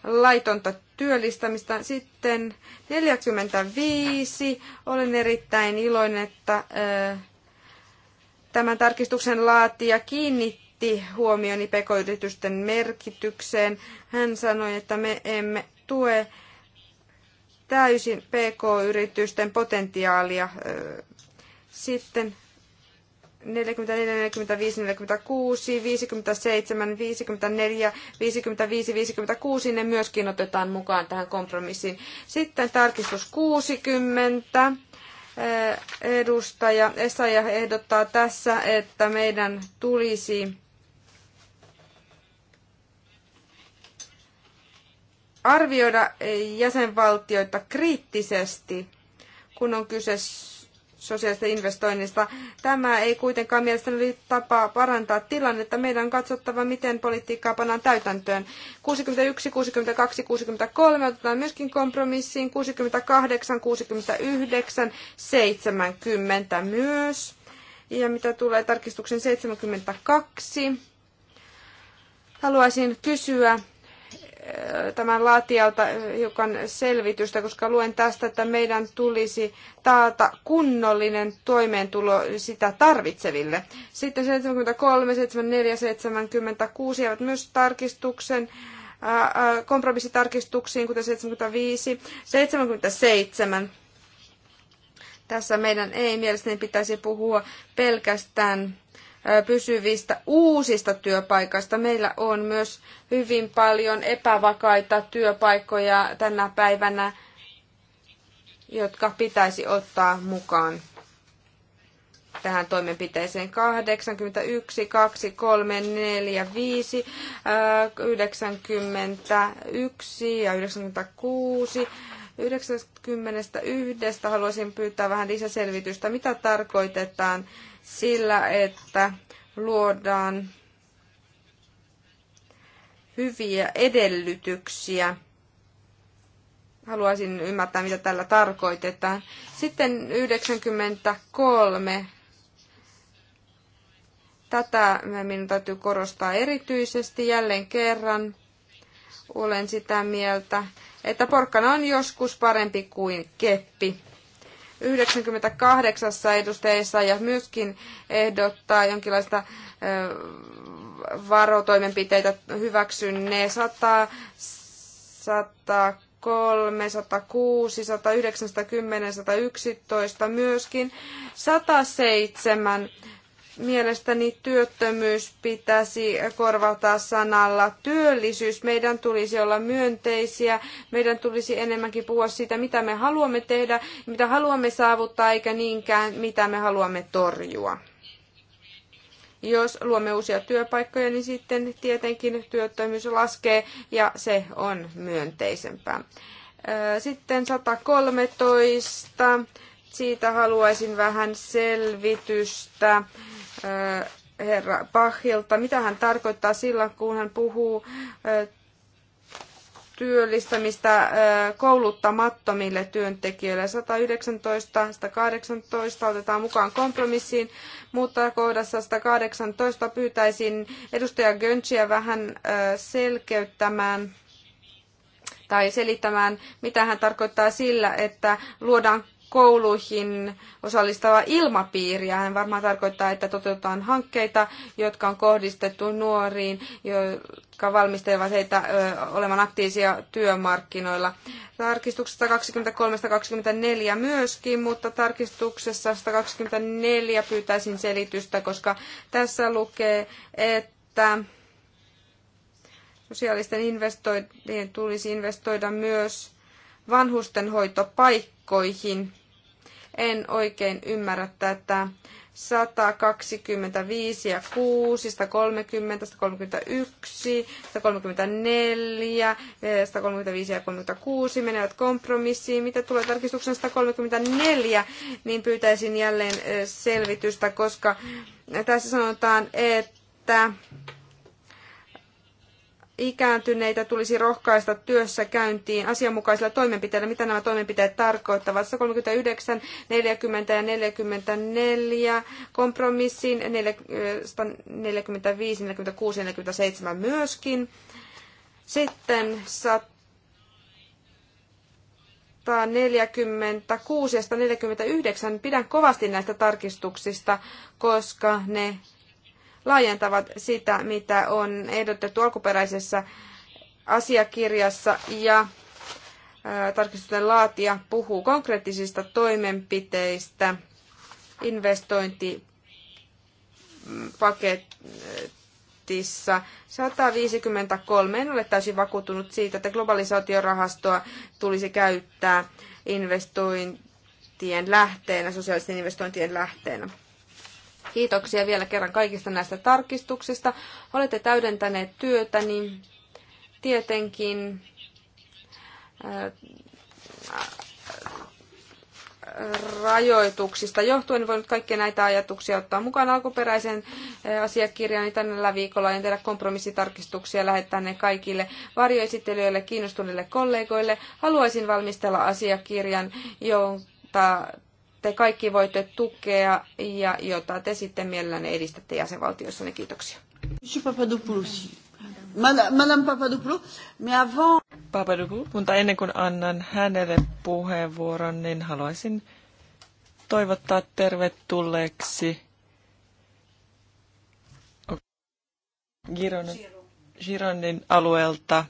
laitonta työllistämistä. Sitten 45. Olen erittäin iloinen, että eh, tämän tarkistuksen laatija kiinnitti huomioni pekoyritysten merkitykseen. Hän sanoi, että me emme tue täysin pk-yritysten potentiaalia. Eh, sitten 44, 45, 46, 57, 54, 55, 56, ne myöskin otetaan mukaan tähän kompromissiin. Sitten tarkistus 60. Äh, edustaja Esaja ehdottaa tässä, että meidän tulisi arvioida jäsenvaltioita kriittisesti, kun on kyse sosiaalista investoinnista. Tämä ei kuitenkaan mielestäni ole tapa parantaa tilannetta. Meidän on katsottava, miten politiikkaa pannaan täytäntöön. 61, 62, 63 otetaan myöskin kompromissiin. 68, 69, 70 myös. Ja mitä tulee tarkistuksen 72, haluaisin kysyä, tämän laatijalta hiukan selvitystä, koska luen tästä, että meidän tulisi taata kunnollinen toimeentulo sitä tarvitseville. Sitten 73, 74, 76 jäävät myös tarkistuksen kompromissitarkistuksiin, kuten 75, 77. Tässä meidän ei mielestäni pitäisi puhua pelkästään pysyvistä uusista työpaikoista. Meillä on myös hyvin paljon epävakaita työpaikkoja tänä päivänä, jotka pitäisi ottaa mukaan tähän toimenpiteeseen 81, 2, 3, 4, 5, 91 ja 96. 91 haluaisin pyytää vähän lisäselvitystä, mitä tarkoitetaan sillä, että luodaan hyviä edellytyksiä. Haluaisin ymmärtää, mitä tällä tarkoitetaan. Sitten 93. Tätä minun täytyy korostaa erityisesti jälleen kerran. Olen sitä mieltä, että porkkana on joskus parempi kuin keppi. 98 edustajissa ja myöskin ehdottaa jonkinlaista varotoimenpiteitä hyväksyn ne 100, 103, 106, 110, 111 myöskin 107 Mielestäni työttömyys pitäisi korvata sanalla työllisyys. Meidän tulisi olla myönteisiä, meidän tulisi enemmänkin puhua siitä, mitä me haluamme tehdä, mitä haluamme saavuttaa, eikä niinkään mitä me haluamme torjua. Jos luomme uusia työpaikkoja, niin sitten tietenkin työttömyys laskee ja se on myönteisempää. Sitten 113. Siitä haluaisin vähän selvitystä herra Pahilta, mitä hän tarkoittaa sillä, kun hän puhuu työllistämistä kouluttamattomille työntekijöille. 119, 118 otetaan mukaan kompromissiin, mutta kohdassa 118 pyytäisin edustaja Gönchiä vähän selkeyttämään tai selittämään, mitä hän tarkoittaa sillä, että luodaan kouluihin osallistava ilmapiiriä. Hän varmaan tarkoittaa, että toteutetaan hankkeita, jotka on kohdistettu nuoriin, jotka valmistelevat heitä olemaan aktiivisia työmarkkinoilla. Tarkistuksessa 23-24 myöskin, mutta tarkistuksessa 124 pyytäisin selitystä, koska tässä lukee, että sosiaalisten investointien tulisi investoida myös vanhustenhoitopaikkoihin en oikein ymmärrä tätä. 125 ja 6, 130, 131, 134, 135 ja 36 menevät kompromissiin. Mitä tulee tarkistuksen 134, niin pyytäisin jälleen selvitystä, koska tässä sanotaan, että ikääntyneitä tulisi rohkaista työssä käyntiin asianmukaisilla toimenpiteillä. Mitä nämä toimenpiteet tarkoittavat? 139, 40 ja 44 kompromissiin, 45, 46 ja 47 myöskin. Sitten 146 ja 149 pidän kovasti näistä tarkistuksista, koska ne laajentavat sitä, mitä on ehdotettu alkuperäisessä asiakirjassa ja tarkistusten laatija puhuu konkreettisista toimenpiteistä investointipaketissa 153. En ole täysin vakuuttunut siitä, että globalisaatiorahastoa tulisi käyttää investointien lähteenä, sosiaalisten investointien lähteenä. Kiitoksia vielä kerran kaikista näistä tarkistuksista. Olette täydentäneet työtä, niin tietenkin äh, rajoituksista johtuen voin nyt kaikkia näitä ajatuksia ottaa mukaan alkuperäisen äh, asiakirjan niin tällä viikolla en tehdä kompromissitarkistuksia lähettää ne kaikille varjoesittelijöille, kiinnostuneille kollegoille. Haluaisin valmistella asiakirjan, jonka te kaikki voitte tukea ja jota te sitten mielellänne edistätte jäsenvaltioissanne. Niin kiitoksia. Madame Papadopoulou, mais avant... Papadopoulou, mutta ennen kuin annan hänelle puheenvuoron, niin haluaisin toivottaa tervetulleeksi Gironin, Gironin alueelta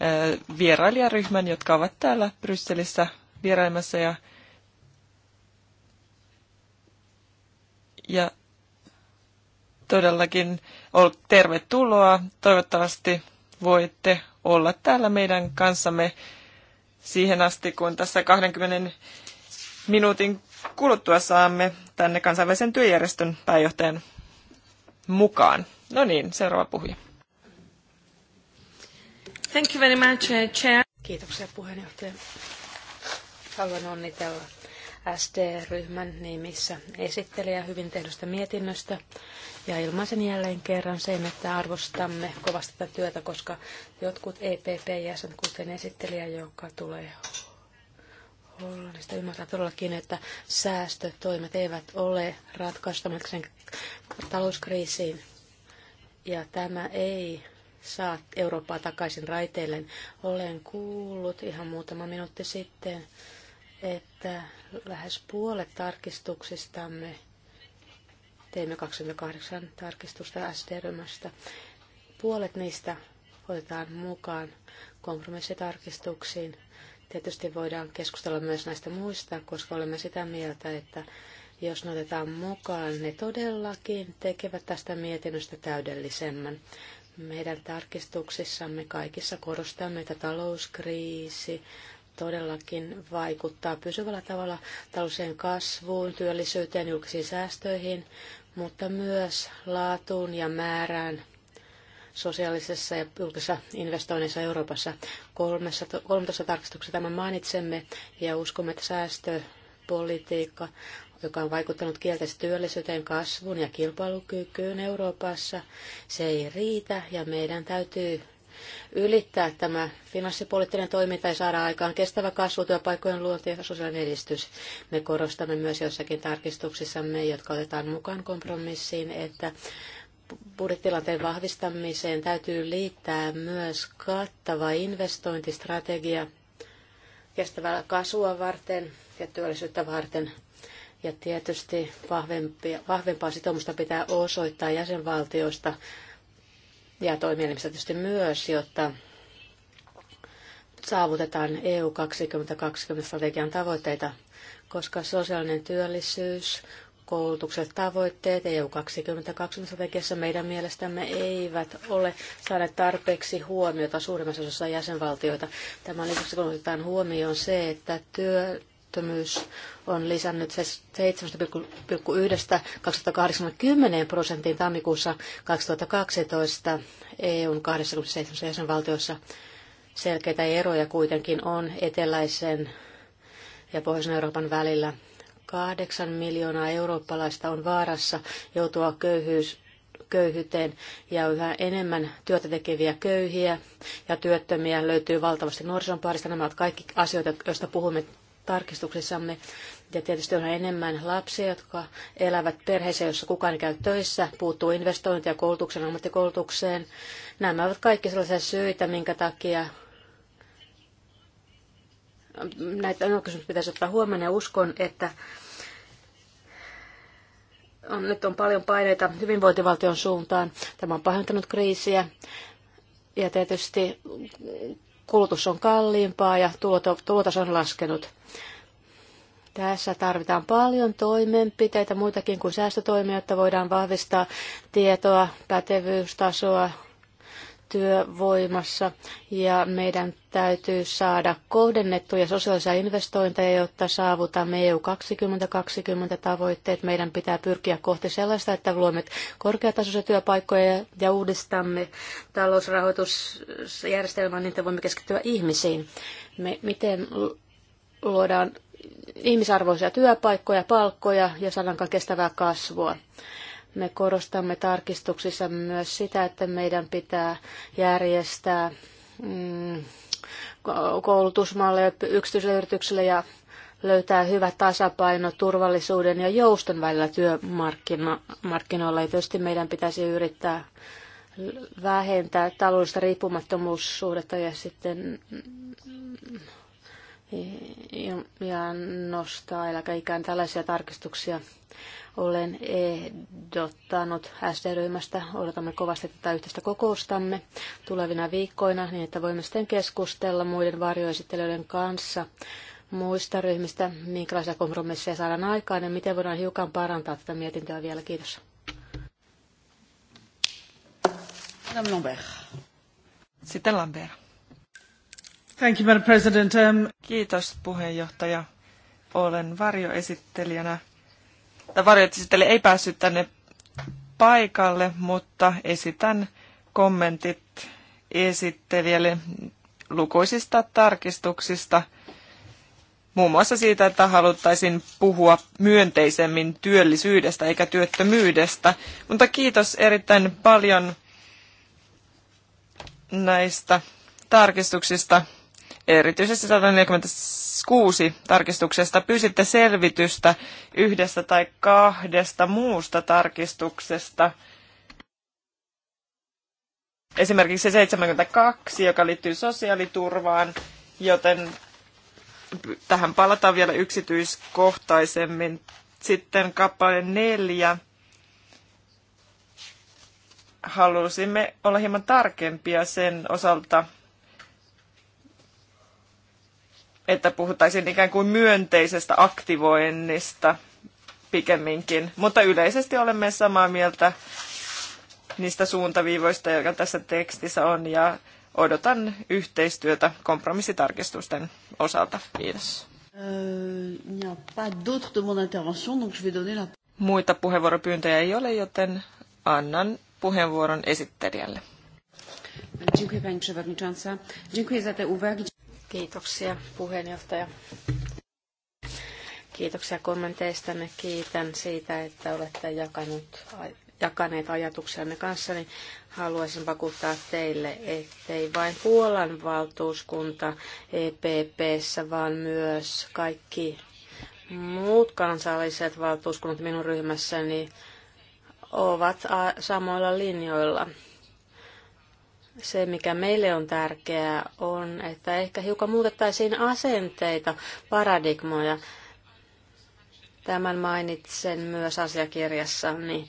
eh, vierailijaryhmän, jotka ovat täällä Brysselissä vierailmassa ja Ja todellakin tervetuloa. Toivottavasti voitte olla täällä meidän kanssamme siihen asti, kun tässä 20 minuutin kuluttua saamme tänne kansainvälisen työjärjestön pääjohtajan mukaan. No niin, seuraava puhuja. Thank you very much, uh, Chair. Kiitoksia puheenjohtaja. Haluan onnitella sd ryhmän nimissä esittelijä hyvin tehdystä mietinnöstä. Ja ilmaisen jälleen kerran sen, että arvostamme kovasti tätä työtä, koska jotkut EPP-jäsenet, kuten esittelijä, joka tulee Hollannista, ymmärtää todellakin, että säästötoimet eivät ole ratkaistamaksi talouskriisiin. Ja tämä ei saa Eurooppaa takaisin raiteilleen. Olen kuullut ihan muutama minuutti sitten että lähes puolet tarkistuksistamme, teimme 28 tarkistusta SD-ryhmästä, puolet niistä otetaan mukaan kompromissitarkistuksiin. Tietysti voidaan keskustella myös näistä muista, koska olemme sitä mieltä, että jos ne otetaan mukaan, ne todellakin tekevät tästä mietinnöstä täydellisemmän. Meidän tarkistuksissamme kaikissa korostamme, että talouskriisi, todellakin vaikuttaa pysyvällä tavalla taloudelliseen kasvuun, työllisyyteen, julkisiin säästöihin, mutta myös laatuun ja määrään sosiaalisessa ja julkisessa investoinnissa Euroopassa. 13 tarkastuksessa tämän mainitsemme ja uskomme, että säästöpolitiikka, joka on vaikuttanut kielteisesti työllisyyteen, kasvuun ja kilpailukykyyn Euroopassa, se ei riitä ja meidän täytyy ylittää tämä finanssipoliittinen toiminta ja saada aikaan kestävä kasvu, työpaikkojen luonti ja sosiaalinen edistys. Me korostamme myös joissakin tarkistuksissamme, jotka otetaan mukaan kompromissiin, että budjettilanteen vahvistamiseen täytyy liittää myös kattava investointistrategia kestävää kasvua varten ja työllisyyttä varten. Ja tietysti vahvempia, vahvempaa sitoumusta pitää osoittaa jäsenvaltioista ja toimielimistä tietysti myös, jotta saavutetaan EU 2020 strategian tavoitteita, koska sosiaalinen työllisyys, koulutukset, tavoitteet EU 2020 strategiassa meidän mielestämme eivät ole saaneet tarpeeksi huomiota suurimmassa osassa jäsenvaltioita. Tämän lisäksi kun otetaan huomioon se, että työ, työttömyys on lisännyt 7,1 2080 prosenttiin tammikuussa 2012 EUn 27 jäsenvaltiossa. Selkeitä eroja kuitenkin on eteläisen ja pohjoisen Euroopan välillä. Kahdeksan miljoonaa eurooppalaista on vaarassa joutua köyhyys, köyhyyteen ja yhä enemmän työtä tekeviä köyhiä ja työttömiä löytyy valtavasti nuorison parista. Nämä ovat kaikki asioita, joista puhumme tarkistuksessamme. Ja tietysti on enemmän lapsia, jotka elävät perheessä, jossa kukaan käy töissä, puuttuu investointia koulutuksen, ammattikoulutukseen. Nämä ovat kaikki sellaisia syitä, minkä takia näitä no, kysymyksiä pitäisi ottaa huomioon ja uskon, että on, nyt on paljon paineita hyvinvointivaltion suuntaan. Tämä on pahentanut kriisiä ja tietysti kulutus on kalliimpaa ja tuotos on laskenut. Tässä tarvitaan paljon toimenpiteitä, muitakin kuin säästötoimia, jotta voidaan vahvistaa tietoa, pätevyystasoa, työvoimassa ja meidän täytyy saada kohdennettuja sosiaalisia investointeja, jotta saavutamme EU 2020 tavoitteet. Meidän pitää pyrkiä kohti sellaista, että luomme korkeatasoisia työpaikkoja ja uudistamme talousrahoitusjärjestelmän, niin että voimme keskittyä ihmisiin. Me, miten luodaan ihmisarvoisia työpaikkoja, palkkoja ja saadaan kestävää kasvua. Me korostamme tarkistuksissa myös sitä, että meidän pitää järjestää mm, koulutusmalleja yksityisille ja löytää hyvä tasapaino turvallisuuden ja jouston välillä työmarkkinoilla. tietysti meidän pitäisi yrittää vähentää taloudellista riippumattomuussuhdetta ja sitten ja nostaa eläkeikään tällaisia tarkistuksia. Olen ehdottanut SD-ryhmästä, odotamme kovasti tätä yhteistä kokoustamme tulevina viikkoina, niin että voimme sitten keskustella muiden varjoesittelijöiden kanssa muista ryhmistä, minkälaisia kompromisseja saadaan aikaan ja miten voidaan hiukan parantaa tätä mietintöä vielä. Kiitos. Madame Lambert. Sitten Lambert. Thank you, Madam President. Um... Kiitos puheenjohtaja. Olen varjoesittelijänä. Tämä varjoesittelijä ei päässyt tänne paikalle, mutta esitän kommentit esittelijälle lukuisista tarkistuksista. Muun muassa siitä, että haluttaisiin puhua myönteisemmin työllisyydestä eikä työttömyydestä. Mutta kiitos erittäin paljon näistä tarkistuksista erityisesti 146 tarkistuksesta pyysitte selvitystä yhdestä tai kahdesta muusta tarkistuksesta. Esimerkiksi se 72, joka liittyy sosiaaliturvaan, joten tähän palataan vielä yksityiskohtaisemmin. Sitten kappale neljä. Halusimme olla hieman tarkempia sen osalta, että puhuttaisiin ikään kuin myönteisestä aktivoinnista pikemminkin. Mutta yleisesti olemme samaa mieltä niistä suuntaviivoista, jotka tässä tekstissä on, ja odotan yhteistyötä kompromissitarkistusten osalta. Kiitos. Euh, Muita puheenvuoropyyntöjä ei ole, joten annan puheenvuoron esittelijälle. Dziękuję Pani Przewodnicząca. Dziękuję za te uwagi. Kiitoksia puheenjohtaja. Kiitoksia kommenteistanne. Kiitän siitä, että olette jakanut, jakaneet ajatuksianne kanssani. Haluaisin vakuuttaa teille, ettei vain Puolan valtuuskunta EPPssä, vaan myös kaikki muut kansalliset valtuuskunnat minun ryhmässäni ovat samoilla linjoilla se, mikä meille on tärkeää, on, että ehkä hiukan muutettaisiin asenteita, paradigmoja. Tämän mainitsen myös asiakirjassa. Niin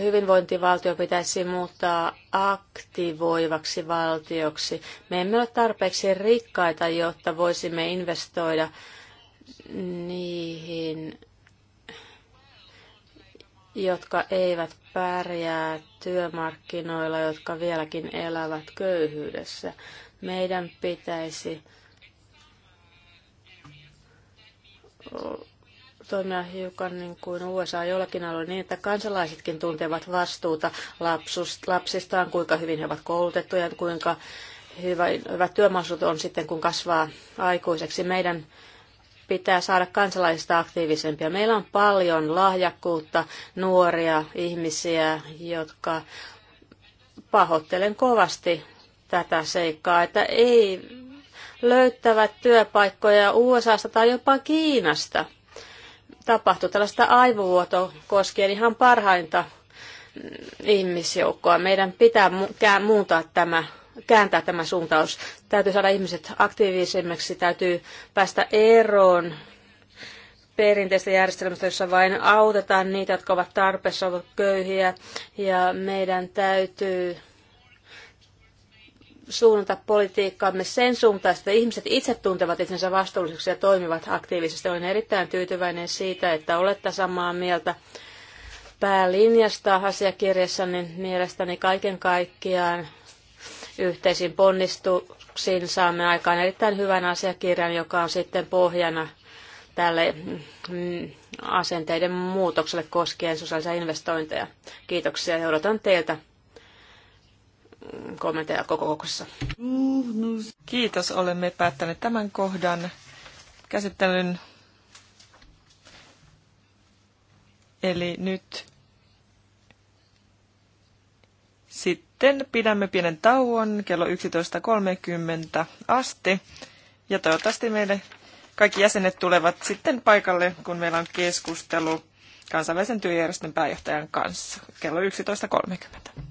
hyvinvointivaltio pitäisi muuttaa aktivoivaksi valtioksi. Me emme ole tarpeeksi rikkaita, jotta voisimme investoida niihin jotka eivät pärjää työmarkkinoilla, jotka vieläkin elävät köyhyydessä. Meidän pitäisi toimia hiukan niin kuin USA jollakin alueella niin, että kansalaisetkin tuntevat vastuuta lapsistaan, kuinka hyvin he ovat koulutettuja, kuinka hyvä, hyvä työmahdollisuudet on sitten, kun kasvaa aikuiseksi. Meidän pitää saada kansalaisista aktiivisempia. Meillä on paljon lahjakkuutta, nuoria ihmisiä, jotka pahoittelen kovasti tätä seikkaa, että ei löytävät työpaikkoja USAsta tai jopa Kiinasta. Tapahtui tällaista aivovuoto koskien ihan parhainta ihmisjoukkoa. Meidän pitää muuntaa tämä kääntää tämä suuntaus. Täytyy saada ihmiset aktiivisemmiksi, täytyy päästä eroon perinteistä järjestelmästä, jossa vain autetaan niitä, jotka ovat tarpeessa, ovat köyhiä, ja meidän täytyy suunnata politiikkaamme sen suuntaista, että ihmiset itse tuntevat itsensä vastuullisiksi ja toimivat aktiivisesti. Olen erittäin tyytyväinen siitä, että olette samaa mieltä päälinjasta asiakirjassa, niin mielestäni kaiken kaikkiaan yhteisiin ponnistuksiin saamme aikaan erittäin hyvän asiakirjan, joka on sitten pohjana tälle mm, asenteiden muutokselle koskien sosiaalisia investointeja. Kiitoksia ja odotan teiltä mm, kommentteja koko kokossa. Kiitos, olemme päättäneet tämän kohdan käsittelyn. Eli nyt Sitten pidämme pienen tauon kello 11.30 asti. Ja toivottavasti meille kaikki jäsenet tulevat sitten paikalle, kun meillä on keskustelu kansainvälisen työjärjestön pääjohtajan kanssa kello 11.30.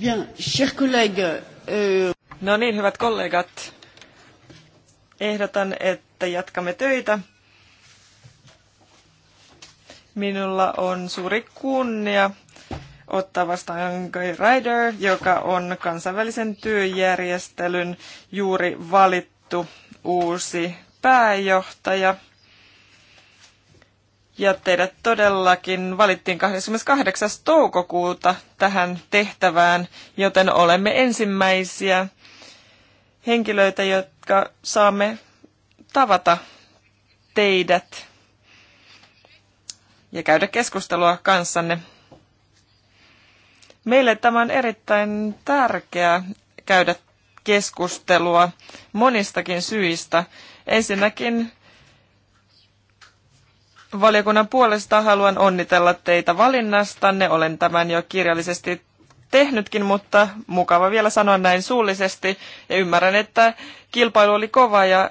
Bien, chers collègues, euh... No niin, hyvät kollegat. Ehdotan, että jatkamme töitä. Minulla on suuri kunnia ottaa vastaan Guy Ryder, joka on kansainvälisen työjärjestelyn juuri valittu uusi pääjohtaja. Ja teidät todellakin valittiin 28. toukokuuta tähän tehtävään, joten olemme ensimmäisiä henkilöitä, jotka saamme tavata teidät ja käydä keskustelua kanssanne. Meille tämä on erittäin tärkeää käydä keskustelua monistakin syistä. Ensinnäkin Valiokunnan puolesta haluan onnitella teitä valinnastanne. Olen tämän jo kirjallisesti tehnytkin, mutta mukava vielä sanoa näin suullisesti. Ja ymmärrän, että kilpailu oli kova ja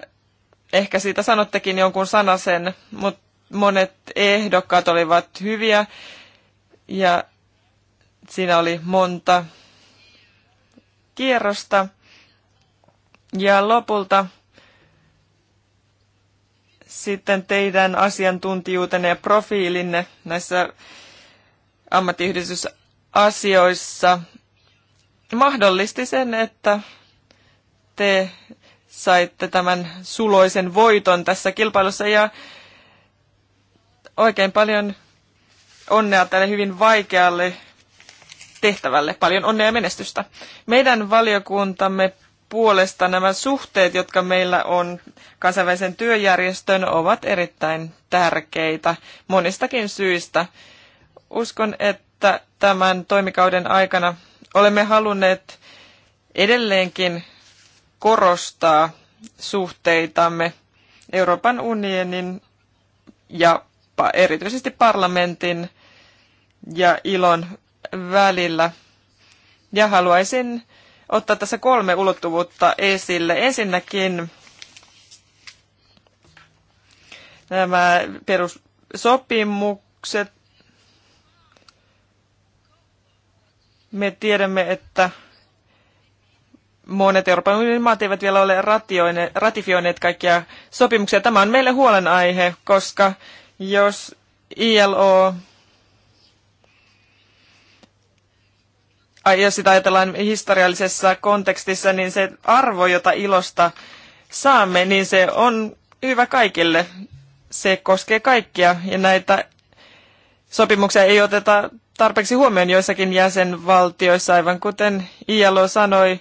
ehkä siitä sanottekin jonkun sanasen, mutta monet ehdokkaat olivat hyviä ja siinä oli monta kierrosta. Ja lopulta sitten teidän asiantuntijuutenne ja profiilinne näissä ammattiyhdistysasioissa mahdollisti sen, että te saitte tämän suloisen voiton tässä kilpailussa ja oikein paljon onnea tälle hyvin vaikealle tehtävälle. Paljon onnea ja menestystä. Meidän valiokuntamme puolesta nämä suhteet, jotka meillä on kansainvälisen työjärjestön, ovat erittäin tärkeitä monistakin syistä. Uskon, että tämän toimikauden aikana olemme halunneet edelleenkin korostaa suhteitamme Euroopan unionin ja erityisesti parlamentin ja ilon välillä. Ja haluaisin ottaa tässä kolme ulottuvuutta esille. Ensinnäkin nämä perussopimukset. Me tiedämme, että monet Euroopan unionin maat eivät vielä ole ratifioineet kaikkia sopimuksia. Tämä on meille huolenaihe, koska jos ILO jos sitä ajatellaan historiallisessa kontekstissa, niin se arvo, jota ilosta saamme, niin se on hyvä kaikille. Se koskee kaikkia ja näitä sopimuksia ei oteta tarpeeksi huomioon joissakin jäsenvaltioissa, aivan kuten ILO sanoi,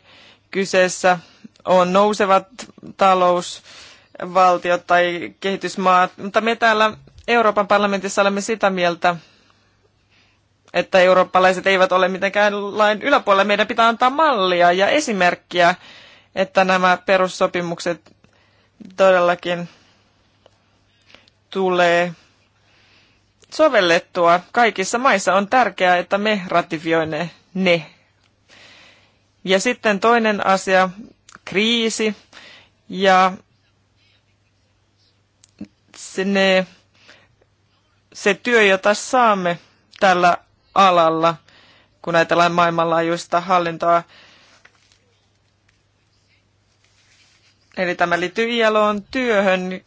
kyseessä on nousevat talousvaltiot tai kehitysmaat, mutta me täällä Euroopan parlamentissa olemme sitä mieltä, että eurooppalaiset eivät ole mitenkään lain yläpuolella. Meidän pitää antaa mallia ja esimerkkiä, että nämä perussopimukset todellakin tulee sovellettua kaikissa maissa. On tärkeää, että me ratifioimme ne. Ja sitten toinen asia, kriisi ja sinne, se työ, jota saamme tällä alalla, kun ajatellaan maailmanlaajuista hallintoa. Eli tämä liittyy ILOon työhön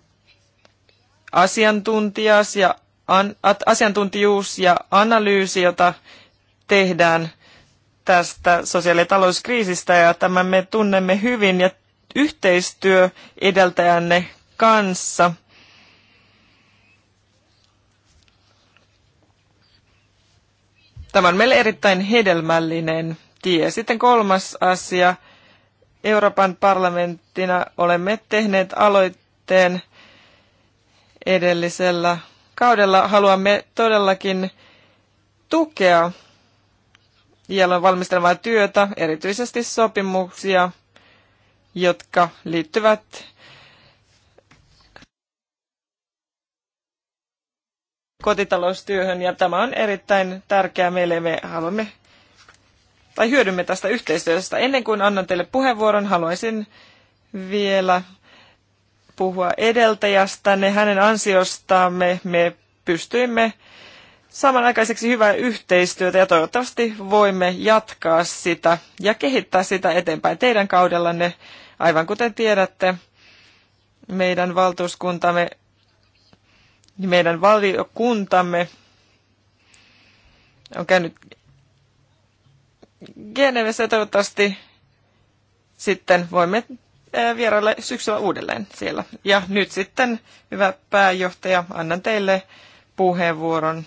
asiantuntijas ja an, asiantuntijuus ja analyysi, jota tehdään tästä sosiaali- ja talouskriisistä, ja tämän me tunnemme hyvin, ja yhteistyö edeltäjänne kanssa – Tämä on meille erittäin hedelmällinen tie. Sitten kolmas asia. Euroopan parlamenttina olemme tehneet aloitteen edellisellä kaudella. Haluamme todellakin tukea ILOn valmistelmaa työtä, erityisesti sopimuksia, jotka liittyvät kotitaloustyöhön ja tämä on erittäin tärkeää meille. Me haluamme tai hyödymme tästä yhteistyöstä. Ennen kuin annan teille puheenvuoron, haluaisin vielä puhua edeltäjästänne. Hänen ansiostamme me pystyimme samanaikaiseksi hyvää yhteistyötä ja toivottavasti voimme jatkaa sitä ja kehittää sitä eteenpäin teidän kaudellanne. Aivan kuten tiedätte, meidän valtuuskuntamme niin meidän valiokuntamme on käynyt Genevessä ja toivottavasti sitten voimme eh, vierailla syksyllä uudelleen siellä. Ja nyt sitten, hyvä pääjohtaja, annan teille puheenvuoron.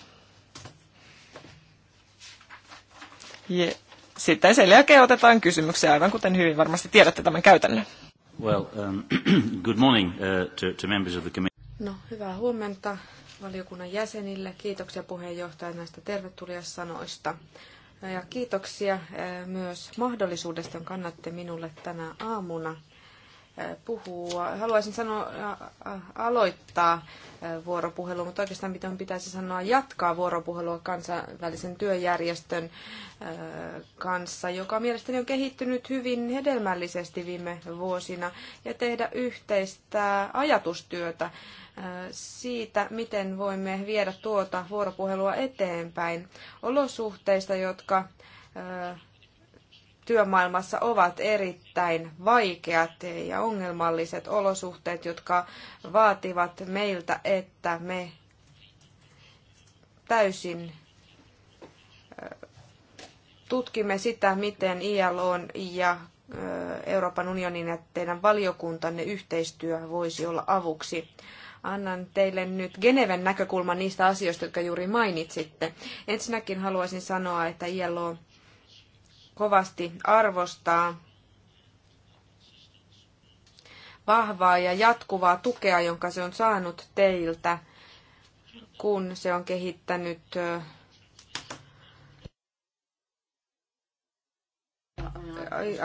Ja sitten sen jälkeen otetaan kysymyksiä, aivan kuten hyvin varmasti tiedätte tämän käytännön. Well, um, good morning uh, to, to members of the committee. No, hyvää huomenta valiokunnan jäsenille. Kiitoksia puheenjohtaja näistä tervetulias sanoista. Ja kiitoksia eh, myös mahdollisuudesta, jonka kannatte minulle tänä aamuna eh, puhua. Haluaisin sanoa, aloittaa eh, vuoropuhelua, mutta oikeastaan mitä pitäisi sanoa, jatkaa vuoropuhelua kansainvälisen työjärjestön kanssa, joka mielestäni on kehittynyt hyvin hedelmällisesti viime vuosina, ja tehdä yhteistä ajatustyötä siitä, miten voimme viedä tuota vuoropuhelua eteenpäin olosuhteista, jotka työmaailmassa ovat erittäin vaikeat ja ongelmalliset olosuhteet, jotka vaativat meiltä, että me täysin tutkimme sitä, miten ILOn ja Euroopan unionin ja teidän valiokuntanne yhteistyö voisi olla avuksi. Annan teille nyt Geneven näkökulman niistä asioista, jotka juuri mainitsitte. Ensinnäkin haluaisin sanoa, että ILO kovasti arvostaa vahvaa ja jatkuvaa tukea, jonka se on saanut teiltä, kun se on kehittänyt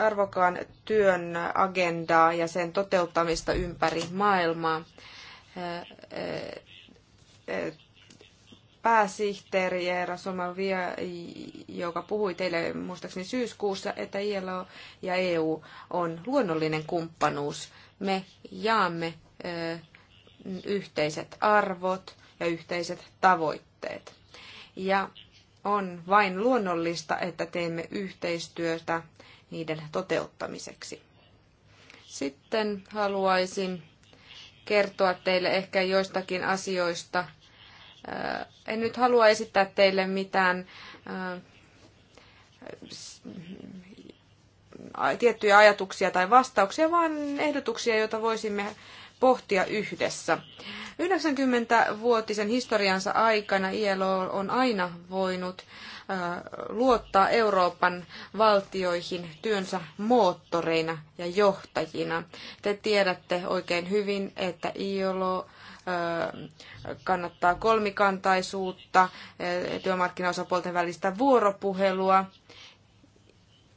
arvokaan työn agendaa ja sen toteuttamista ympäri maailmaa pääsihteeri Eera Somavia, joka puhui teille muistaakseni syyskuussa, että ILO ja EU on luonnollinen kumppanuus. Me jaamme yhteiset arvot ja yhteiset tavoitteet. Ja on vain luonnollista, että teemme yhteistyötä niiden toteuttamiseksi. Sitten haluaisin kertoa teille ehkä joistakin asioista. En nyt halua esittää teille mitään tiettyjä ajatuksia tai vastauksia, vaan ehdotuksia, joita voisimme pohtia yhdessä. 90-vuotisen historiansa aikana ILO on aina voinut luottaa Euroopan valtioihin työnsä moottoreina ja johtajina. Te tiedätte oikein hyvin, että ILO kannattaa kolmikantaisuutta, työmarkkinaosapuolten välistä vuoropuhelua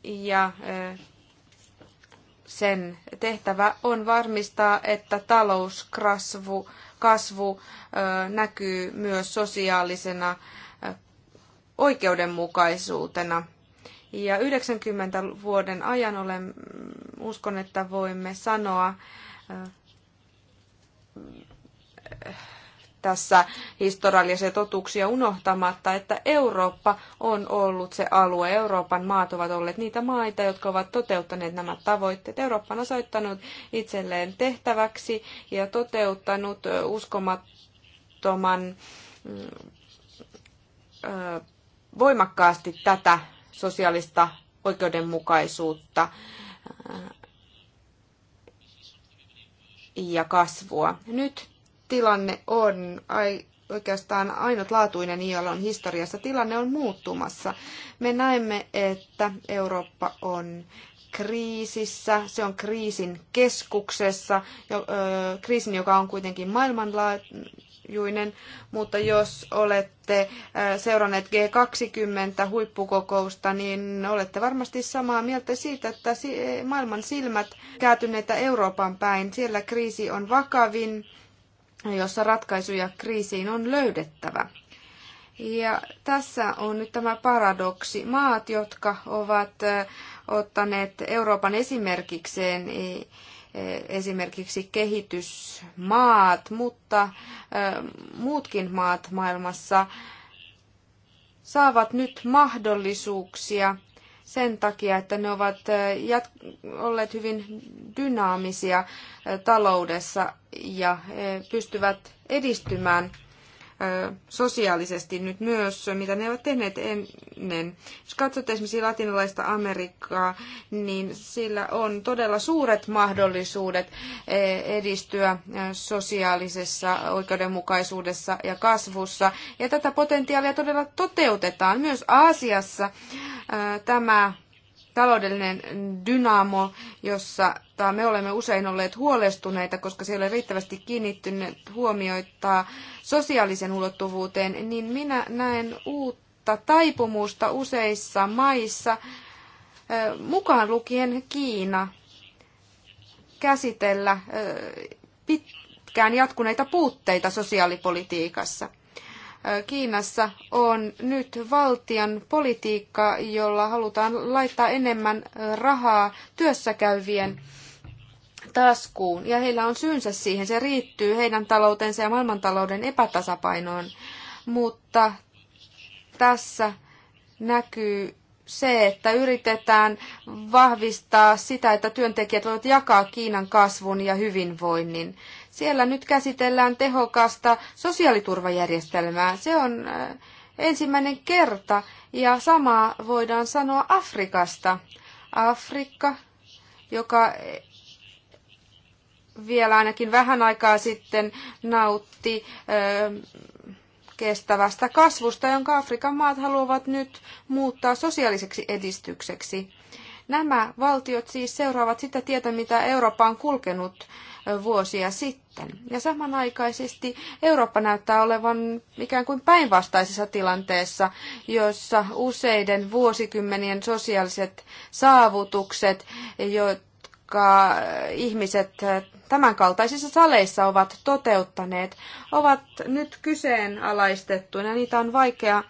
ja sen tehtävä on varmistaa, että talouskasvu kasvu, näkyy myös sosiaalisena oikeudenmukaisuutena. Ja 90 vuoden ajan olen, uskon, että voimme sanoa tässä historiallisia totuuksia unohtamatta, että Eurooppa on ollut se alue. Euroopan maat ovat olleet niitä maita, jotka ovat toteuttaneet nämä tavoitteet. Eurooppa on osoittanut itselleen tehtäväksi ja toteuttanut uskomattoman mm, voimakkaasti tätä sosiaalista oikeudenmukaisuutta ja kasvua. Nyt tilanne on ai, oikeastaan ainutlaatuinen ILOn historiassa. Tilanne on muuttumassa. Me näemme, että Eurooppa on kriisissä, se on kriisin keskuksessa, kriisin, joka on kuitenkin maailmanlaajuinen, mutta jos olette seuranneet G20 huippukokousta, niin olette varmasti samaa mieltä siitä, että maailman silmät kääntyneet Euroopan päin. Siellä kriisi on vakavin jossa ratkaisuja kriisiin on löydettävä. Ja tässä on nyt tämä paradoksi. Maat, jotka ovat ottaneet Euroopan esimerkikseen, e, e, esimerkiksi kehitysmaat, mutta muutkin maat maailmassa saavat nyt mahdollisuuksia sen takia, että ne ovat olleet hyvin dynaamisia taloudessa ja pystyvät edistymään sosiaalisesti nyt myös, mitä ne ovat tehneet ennen. Jos katsotte esimerkiksi latinalaista Amerikkaa, niin sillä on todella suuret mahdollisuudet edistyä sosiaalisessa oikeudenmukaisuudessa ja kasvussa. Ja tätä potentiaalia todella toteutetaan myös Aasiassa. Tämä taloudellinen dynaamo, jossa me olemme usein olleet huolestuneita, koska siellä ei riittävästi kiinnittynyt huomioita sosiaalisen ulottuvuuteen, niin minä näen uutta taipumusta useissa maissa, mukaan lukien Kiina, käsitellä pitkään jatkuneita puutteita sosiaalipolitiikassa. Kiinassa on nyt valtion politiikka, jolla halutaan laittaa enemmän rahaa työssäkäyvien taskuun. Ja heillä on syynsä siihen. Se riittyy heidän taloutensa ja maailmantalouden epätasapainoon. Mutta tässä näkyy se, että yritetään vahvistaa sitä, että työntekijät voivat jakaa Kiinan kasvun ja hyvinvoinnin. Siellä nyt käsitellään tehokasta sosiaaliturvajärjestelmää. Se on äh, ensimmäinen kerta ja samaa voidaan sanoa Afrikasta. Afrikka, joka eh, vielä ainakin vähän aikaa sitten nautti äh, kestävästä kasvusta, jonka Afrikan maat haluavat nyt muuttaa sosiaaliseksi edistykseksi. Nämä valtiot siis seuraavat sitä tietä, mitä Eurooppa on kulkenut vuosia sitten. Ja samanaikaisesti Eurooppa näyttää olevan ikään kuin päinvastaisessa tilanteessa, jossa useiden vuosikymmenien sosiaaliset saavutukset, jotka ihmiset tämänkaltaisissa saleissa ovat toteuttaneet, ovat nyt kyseenalaistettuina. Niitä on vaikea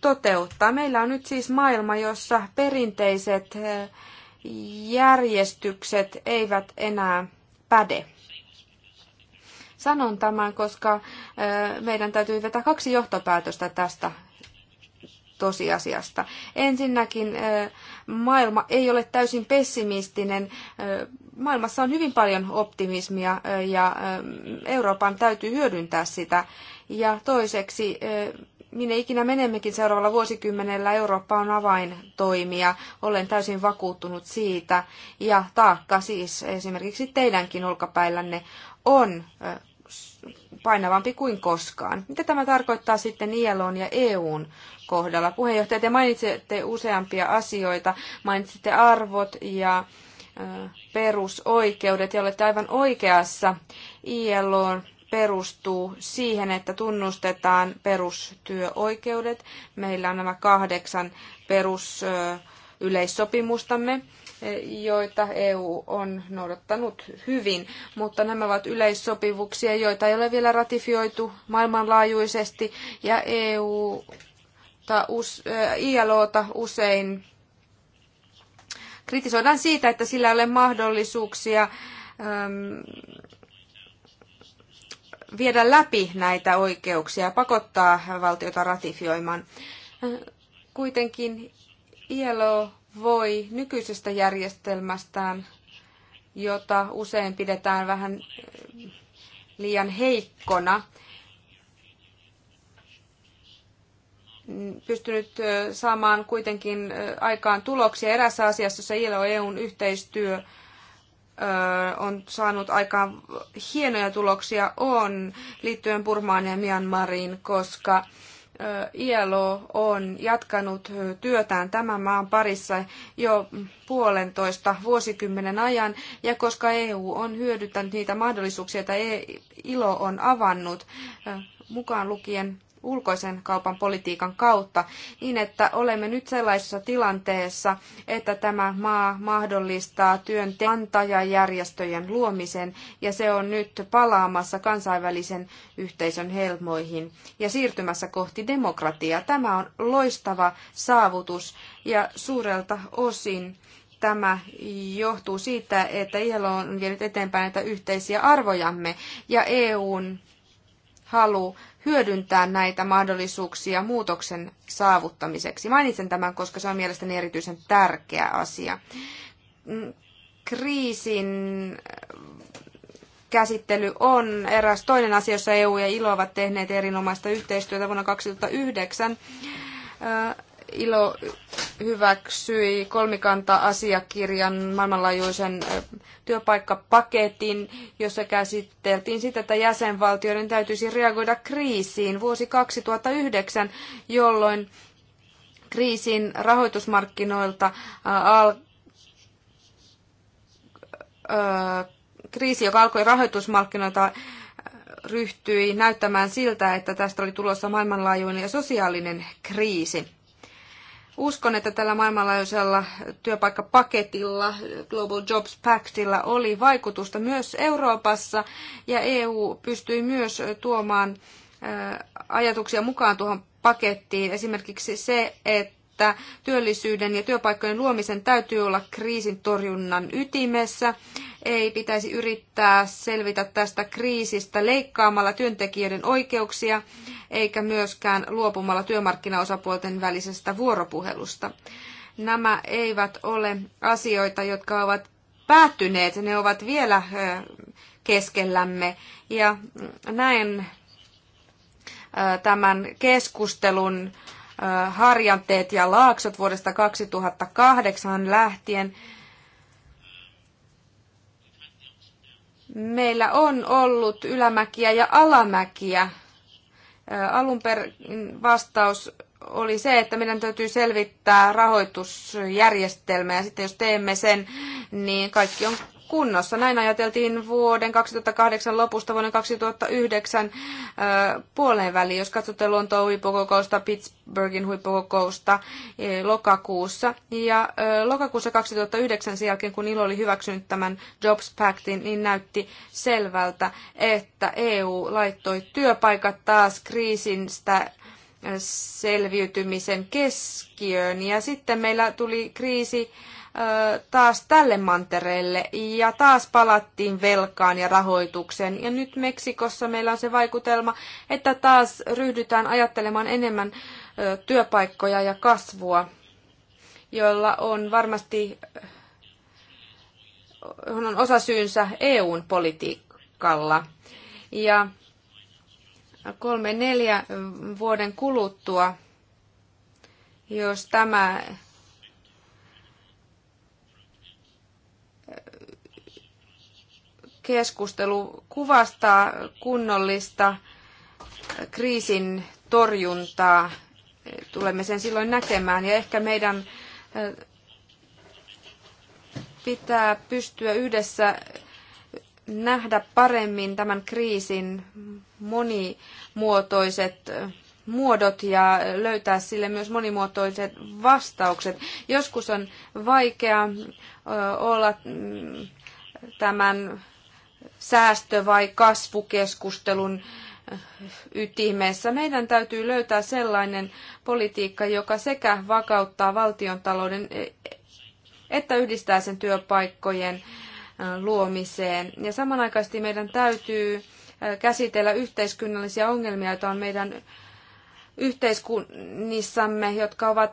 toteuttaa. Meillä on nyt siis maailma, jossa perinteiset järjestykset eivät enää päde. Sanon tämän, koska meidän täytyy vetää kaksi johtopäätöstä tästä tosiasiasta. Ensinnäkin maailma ei ole täysin pessimistinen. Maailmassa on hyvin paljon optimismia ja Euroopan täytyy hyödyntää sitä. Ja toiseksi minne ikinä menemmekin seuraavalla vuosikymmenellä, Eurooppa on avaintoimija. Olen täysin vakuuttunut siitä. Ja taakka siis esimerkiksi teidänkin olkapäillänne on painavampi kuin koskaan. Mitä tämä tarkoittaa sitten ILOn ja EUn kohdalla? Puheenjohtaja, te mainitsitte useampia asioita. Mainitsitte arvot ja perusoikeudet ja olette aivan oikeassa. ILOn perustuu siihen, että tunnustetaan perustyöoikeudet. Meillä on nämä kahdeksan perusyleissopimustamme, joita EU on noudattanut hyvin, mutta nämä ovat yleissopivuksia, joita ei ole vielä ratifioitu maailmanlaajuisesti, ja EU ta, us, äh, ILOta usein kritisoidaan siitä, että sillä ei ole mahdollisuuksia ähm, viedä läpi näitä oikeuksia ja pakottaa valtiota ratifioimaan. Kuitenkin ILO voi nykyisestä järjestelmästään, jota usein pidetään vähän liian heikkona, pystynyt saamaan kuitenkin aikaan tuloksia erässä asiassa, jossa ILO-EUn yhteistyö on saanut aika hienoja tuloksia on liittyen Burmaan ja Myanmariin, koska ILO on jatkanut työtään tämän maan parissa jo puolentoista vuosikymmenen ajan, ja koska EU on hyödyttänyt niitä mahdollisuuksia, joita e- ILO on avannut, mukaan lukien ulkoisen kaupan politiikan kautta, niin että olemme nyt sellaisessa tilanteessa, että tämä maa mahdollistaa työnantajajärjestöjen luomisen, ja se on nyt palaamassa kansainvälisen yhteisön helmoihin ja siirtymässä kohti demokratiaa. Tämä on loistava saavutus, ja suurelta osin tämä johtuu siitä, että ILO on vienyt eteenpäin näitä yhteisiä arvojamme ja EUn halu hyödyntää näitä mahdollisuuksia muutoksen saavuttamiseksi. Mainitsen tämän, koska se on mielestäni erityisen tärkeä asia. Mm, kriisin äh, käsittely on eräs toinen asia, jossa EU ja ILO ovat tehneet erinomaista yhteistyötä vuonna 2009. ILO hyväksyi kolmikanta-asiakirjan maailmanlaajuisen työpaikkapaketin, jossa käsiteltiin sitä, että jäsenvaltioiden täytyisi reagoida kriisiin vuosi 2009, jolloin kriisin rahoitusmarkkinoilta kriisi, joka alkoi rahoitusmarkkinoilta, ryhtyi näyttämään siltä, että tästä oli tulossa maailmanlaajuinen ja sosiaalinen kriisi. Uskon, että tällä maailmanlaajuisella työpaikkapaketilla, Global Jobs Pactilla, oli vaikutusta myös Euroopassa ja EU pystyi myös tuomaan ajatuksia mukaan tuohon pakettiin. Esimerkiksi se, että että työllisyyden ja työpaikkojen luomisen täytyy olla kriisin torjunnan ytimessä. Ei pitäisi yrittää selvitä tästä kriisistä leikkaamalla työntekijöiden oikeuksia eikä myöskään luopumalla työmarkkinaosapuolten välisestä vuoropuhelusta. Nämä eivät ole asioita, jotka ovat päättyneet, ne ovat vielä keskellämme. Ja näen tämän keskustelun harjanteet ja laaksot vuodesta 2008 lähtien. Meillä on ollut ylämäkiä ja alamäkiä. Alun perin vastaus oli se, että meidän täytyy selvittää rahoitusjärjestelmä ja sitten jos teemme sen, niin kaikki on kunnossa. Näin ajateltiin vuoden 2008 lopusta vuoden 2009 puoleen väliin, jos katsotte Lontoon huippukokousta, Pittsburghin huippukokousta lokakuussa. Ja lokakuussa 2009 sen jälkeen, kun ILO oli hyväksynyt tämän Jobs Pactin, niin näytti selvältä, että EU laittoi työpaikat taas kriisistä selviytymisen keskiöön. Ja sitten meillä tuli kriisi taas tälle mantereelle ja taas palattiin velkaan ja rahoitukseen. Ja nyt Meksikossa meillä on se vaikutelma, että taas ryhdytään ajattelemaan enemmän työpaikkoja ja kasvua, jolla on varmasti on syynsä EUn politiikalla. Ja kolme neljä vuoden kuluttua, jos tämä keskustelu kuvastaa kunnollista kriisin torjuntaa. Tulemme sen silloin näkemään ja ehkä meidän pitää pystyä yhdessä nähdä paremmin tämän kriisin monimuotoiset muodot ja löytää sille myös monimuotoiset vastaukset. Joskus on vaikea olla mm, tämän säästö- vai kasvukeskustelun ytimessä. Meidän täytyy löytää sellainen politiikka, joka sekä vakauttaa valtiontalouden e, että yhdistää sen työpaikkojen luomiseen. Ja samanaikaisesti meidän täytyy käsitellä yhteiskunnallisia ongelmia, joita on meidän yhteiskunnissamme, jotka ovat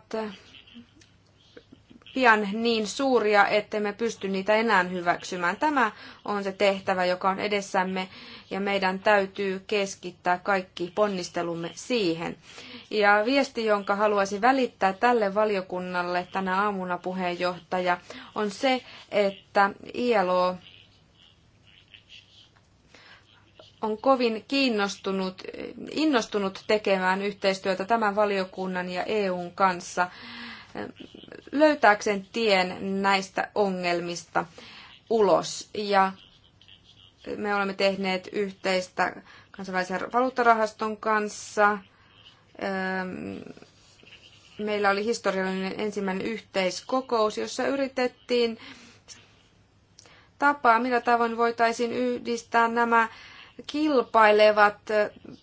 pian niin suuria, että me pysty niitä enää hyväksymään. Tämä on se tehtävä, joka on edessämme ja meidän täytyy keskittää kaikki ponnistelumme siihen. Ja viesti, jonka haluaisin välittää tälle valiokunnalle tänä aamuna puheenjohtaja, on se, että ILO on kovin kiinnostunut, innostunut tekemään yhteistyötä tämän valiokunnan ja EUn kanssa löytääkseen tien näistä ongelmista ulos. Ja me olemme tehneet yhteistä kansainvälisen valuuttarahaston kanssa. Meillä oli historiallinen ensimmäinen yhteiskokous, jossa yritettiin tapaa, millä tavoin voitaisiin yhdistää nämä kilpailevat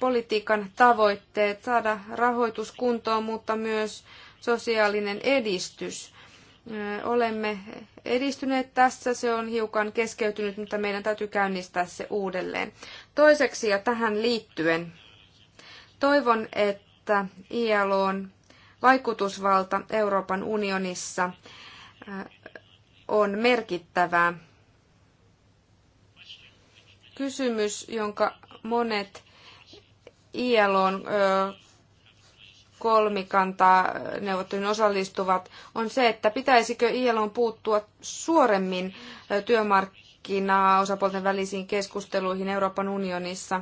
politiikan tavoitteet, saada rahoituskuntoon, mutta myös sosiaalinen edistys. Olemme edistyneet tässä, se on hiukan keskeytynyt, mutta meidän täytyy käynnistää se uudelleen. Toiseksi ja tähän liittyen, toivon, että on vaikutusvalta Euroopan unionissa on merkittävää. Kysymys, jonka monet ILOn kolmikantaa neuvotteluun osallistuvat, on se, että pitäisikö ILOn puuttua suoremmin työmarkkinaa osapuolten välisiin keskusteluihin Euroopan unionissa.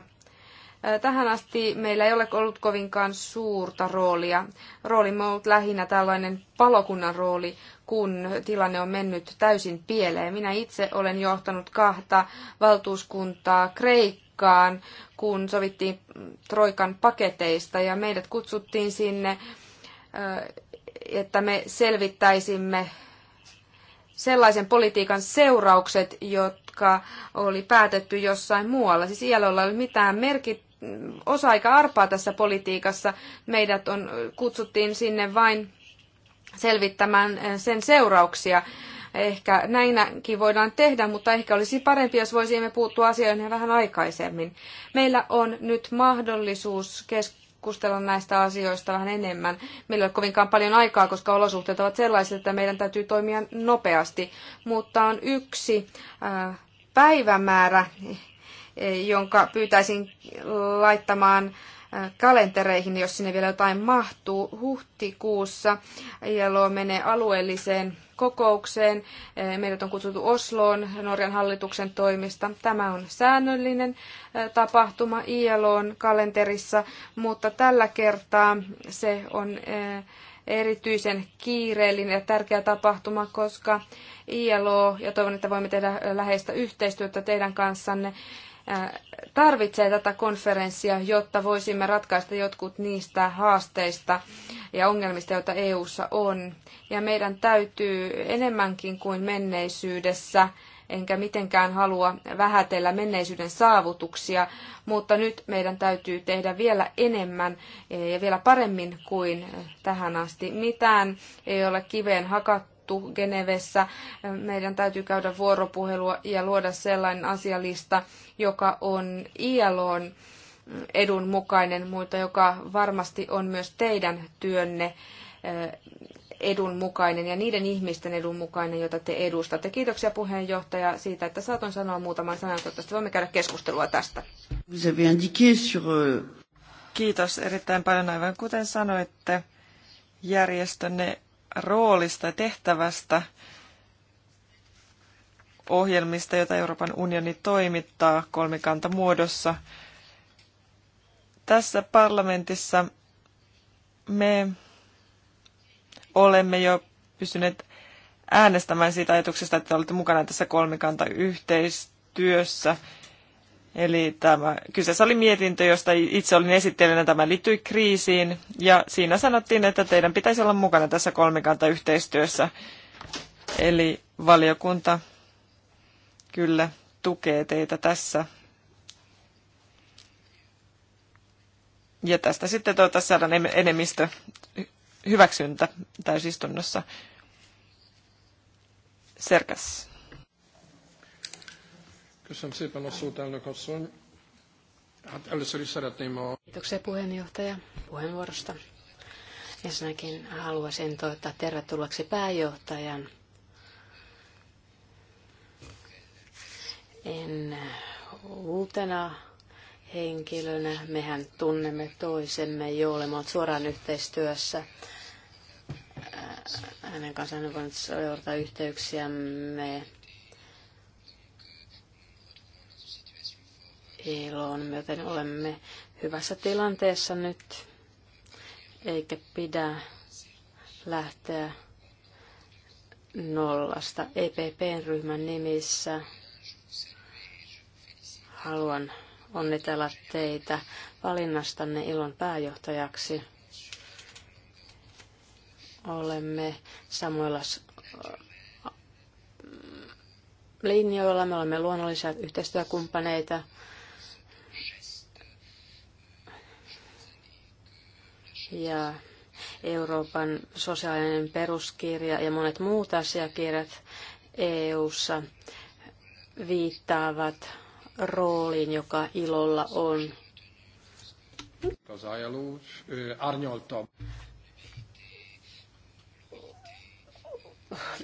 Tähän asti meillä ei ole ollut kovinkaan suurta roolia. Roolimme on ollut lähinnä tällainen palokunnan rooli, kun tilanne on mennyt täysin pieleen. Minä itse olen johtanut kahta valtuuskuntaa Kreikassa. Kreikkaan, kun sovittiin Troikan paketeista ja meidät kutsuttiin sinne, että me selvittäisimme sellaisen politiikan seuraukset, jotka oli päätetty jossain muualla. Siis siellä ei ole mitään merkit, osa aika arpaa tässä politiikassa. Meidät on, kutsuttiin sinne vain selvittämään sen seurauksia. Ehkä näinäkin voidaan tehdä, mutta ehkä olisi parempi, jos voisimme puuttua asioihin vähän aikaisemmin. Meillä on nyt mahdollisuus keskustella näistä asioista vähän enemmän. Meillä ei ole kovinkaan paljon aikaa, koska olosuhteet ovat sellaiset, että meidän täytyy toimia nopeasti. Mutta on yksi äh, päivämäärä, jonka pyytäisin laittamaan äh, kalentereihin, jos sinne vielä jotain mahtuu, huhtikuussa ILO menee alueelliseen kokoukseen. Eh, meidät on kutsuttu Osloon Norjan hallituksen toimista. Tämä on säännöllinen eh, tapahtuma ILOn kalenterissa, mutta tällä kertaa se on eh, erityisen kiireellinen ja tärkeä tapahtuma, koska ILO, ja toivon, että voimme tehdä läheistä yhteistyötä teidän kanssanne, Äh, tarvitsee tätä konferenssia, jotta voisimme ratkaista jotkut niistä haasteista ja ongelmista, joita EU:ssa on. Ja meidän täytyy enemmänkin kuin menneisyydessä enkä mitenkään halua vähätellä menneisyyden saavutuksia, mutta nyt meidän täytyy tehdä vielä enemmän ja vielä paremmin kuin tähän asti. Mitään ei ole kiveen hakattu sovittu Genevessä. Meidän täytyy käydä vuoropuhelua ja luoda sellainen asialista, joka on ILOn edun mukainen, mutta joka varmasti on myös teidän työnne eh, edun mukainen ja niiden ihmisten edun mukainen, jota te edustatte. Kiitoksia puheenjohtaja siitä, että saatoin sanoa muutaman sanan. Toivottavasti voimme käydä keskustelua tästä. Euh, Kiitos erittäin paljon, aivan kuten sanoitte järjestönne roolista ja tehtävästä ohjelmista, joita Euroopan unioni toimittaa kolmikanta muodossa. Tässä parlamentissa me olemme jo pystyneet äänestämään siitä ajatuksesta, että olette mukana tässä kolmikanta yhteistyössä Eli tämä, kyseessä oli mietintö, josta itse olin esittelijänä. Tämä liittyi kriisiin ja siinä sanottiin, että teidän pitäisi olla mukana tässä kolmikantayhteistyössä. Eli valiokunta kyllä tukee teitä tässä. Ja tästä sitten toivottavasti saadaan enemmistö hyväksyntä täysistunnossa. Serkas. Köszönöm szépen a szót, elnök asszony. Hát először is szeretném a... Kiitoksia puheenjohtaja puheenvuorosta. Ensinnäkin haluaisin toivottaa tervetulleeksi pääjohtajan. En uutena henkilönä, mehän tunnemme toisemme jo olemme suoraan yhteistyössä. Hänen kanssaan on voinut seurata yhteyksiämme iloon, joten olemme hyvässä tilanteessa nyt, eikä pidä lähteä nollasta. EPPn ryhmän nimissä haluan onnitella teitä valinnastanne ilon pääjohtajaksi. Olemme samoilla linjoilla, me olemme luonnollisia yhteistyökumppaneita ja Euroopan sosiaalinen peruskirja ja monet muut asiakirjat EU:ssa viittaavat rooliin, joka ilolla on.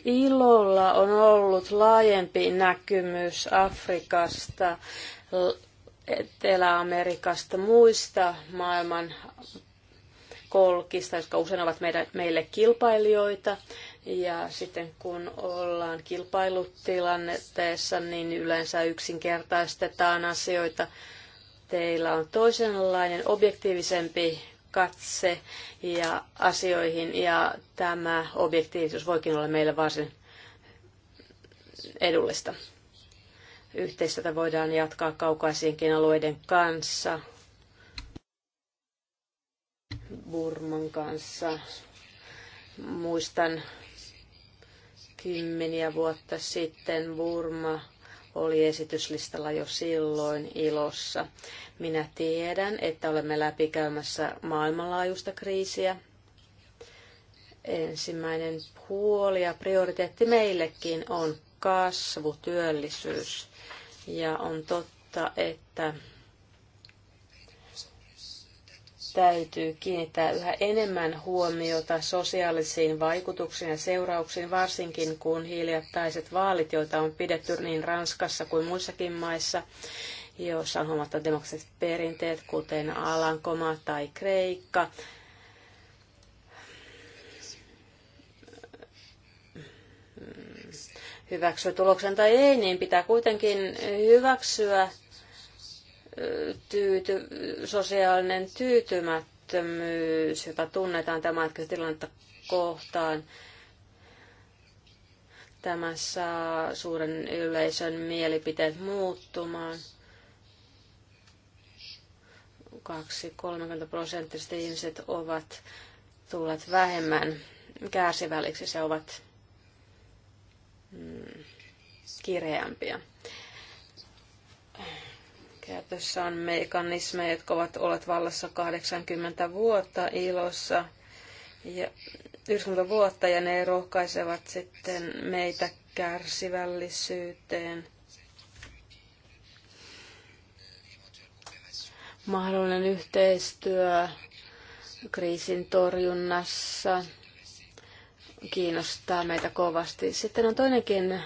Ilolla on ollut laajempi näkymys Afrikasta, Etelä-Amerikasta, muista maailman kolkista, jotka usein ovat meidän, meille kilpailijoita. Ja sitten kun ollaan kilpailutilanteessa, niin yleensä yksinkertaistetaan asioita. Teillä on toisenlainen, objektiivisempi katse ja asioihin, ja tämä objektiivisuus voikin olla meille varsin edullista. Yhteistyötä voidaan jatkaa kaukaisiinkin alueiden kanssa Burman kanssa. Muistan kymmeniä vuotta sitten Burma oli esityslistalla jo silloin ilossa. Minä tiedän, että olemme läpikäymässä maailmanlaajuista kriisiä. Ensimmäinen puoli ja prioriteetti meillekin on kasvu, työllisyys. Ja on totta, että täytyy kiinnittää yhä enemmän huomiota sosiaalisiin vaikutuksiin ja seurauksiin, varsinkin kun hiljattaiset vaalit, joita on pidetty niin Ranskassa kuin muissakin maissa, joissa on huomattavat demokraattiset perinteet, kuten Alankoma tai Kreikka, hyväksyä tuloksen tai ei, niin pitää kuitenkin hyväksyä tyyty, sosiaalinen tyytymättömyys, jota tunnetaan tämän hetkisen tilannetta kohtaan, tämä saa suuren yleisön mielipiteet muuttumaan. 2-30 prosenttisesti ihmiset ovat tulleet vähemmän kärsivälliksi se ovat mm, kireämpiä. Käytössä on mekanismeja, jotka ovat olleet vallassa 80 vuotta ilossa ja 90 vuotta ja ne rohkaisevat sitten meitä kärsivällisyyteen. Mahdollinen yhteistyö kriisin torjunnassa kiinnostaa meitä kovasti. Sitten on toinenkin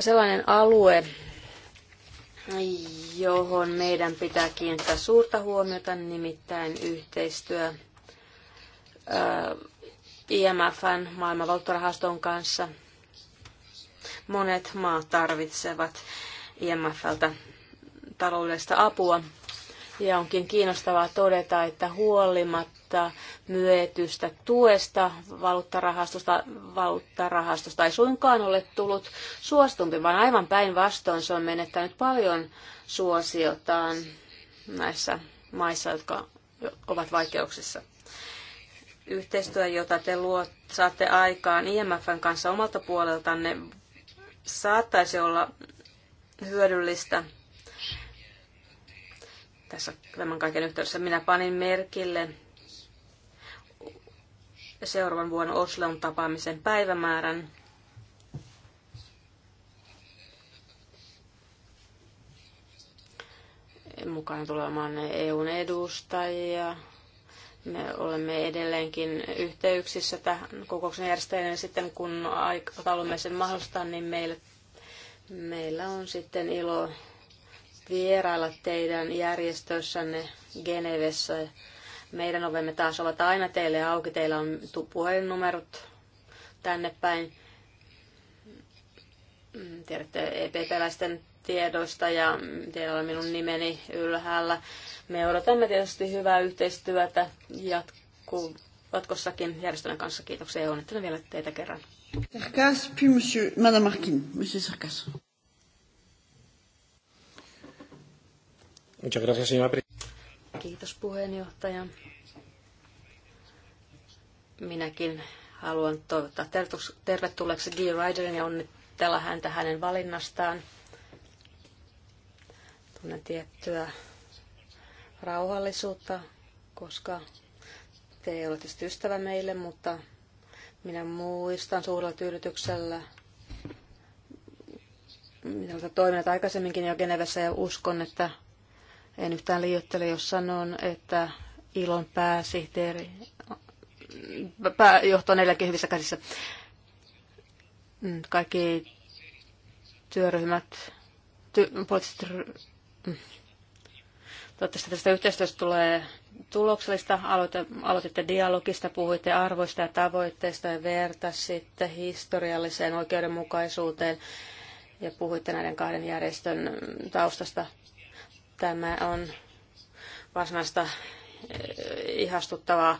sellainen alue, johon meidän pitää kiinnittää suurta huomiota, nimittäin yhteistyö IMFn maailmanvaltorahaston kanssa. Monet maat tarvitsevat IMFltä taloudellista apua. Ja onkin kiinnostavaa todeta, että huolimatta valuutta myötystä tuesta valuuttarahastosta, valuuttarahastosta ei suinkaan ole tullut suostumpi, vaan aivan päinvastoin se on menettänyt paljon suosiotaan näissä maissa, jotka ovat vaikeuksissa yhteistyö, jota te luot, saatte aikaan IMFn kanssa omalta puoleltanne, saattaisi olla hyödyllistä. Tässä tämän kaiken yhteydessä minä panin merkille seuraavan vuoden Oslon tapaamisen päivämäärän. Mukana tulemaan EUn edustajia. Me olemme edelleenkin yhteyksissä tähän kokouksen järjestäjille. Sitten kun aikataulumme sen mahdollistaa, niin meillä, meillä on sitten ilo vierailla teidän järjestössänne Genevessä meidän ovemme taas ovat aina teille auki. Teillä on puhelinnumerot tänne päin. Mm, tiedätte EPP-läisten tiedoista ja teillä on minun nimeni ylhäällä. Me odotamme tietysti hyvää yhteistyötä jatkuu jatkossakin järjestön kanssa. Kiitoksia ja onnittelen vielä teitä kerran. Sarkas, puis monsieur, madame Markin, monsieur Sarkas. Muchas gracias, señora Kiitos puheenjohtaja. Minäkin haluan toivottaa tervetulleeksi Guy Ryderin ja onnitella häntä hänen valinnastaan. Tunnen tiettyä rauhallisuutta, koska te ei ole tietysti ystävä meille, mutta minä muistan suurella tyydytyksellä mitä toiminnat aikaisemminkin jo Genevessä ja uskon, että en yhtään liioittele, jos sanon, että Ilon pääsihteeri pääjohto on neljäkin hyvissä käsissä. Mm, kaikki työryhmät, ty, poliittiset mm. Toivottavasti tästä yhteistyöstä tulee tuloksellista. Aloititte dialogista, puhuitte arvoista ja tavoitteista ja vertasitte historialliseen oikeudenmukaisuuteen ja puhuitte näiden kahden järjestön taustasta. Tämä on varsinaista eh, ihastuttavaa,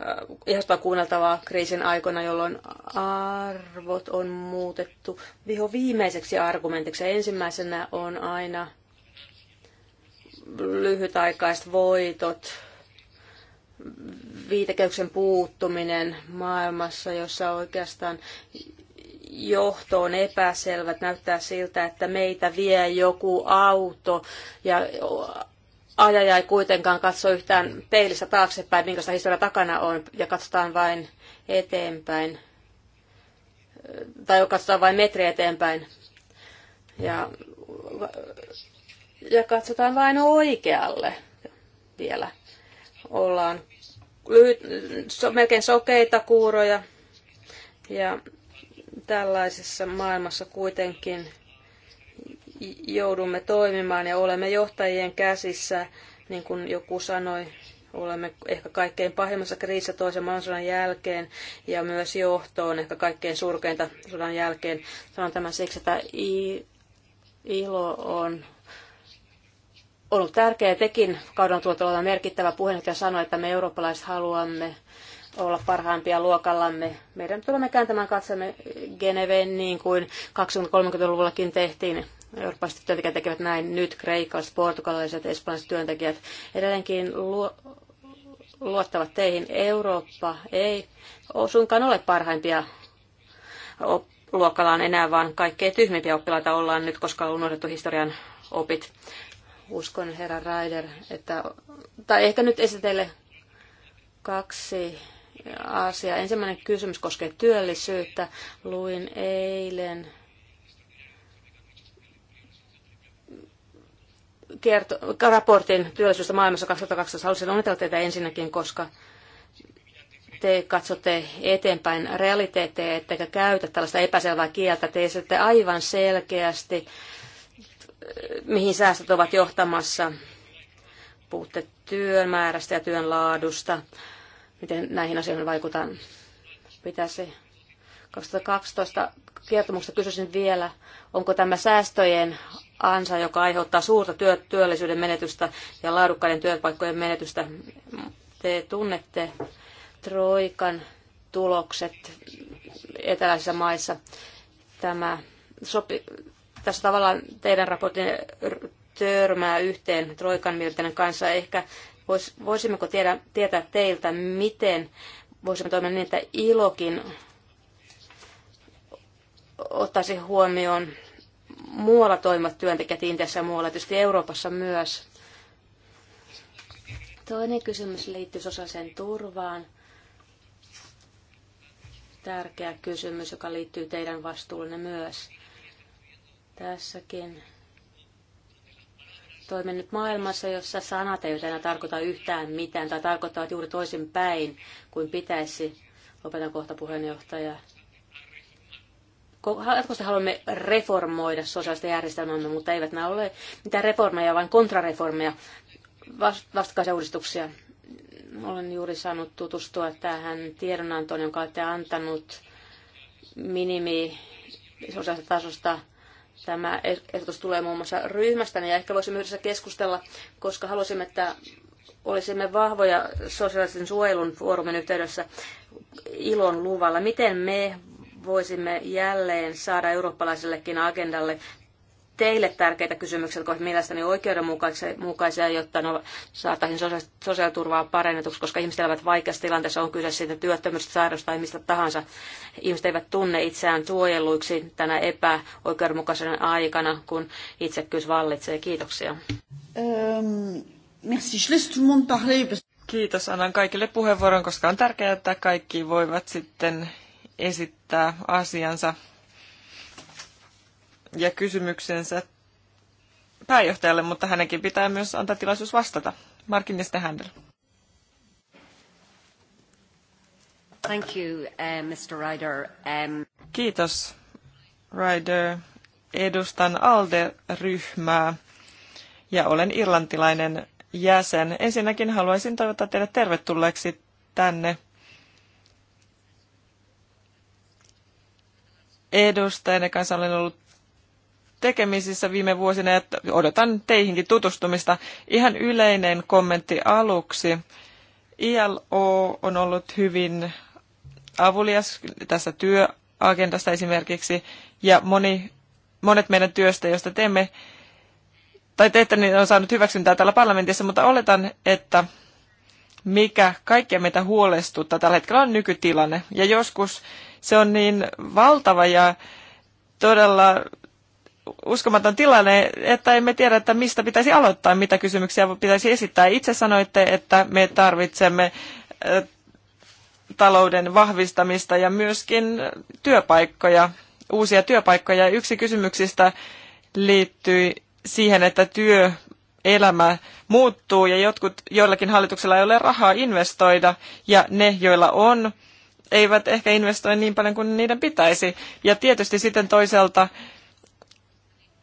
eh, ihastuttavaa kuunneltavaa kriisin aikana, jolloin arvot on muutettu viho viimeiseksi argumentiksi. Ensimmäisenä on aina lyhytaikaiset voitot, viitekeyksen puuttuminen maailmassa, jossa oikeastaan johto on epäselvä, Näyttää siltä, että meitä vie joku auto ja ajaja ei kuitenkaan katso yhtään peilistä taaksepäin, minkälaista historia takana on, ja katsotaan vain eteenpäin. Tai katsotaan vain metri eteenpäin. Ja, ja katsotaan vain oikealle vielä. Ollaan lyhyt, so, melkein sokeita kuuroja. Ja Tällaisessa maailmassa kuitenkin joudumme toimimaan ja olemme johtajien käsissä, niin kuin joku sanoi, olemme ehkä kaikkein pahimmassa kriisissä toisen maailmansodan jälkeen ja myös johto on ehkä kaikkein surkeinta sodan jälkeen. Sanon tämän siksi, että ILO on ollut tärkeä. Tekin kaudella tuotolla merkittävä puheenjohtaja sanoi, että me eurooppalaiset haluamme olla parhaimpia luokallamme. Meidän tulemme kääntämään katsemme Geneveen niin kuin 20-30-luvullakin tehtiin. Eurooppalaiset työntekijät tekevät näin nyt, kreikalaiset, portugalaiset, espanjalaiset työntekijät edelleenkin luo, luottavat teihin. Eurooppa ei osunkaan ole parhaimpia luokallaan enää, vaan kaikkein tyhmimpiä oppilaita ollaan nyt, koska on unohdettu historian opit. Uskon, herra Raider, että, tai ehkä nyt esitelle kaksi asia. Ensimmäinen kysymys koskee työllisyyttä. Luin eilen kerto, raportin työllisyydestä maailmassa 2012. Haluaisin onnitella teitä ensinnäkin, koska te katsotte eteenpäin realiteetteja, ettekä käytä tällaista epäselvää kieltä. Te esitätte aivan selkeästi, mihin säästöt ovat johtamassa. Puhutte työn määrästä ja työn laadusta miten näihin asioihin vaikutaan. Pitäisi 2012 kertomuksesta kysyisin vielä, onko tämä säästöjen ansa, joka aiheuttaa suurta työ, työllisyyden menetystä ja laadukkaiden työpaikkojen menetystä. Te tunnette Troikan tulokset eteläisissä maissa. Tämä sopi, tässä tavallaan teidän raportin törmää yhteen Troikan mietinnön kanssa. Ehkä Vois, voisimmeko tiedä, tietää teiltä, miten voisimme toimia niin, että ilokin ottaisi huomioon muualla toimivat työntekijät Intiassa ja muualla, tietysti Euroopassa myös. Toinen kysymys liittyy sosiaaliseen turvaan. Tärkeä kysymys, joka liittyy teidän vastuullenne myös. Tässäkin Toimin nyt maailmassa, jossa sanat eivät enää tarkoita yhtään mitään tai tarkoittavat juuri toisin päin kuin pitäisi. Lopetan kohta puheenjohtaja. Jatkossa haluamme reformoida sosiaalista järjestelmäämme, mutta eivät nämä ole mitään reformeja, vaan kontrareformeja, vastakkaisia uudistuksia. Olen juuri saanut tutustua tähän tiedonantoon, jonka olette antanut minimi sosiaalista tasosta Tämä ehdotus tulee muun muassa ryhmästä, ja niin ehkä voisimme yhdessä keskustella, koska halusimme, että olisimme vahvoja sosiaalisen suojelun foorumin yhteydessä ilon luvalla. Miten me voisimme jälleen saada eurooppalaisellekin agendalle teille tärkeitä kysymyksiä, jotka ovat mielestäni oikeudenmukaisia, jotta no, saataisiin sosiaaliturvaa parannetuksi, koska ihmiset elävät vaikeassa tilanteessa, on kyse siitä työttömyydestä, sairaasta tai mistä tahansa. Ihmiset eivät tunne itseään suojelluiksi tänä epäoikeudenmukaisena aikana, kun itsekkyys vallitsee. Kiitoksia. Ähm, Kiitos, annan kaikille puheenvuoron, koska on tärkeää, että kaikki voivat sitten esittää asiansa ja kysymyksensä pääjohtajalle, mutta hänenkin pitää myös antaa tilaisuus vastata. Markin Thank you, uh, Mr. Ryder. Um... Kiitos, Ryder. Edustan ALDE-ryhmää ja olen irlantilainen jäsen. Ensinnäkin haluaisin toivottaa teidät tervetulleeksi tänne edustajana kanssa olen ollut tekemisissä viime vuosina, että odotan teihinkin tutustumista. Ihan yleinen kommentti aluksi. ILO on ollut hyvin avulias tässä työagendasta esimerkiksi, ja moni, monet meidän työstä, joista teemme, tai teette, niin on saanut hyväksyntää täällä parlamentissa, mutta oletan, että mikä kaikkea meitä huolestuttaa tällä hetkellä on nykytilanne. Ja joskus se on niin valtava ja todella uskomaton tilanne, että emme tiedä, että mistä pitäisi aloittaa, mitä kysymyksiä pitäisi esittää. Itse sanoitte, että me tarvitsemme talouden vahvistamista ja myöskin työpaikkoja, uusia työpaikkoja. Yksi kysymyksistä liittyy siihen, että työelämä muuttuu ja jotkut, joillakin hallituksella ei ole rahaa investoida ja ne, joilla on, eivät ehkä investoi niin paljon kuin niiden pitäisi. Ja tietysti sitten toisaalta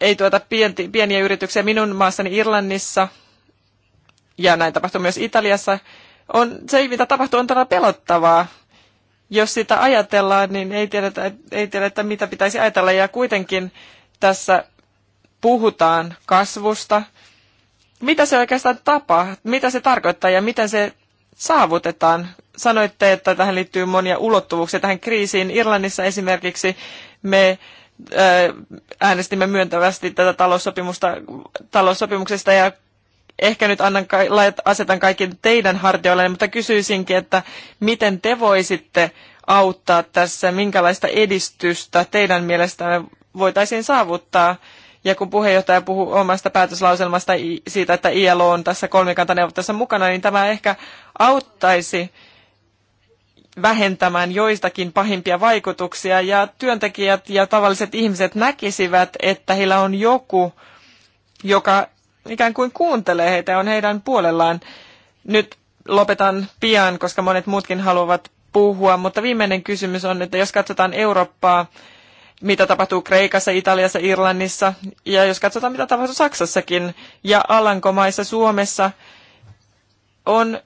ei tuota pienti, pieniä yrityksiä minun maassani Irlannissa, ja näin tapahtuu myös Italiassa, on, se mitä tapahtuu on todella pelottavaa. Jos sitä ajatellaan, niin ei tiedetä, ei tiedetä, mitä pitäisi ajatella. Ja kuitenkin tässä puhutaan kasvusta. Mitä se oikeastaan tapaa? Mitä se tarkoittaa ja miten se saavutetaan? Sanoitte, että tähän liittyy monia ulottuvuuksia tähän kriisiin. Irlannissa esimerkiksi me äänestimme myöntävästi tätä taloussopimusta, taloussopimuksesta ja ehkä nyt annan, asetan kaikki teidän hartioille, mutta kysyisinkin, että miten te voisitte auttaa tässä, minkälaista edistystä teidän mielestänne voitaisiin saavuttaa. Ja kun puheenjohtaja puhuu omasta päätöslauselmasta siitä, että ILO on tässä kolmikantaneuvottelussa mukana, niin tämä ehkä auttaisi vähentämään joistakin pahimpia vaikutuksia ja työntekijät ja tavalliset ihmiset näkisivät, että heillä on joku, joka ikään kuin kuuntelee heitä ja on heidän puolellaan. Nyt lopetan pian, koska monet muutkin haluavat puhua, mutta viimeinen kysymys on, että jos katsotaan Eurooppaa, mitä tapahtuu Kreikassa, Italiassa, Irlannissa ja jos katsotaan mitä tapahtuu Saksassakin ja Alankomaissa, Suomessa, on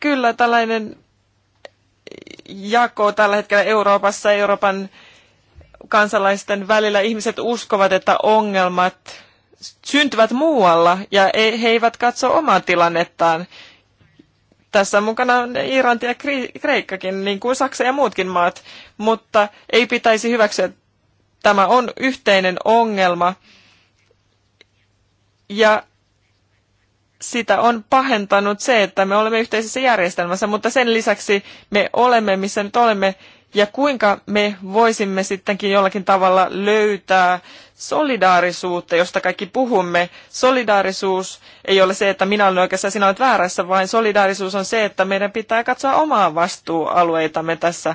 kyllä tällainen jako tällä hetkellä Euroopassa, Euroopan kansalaisten välillä. Ihmiset uskovat, että ongelmat syntyvät muualla ja e- he eivät katso omaa tilannettaan. Tässä on mukana Irlanti ja Kreikkakin, niin kuin Saksa ja muutkin maat, mutta ei pitäisi hyväksyä, että tämä on yhteinen ongelma. Ja sitä on pahentanut se, että me olemme yhteisessä järjestelmässä, mutta sen lisäksi me olemme, missä nyt olemme, ja kuinka me voisimme sittenkin jollakin tavalla löytää solidaarisuutta, josta kaikki puhumme. Solidaarisuus ei ole se, että minä olen oikeassa ja sinä olet väärässä, vaan solidaarisuus on se, että meidän pitää katsoa omaa vastuualueitamme tässä.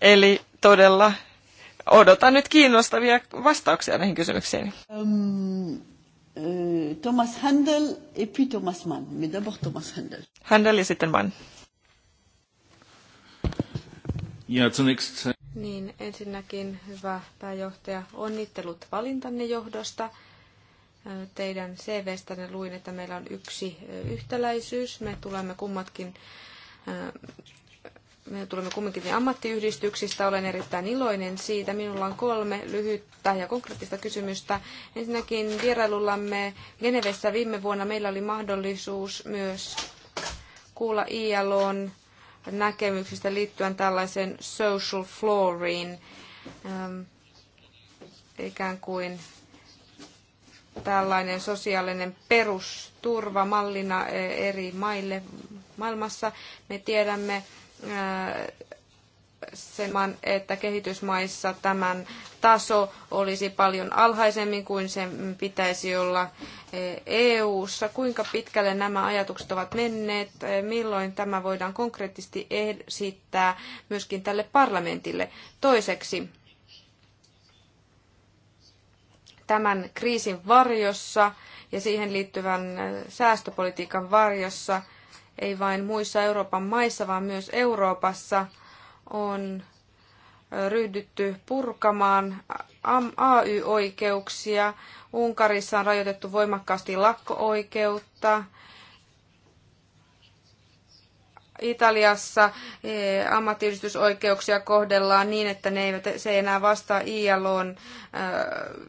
Eli todella odotan nyt kiinnostavia vastauksia näihin kysymyksiin. Um, Euh, Thomas Handel et puis Thomas Mann. Mais d'abord Thomas Handel. Handel et sitten Mann. Ja zunächst... Äh, niin, ensinnäkin hyvä pääjohtaja, onnittelut valintanne johdosta. Äh, teidän CV-stänne luin, että meillä on yksi äh, yhtäläisyys. Me tulemme kummatkin me tulemme kumminkin ammattiyhdistyksistä. Olen erittäin iloinen siitä. Minulla on kolme lyhyttä ja konkreettista kysymystä. Ensinnäkin vierailullamme Genevessä viime vuonna meillä oli mahdollisuus myös kuulla ILOn näkemyksistä liittyen tällaisen social flooriin, ähm, ikään kuin tällainen sosiaalinen perusturva mallina äh, eri maille maailmassa. Me tiedämme, sen, että kehitysmaissa tämän taso olisi paljon alhaisemmin kuin sen pitäisi olla EU-ssa. Kuinka pitkälle nämä ajatukset ovat menneet, milloin tämä voidaan konkreettisesti esittää myöskin tälle parlamentille. Toiseksi, tämän kriisin varjossa ja siihen liittyvän säästöpolitiikan varjossa – ei vain muissa Euroopan maissa, vaan myös Euroopassa on ryhdytty purkamaan AY-oikeuksia. Unkarissa on rajoitettu voimakkaasti lakko-oikeutta. Italiassa e, ammattiyhdistysoikeuksia kohdellaan niin, että ne eivät, se ei enää vastaa ILOn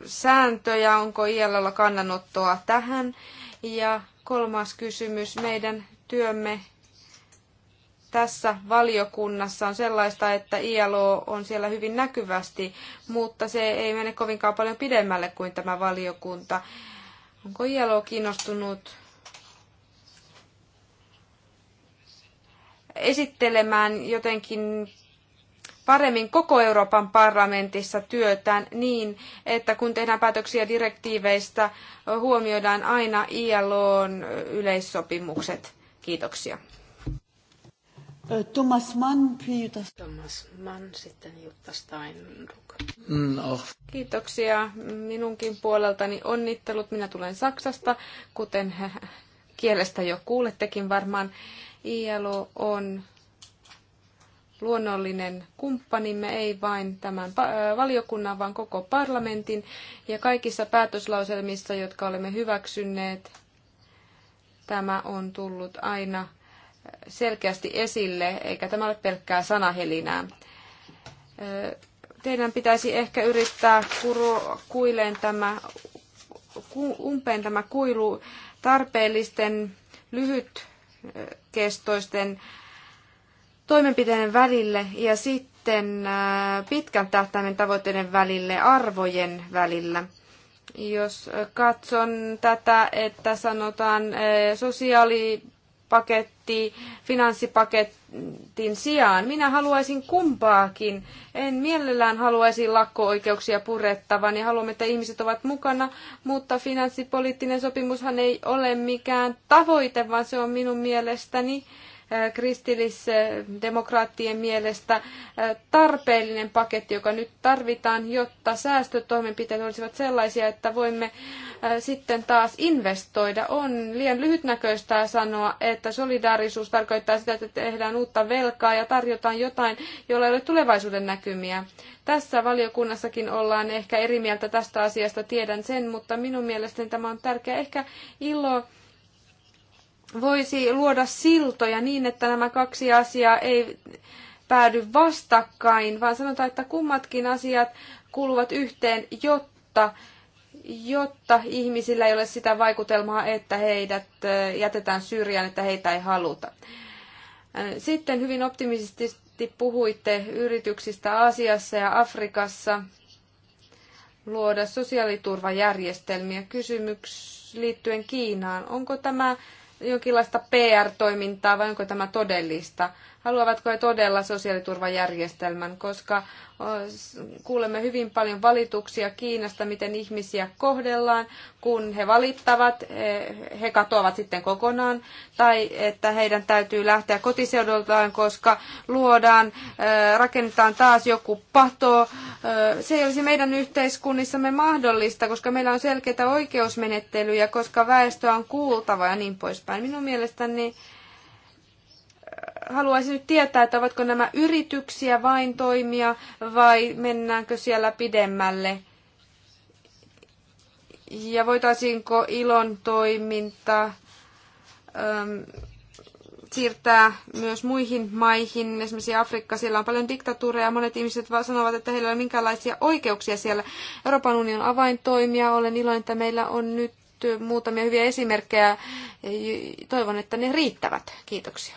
sääntöjä. Onko ILOlla kannanottoa tähän? Ja kolmas kysymys. Meidän työmme tässä valiokunnassa on sellaista, että ILO on siellä hyvin näkyvästi, mutta se ei mene kovinkaan paljon pidemmälle kuin tämä valiokunta. Onko ILO kiinnostunut esittelemään jotenkin paremmin koko Euroopan parlamentissa työtään niin, että kun tehdään päätöksiä direktiiveistä, huomioidaan aina ILOn yleissopimukset. Kiitoksia. Thomas Mann, Jutta Thomas Mann, sitten Jutta Steinruck. No. Mm, oh. Kiitoksia minunkin puoleltani onnittelut. Minä tulen Saksasta, kuten kielestä jo kuulettekin varmaan. ILO on luonnollinen kumppanimme, ei vain tämän valiokunnan, vaan koko parlamentin. Ja kaikissa päätöslauselmissa, jotka olemme hyväksyneet, Tämä on tullut aina selkeästi esille, eikä tämä ole pelkkää sanahelinää. Teidän pitäisi ehkä yrittää kuileen tämä, umpeen tämä kuilu tarpeellisten lyhytkestoisten toimenpiteiden välille ja sitten pitkän tähtäimen tavoitteiden välille, arvojen välillä – jos katson tätä, että sanotaan eh, sosiaalipaketti finanssipaketin sijaan, minä haluaisin kumpaakin. En mielellään haluaisi lakko-oikeuksia purettavan ja haluamme, että ihmiset ovat mukana, mutta finanssipoliittinen sopimushan ei ole mikään tavoite, vaan se on minun mielestäni äh, kristillisdemokraattien mielestä tarpeellinen paketti, joka nyt tarvitaan, jotta säästötoimenpiteet olisivat sellaisia, että voimme sitten taas investoida. On liian lyhytnäköistä sanoa, että solidaarisuus tarkoittaa sitä, että tehdään uutta velkaa ja tarjotaan jotain, jolla ei ole tulevaisuuden näkymiä. Tässä valiokunnassakin ollaan ehkä eri mieltä tästä asiasta, tiedän sen, mutta minun mielestäni tämä on tärkeä. Ehkä ilo voisi luoda siltoja niin, että nämä kaksi asiaa ei päädy vastakkain, vaan sanotaan, että kummatkin asiat kuuluvat yhteen, jotta, jotta ihmisillä ei ole sitä vaikutelmaa, että heidät jätetään syrjään, että heitä ei haluta. Sitten hyvin optimistisesti puhuitte yrityksistä Aasiassa ja Afrikassa luoda sosiaaliturvajärjestelmiä. Kysymys liittyen Kiinaan. Onko tämä jonkinlaista PR-toimintaa vai onko tämä todellista? haluavatko he todella sosiaaliturvajärjestelmän, koska kuulemme hyvin paljon valituksia Kiinasta, miten ihmisiä kohdellaan, kun he valittavat, he katoavat sitten kokonaan, tai että heidän täytyy lähteä kotiseudultaan, koska luodaan, rakennetaan taas joku pato. Se ei olisi meidän yhteiskunnissamme mahdollista, koska meillä on selkeitä oikeusmenettelyjä, koska väestöä on kuultava ja niin poispäin. Minun mielestäni haluaisin nyt tietää, että ovatko nämä yrityksiä vain toimia vai mennäänkö siellä pidemmälle? Ja voitaisiinko ilon toiminta äm, siirtää myös muihin maihin, esimerkiksi Afrikka, siellä on paljon diktatuureja, ja monet ihmiset vaan sanovat, että heillä ei ole minkäänlaisia oikeuksia siellä. Euroopan unionin avaintoimia, olen iloinen, että meillä on nyt muutamia hyviä esimerkkejä, toivon, että ne riittävät. Kiitoksia.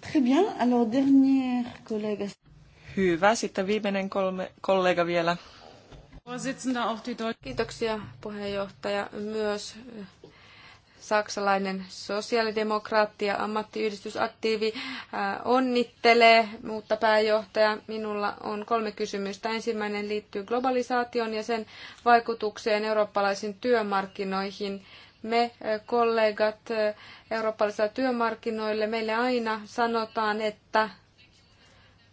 Très bien. Alors, dernier collègue. Hyvä. Sitten viimeinen kolme, kollega vielä. Kiitoksia puheenjohtaja. Myös eh, saksalainen sosiaalidemokraatti ja ammattiyhdistysaktiivi eh, onnittelee, mutta pääjohtaja, minulla on kolme kysymystä. Ensimmäinen liittyy globalisaation ja sen vaikutukseen eurooppalaisiin työmarkkinoihin me eh, kollegat eh, eurooppalaisilla työmarkkinoille, meille aina sanotaan, että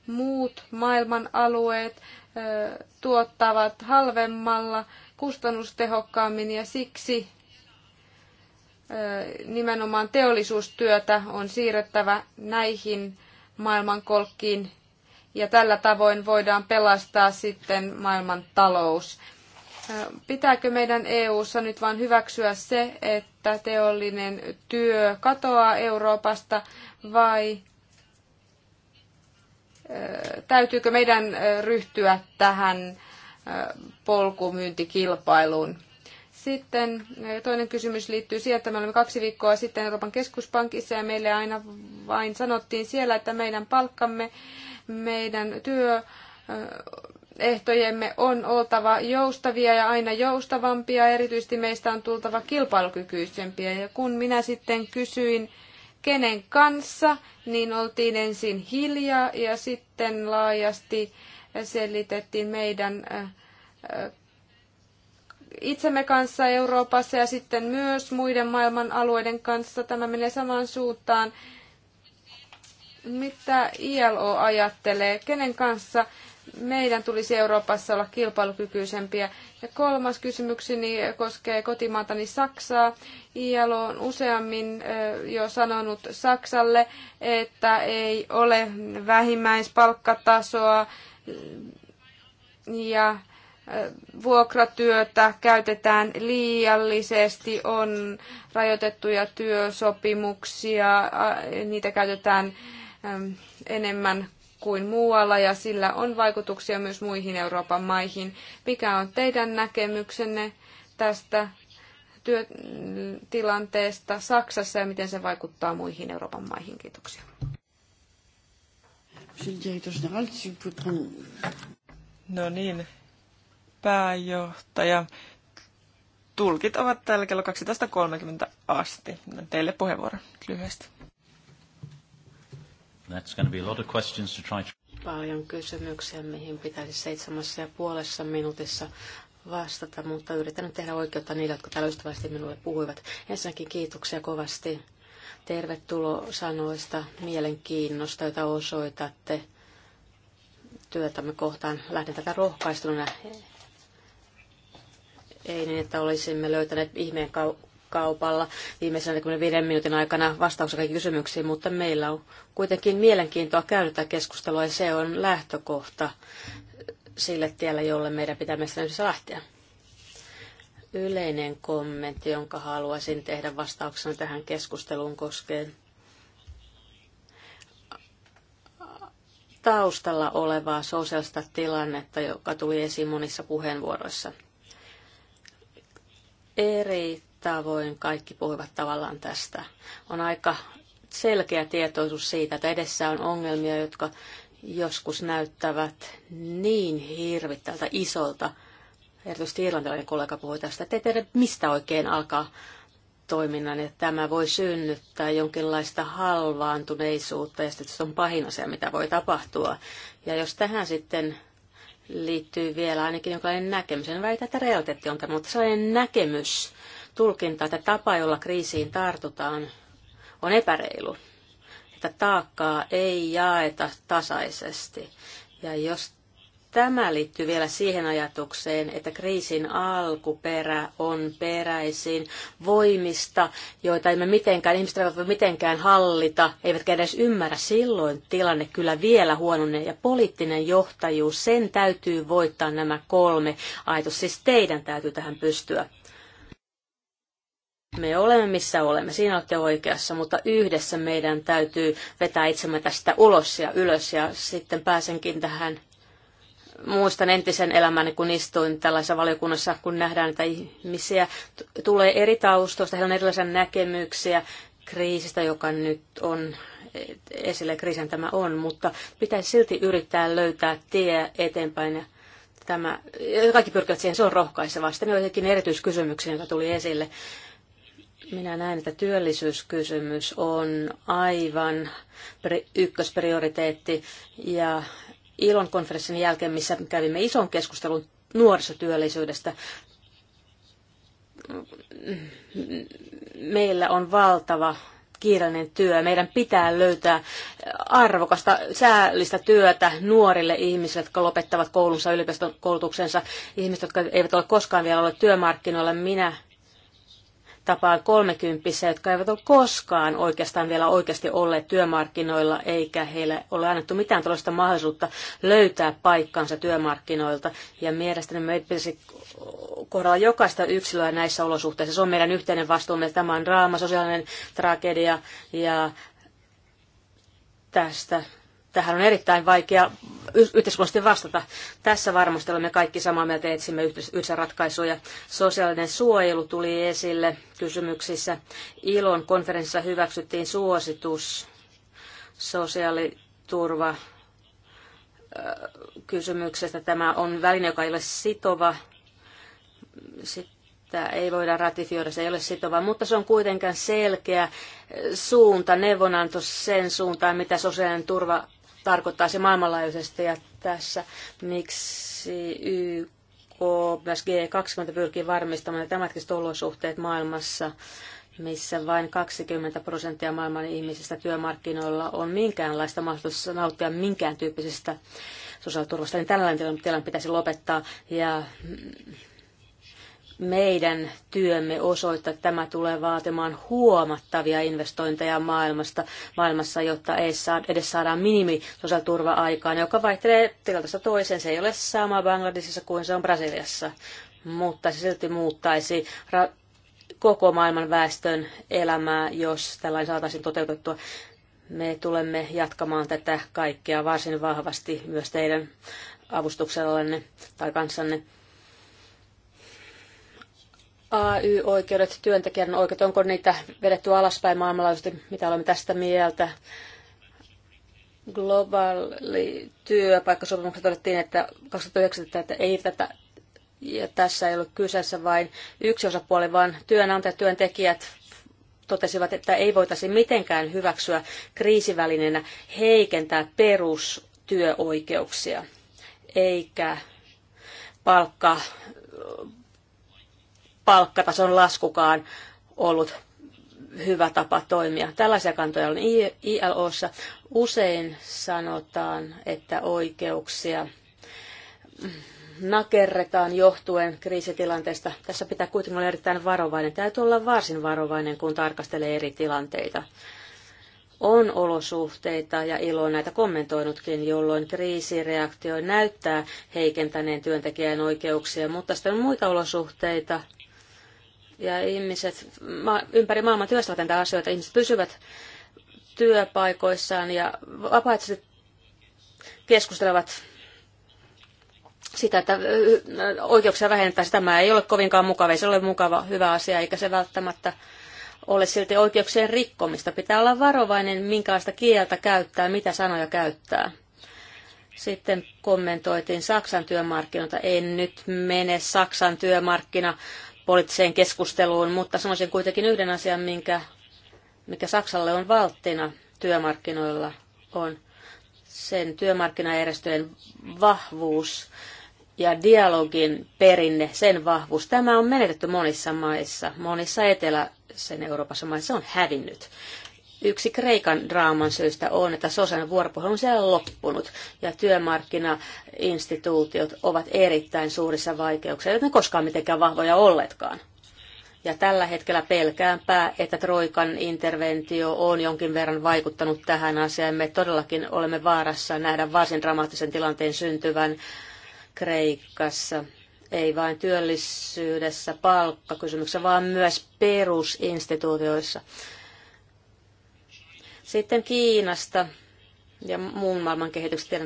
muut maailman alueet eh, tuottavat halvemmalla, kustannustehokkaammin ja siksi nimenomaan teollisuustyötä on siirrettävä näihin maailmankolkkiin ja tällä tavoin voidaan pelastaa sitten maailman talous. Pitääkö meidän EU: EU-ssa nyt vain hyväksyä se, että teollinen työ katoaa Euroopasta vai täytyykö meidän ryhtyä tähän polkumyyntikilpailuun? Sitten toinen kysymys liittyy siihen, että me olemme kaksi viikkoa sitten Euroopan keskuspankissa ja meille aina vain sanottiin siellä, että meidän palkkamme, meidän työ ehtojemme on oltava joustavia ja aina joustavampia, erityisesti meistä on tultava kilpailukykyisempiä. Ja kun minä sitten kysyin, kenen kanssa, niin oltiin ensin hiljaa ja sitten laajasti selitettiin meidän äh, äh, itsemme kanssa Euroopassa ja sitten myös muiden maailman alueiden kanssa. Tämä menee samaan suuntaan. Mitä ILO ajattelee, kenen kanssa meidän tulisi Euroopassa olla kilpailukykyisempiä. Ja kolmas kysymykseni koskee kotimaatani Saksaa. ILO on useammin jo sanonut Saksalle, että ei ole vähimmäispalkkatasoa ja vuokratyötä käytetään liiallisesti, on rajoitettuja työsopimuksia, niitä käytetään enemmän kuin muualla ja sillä on vaikutuksia myös muihin Euroopan maihin. Mikä on teidän näkemyksenne tästä työtilanteesta Saksassa ja miten se vaikuttaa muihin Euroopan maihin? Kiitoksia. No niin, pääjohtaja. Tulkit ovat täällä kello 12.30 asti. Teille puheenvuoro lyhyesti. That's going to be a lot of questions to try to... Paljon kysymyksiä, mihin pitäisi seitsemässä ja puolessa minuutissa vastata, mutta yritän tehdä oikeutta niille, jotka täällä ystävällisesti minulle puhuivat. Ensinnäkin kiitoksia kovasti tervetulosanoista, sanoista, mielenkiinnosta, jota osoitatte työtämme kohtaan. Lähden tätä rohkaistuna. Ei niin, että olisimme löytäneet ihmeen kaupalla viimeisen 45 minuutin aikana vastauksia kaikkiin kysymyksiin, mutta meillä on kuitenkin mielenkiintoa käydä tätä keskustelua ja se on lähtökohta sille tielle, jolle meidän pitää mennessä lähteä. Yleinen kommentti, jonka haluaisin tehdä vastauksena tähän keskusteluun koskeen taustalla olevaa sosiaalista tilannetta, joka tuli esiin monissa puheenvuoroissa. Eri tavoin kaikki puhuivat tavallaan tästä. On aika selkeä tietoisuus siitä, että edessä on ongelmia, jotka joskus näyttävät niin hirvittävältä isolta. Erityisesti irlantilainen kollega puhui tästä, että ei tiedä mistä oikein alkaa toiminnan, että tämä voi synnyttää jonkinlaista halvaantuneisuutta ja sitten se on pahin asia, mitä voi tapahtua. Ja jos tähän sitten liittyy vielä ainakin jonkinlainen näkemys, en väitä, että realiteetti on tämä, mutta sellainen näkemys, tulkinta, että tapa, jolla kriisiin tartutaan, on epäreilu. Että taakkaa ei jaeta tasaisesti. Ja jos tämä liittyy vielä siihen ajatukseen, että kriisin alkuperä on peräisin voimista, joita emme mitenkään, ihmiset eivät voi mitenkään hallita, eivätkä edes ymmärrä. Silloin tilanne kyllä vielä huononee ja poliittinen johtajuus, sen täytyy voittaa nämä kolme ajatus. Siis teidän täytyy tähän pystyä. Me olemme missä olemme, siinä olette oikeassa, mutta yhdessä meidän täytyy vetää itsemme tästä ulos ja ylös ja sitten pääsenkin tähän. Muistan entisen elämäni, kun istuin tällaisessa valiokunnassa, kun nähdään, että ihmisiä tulee eri taustoista, heillä on erilaisia näkemyksiä kriisistä, joka nyt on e- esille, kriisin tämä on, mutta pitäisi silti yrittää löytää tie eteenpäin ja tämä, kaikki pyrkivät siihen, se on rohkaisevaa. Sitten jotenkin erityiskysymyksiä, joita tuli esille. Minä näen, että työllisyyskysymys on aivan ykkösprioriteetti ja Ilon konferenssin jälkeen, missä kävimme ison keskustelun nuorisotyöllisyydestä, meillä on valtava kiireellinen työ. Meidän pitää löytää arvokasta, säällistä työtä nuorille ihmisille, jotka lopettavat koulunsa, yliopistokoulutuksensa, ihmiset, jotka eivät ole koskaan vielä olleet työmarkkinoilla. Minä tapaan kolmekymppisiä, jotka eivät ole koskaan oikeastaan vielä oikeasti olleet työmarkkinoilla, eikä heille ole annettu mitään tällaista mahdollisuutta löytää paikkaansa työmarkkinoilta. Ja mielestäni me pitäisi kohdalla jokaista yksilöä näissä olosuhteissa. Se on meidän yhteinen vastuumme. Tämä on draama, sosiaalinen tragedia ja tästä tähän on erittäin vaikea yhteiskunnallisesti vastata. Tässä varmasti olemme kaikki samaa mieltä, etsimme yhdessä ratkaisuja. Sosiaalinen suojelu tuli esille kysymyksissä. Ilon konferenssissa hyväksyttiin suositus sosiaaliturva kysymyksestä. Tämä on väline, joka ei ole sitova. Sitä ei voida ratifioida, se ei ole sitova, mutta se on kuitenkin selkeä suunta, neuvonanto sen suuntaan, mitä sosiaalinen turva tarkoittaa se maailmanlaajuisesti. Ja tässä miksi YK myös G20 pyrkii varmistamaan tämätkin olosuhteet maailmassa, missä vain 20 prosenttia maailman ihmisistä työmarkkinoilla on minkäänlaista mahdollisuutta nauttia minkään tyyppisestä sosiaaliturvasta, niin tällainen tilanne pitäisi lopettaa. Ja meidän työmme osoittaa, että tämä tulee vaatimaan huomattavia investointeja maailmasta, maailmassa, jotta ei saa, edes saadaan minimi sosiaaliturva aikaan, joka vaihtelee tilanteesta toiseen. Se ei ole sama Bangladesissa kuin se on Brasiliassa, mutta se silti muuttaisi koko maailman väestön elämää, jos tällainen saataisiin toteutettua. Me tulemme jatkamaan tätä kaikkea varsin vahvasti myös teidän avustuksellanne tai kanssanne. AY-oikeudet, työntekijän oikeudet, onko niitä vedetty alaspäin maailmanlaajuisesti, mitä olemme tästä mieltä? Globaali työpaikkasopimuksessa todettiin, että 2019 että ei tätä, ja tässä ei ollut kyseessä vain yksi osapuoli, vaan työnantajat, työntekijät totesivat, että ei voitaisiin mitenkään hyväksyä kriisivälineenä heikentää perustyöoikeuksia eikä palkka palkkatason laskukaan ollut hyvä tapa toimia. Tällaisia kantoja on ILOssa. Usein sanotaan, että oikeuksia nakerretaan johtuen kriisitilanteesta. Tässä pitää kuitenkin olla erittäin varovainen. Täytyy olla varsin varovainen, kun tarkastelee eri tilanteita. On olosuhteita, ja Ilo on näitä kommentoinutkin, jolloin kriisireaktio näyttää heikentäneen työntekijän oikeuksia, mutta sitten on muita olosuhteita, ja ihmiset ma- ympäri maailman työstävät näitä asioita. Ihmiset pysyvät työpaikoissaan ja vapaaehtoisesti keskustelevat sitä, että oikeuksia vähennetään. Tämä ei ole kovinkaan mukava, ei se ole mukava, hyvä asia, eikä se välttämättä ole silti oikeuksien rikkomista. Pitää olla varovainen, minkälaista kieltä käyttää, mitä sanoja käyttää. Sitten kommentoitiin Saksan työmarkkinoita. En nyt mene Saksan työmarkkina poliittiseen keskusteluun, mutta sanoisin kuitenkin yhden asian, minkä, mikä Saksalle on valttina työmarkkinoilla, on sen työmarkkinajärjestöjen vahvuus ja dialogin perinne, sen vahvuus. Tämä on menetetty monissa maissa, monissa eteläisen Euroopassa maissa. Se on hävinnyt. Yksi Kreikan draaman syystä on, että sosiaalinen vuoropuhelu on siellä loppunut ja työmarkkinainstituutiot ovat erittäin suurissa vaikeuksissa, joten koskaan mitenkään vahvoja olleetkaan. Ja tällä hetkellä pelkäänpää, että Troikan interventio on jonkin verran vaikuttanut tähän asiaan. Me todellakin olemme vaarassa nähdä varsin dramaattisen tilanteen syntyvän Kreikassa ei vain työllisyydessä, palkkakysymyksessä, vaan myös perusinstituutioissa. Sitten Kiinasta ja muun maailman kehityksestä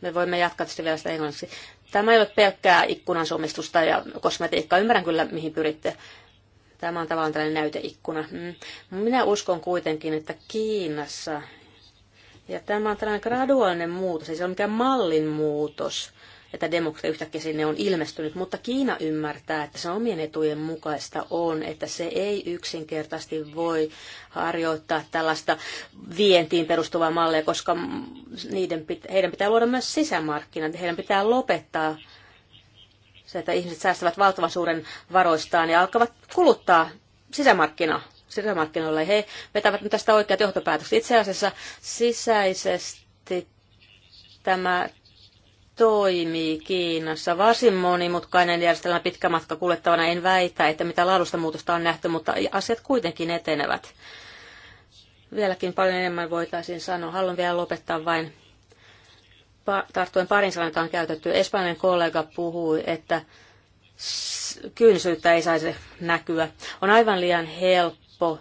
Me voimme jatkaa tästä vielä sitä englanniksi. Tämä ei ole pelkkää suomistusta ja kosmetiikkaa. Ymmärrän kyllä, mihin pyritte. Tämä on tavallaan tällainen näyteikkuna. Mm. Minä uskon kuitenkin, että Kiinassa, ja tämä on tällainen graduaalinen muutos, ei se ole mikään mallin muutos, että demokratia yhtäkkiä sinne on ilmestynyt, mutta Kiina ymmärtää, että se omien etujen mukaista on, että se ei yksinkertaisesti voi harjoittaa tällaista vientiin perustuvaa mallia, koska niiden pit- heidän pitää luoda myös sisämarkkinat, heidän pitää lopettaa se, että ihmiset säästävät valtavan suuren varoistaan ja alkavat kuluttaa sisämarkkina sisämarkkinoilla. He vetävät nyt tästä oikeat johtopäätökset. Itse asiassa sisäisesti tämä toimii Kiinassa. Varsin monimutkainen järjestelmä pitkä matka kuljettavana. En väitä, että mitä laadusta muutosta on nähty, mutta asiat kuitenkin etenevät. Vieläkin paljon enemmän voitaisiin sanoa. Haluan vielä lopettaa vain tarttuen parin sanan, jota on käytetty. Espanjan kollega puhui, että kyynisyyttä ei saisi näkyä. On aivan liian helppo helppo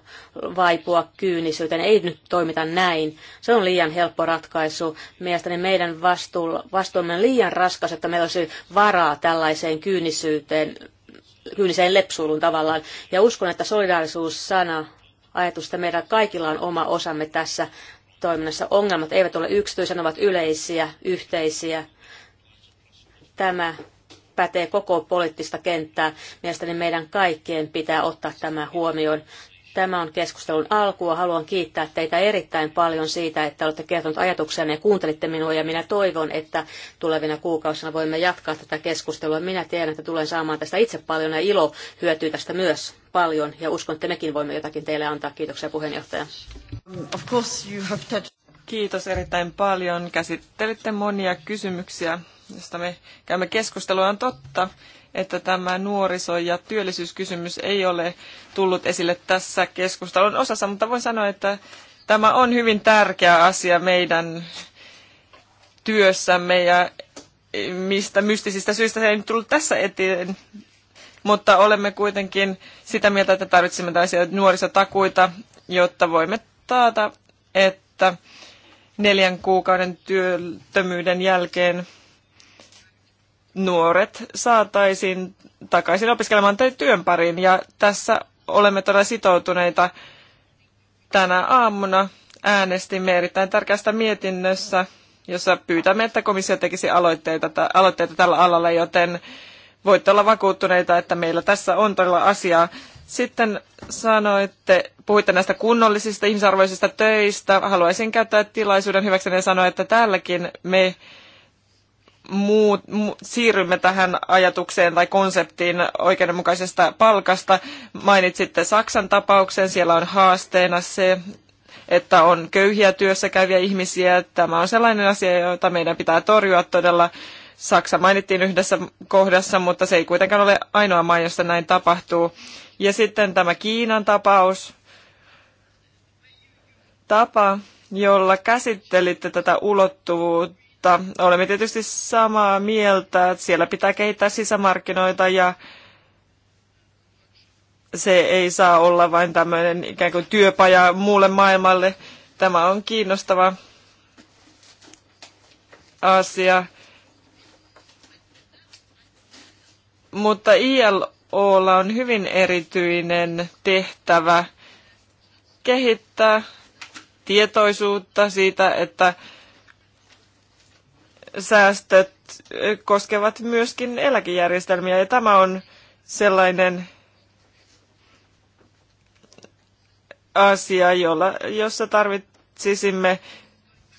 vaipua kyynisyyteen. Ei nyt toimita näin. Se on liian helppo ratkaisu. Mielestäni meidän vastuumme on liian raskas, että meillä olisi varaa tällaiseen kyynisyyteen, kyyniseen lepsuiluun tavallaan. Ja uskon, että solidaarisuus-sana, ajatus, että meidän kaikilla on oma osamme tässä toiminnassa. Ongelmat eivät ole yksityisiä, ne ovat yleisiä, yhteisiä. Tämä pätee koko poliittista kenttää. Mielestäni meidän kaikkien pitää ottaa tämä huomioon. Tämä on keskustelun alkua. Haluan kiittää teitä erittäin paljon siitä, että olette kertonut ajatuksenne ja kuuntelitte minua. Ja minä toivon, että tulevina kuukausina voimme jatkaa tätä keskustelua. Minä tiedän, että tulen saamaan tästä itse paljon ja ilo hyötyy tästä myös paljon. Ja uskon, että mekin voimme jotakin teille antaa. Kiitoksia puheenjohtaja. Of course you have touched... Kiitos erittäin paljon. Käsittelitte monia kysymyksiä, joista me käymme keskustelua. On totta, että tämä nuoriso- ja työllisyyskysymys ei ole tullut esille tässä keskustelun osassa, mutta voin sanoa, että tämä on hyvin tärkeä asia meidän työssämme ja mistä mystisistä syistä se ei nyt tullut tässä eteen, mutta olemme kuitenkin sitä mieltä, että tarvitsemme tällaisia nuorisotakuita, jotta voimme taata, että neljän kuukauden työttömyyden jälkeen nuoret saataisiin takaisin opiskelemaan tai työn pariin. Ja tässä olemme todella sitoutuneita tänä aamuna äänestimme erittäin tärkeästä mietinnössä, jossa pyytämme, että komissio tekisi aloitteita, aloitteita tällä alalla, joten voitte olla vakuuttuneita, että meillä tässä on todella asiaa. Sitten sanoitte, puhuitte näistä kunnollisista ihmisarvoisista töistä. Haluaisin käyttää tilaisuuden hyväkseni ja sanoa, että täälläkin me siirrymme tähän ajatukseen tai konseptiin oikeudenmukaisesta palkasta. Mainitsitte Saksan tapauksen, siellä on haasteena se, että on köyhiä työssä käyviä ihmisiä. Tämä on sellainen asia, jota meidän pitää torjua todella. Saksa mainittiin yhdessä kohdassa, mutta se ei kuitenkaan ole ainoa maa, jossa näin tapahtuu. Ja sitten tämä Kiinan tapaus, tapa, jolla käsittelitte tätä ulottuvuutta mutta olemme tietysti samaa mieltä, että siellä pitää kehittää sisämarkkinoita ja se ei saa olla vain tämmöinen ikään kuin työpaja muulle maailmalle. Tämä on kiinnostava asia. Mutta ILOlla on hyvin erityinen tehtävä kehittää tietoisuutta siitä, että säästöt koskevat myöskin eläkejärjestelmiä ja tämä on sellainen asia, jolla, jossa tarvitsisimme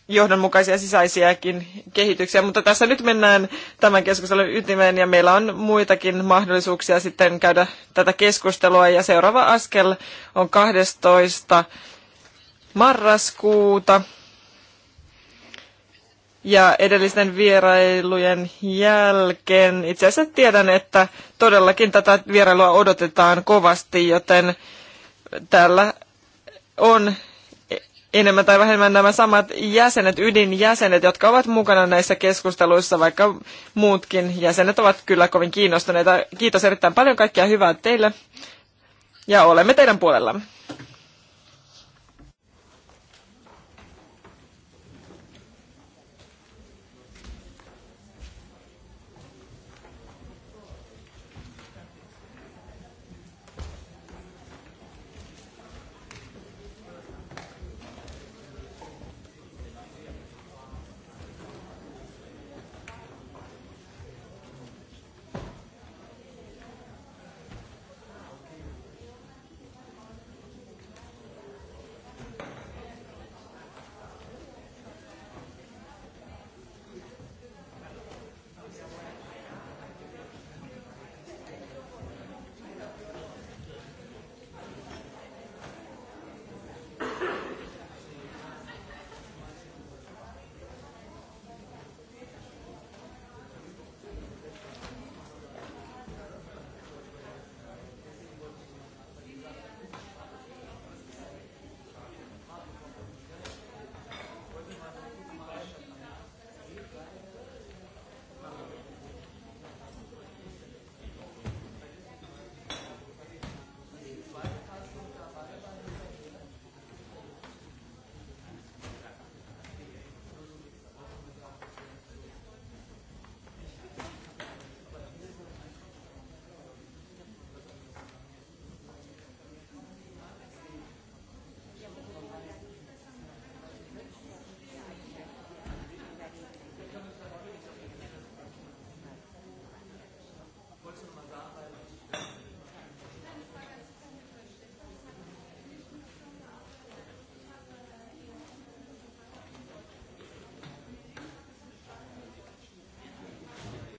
johdonmukaisia sisäisiäkin kehityksiä, mutta tässä nyt mennään tämän keskustelun ytimeen ja meillä on muitakin mahdollisuuksia sitten käydä tätä keskustelua ja seuraava askel on 12. marraskuuta ja edellisten vierailujen jälkeen itse asiassa tiedän, että todellakin tätä vierailua odotetaan kovasti, joten täällä on enemmän tai vähemmän nämä samat jäsenet, ydinjäsenet, jotka ovat mukana näissä keskusteluissa, vaikka muutkin jäsenet ovat kyllä kovin kiinnostuneita. Kiitos erittäin paljon, kaikkia hyvää teille ja olemme teidän puolellamme.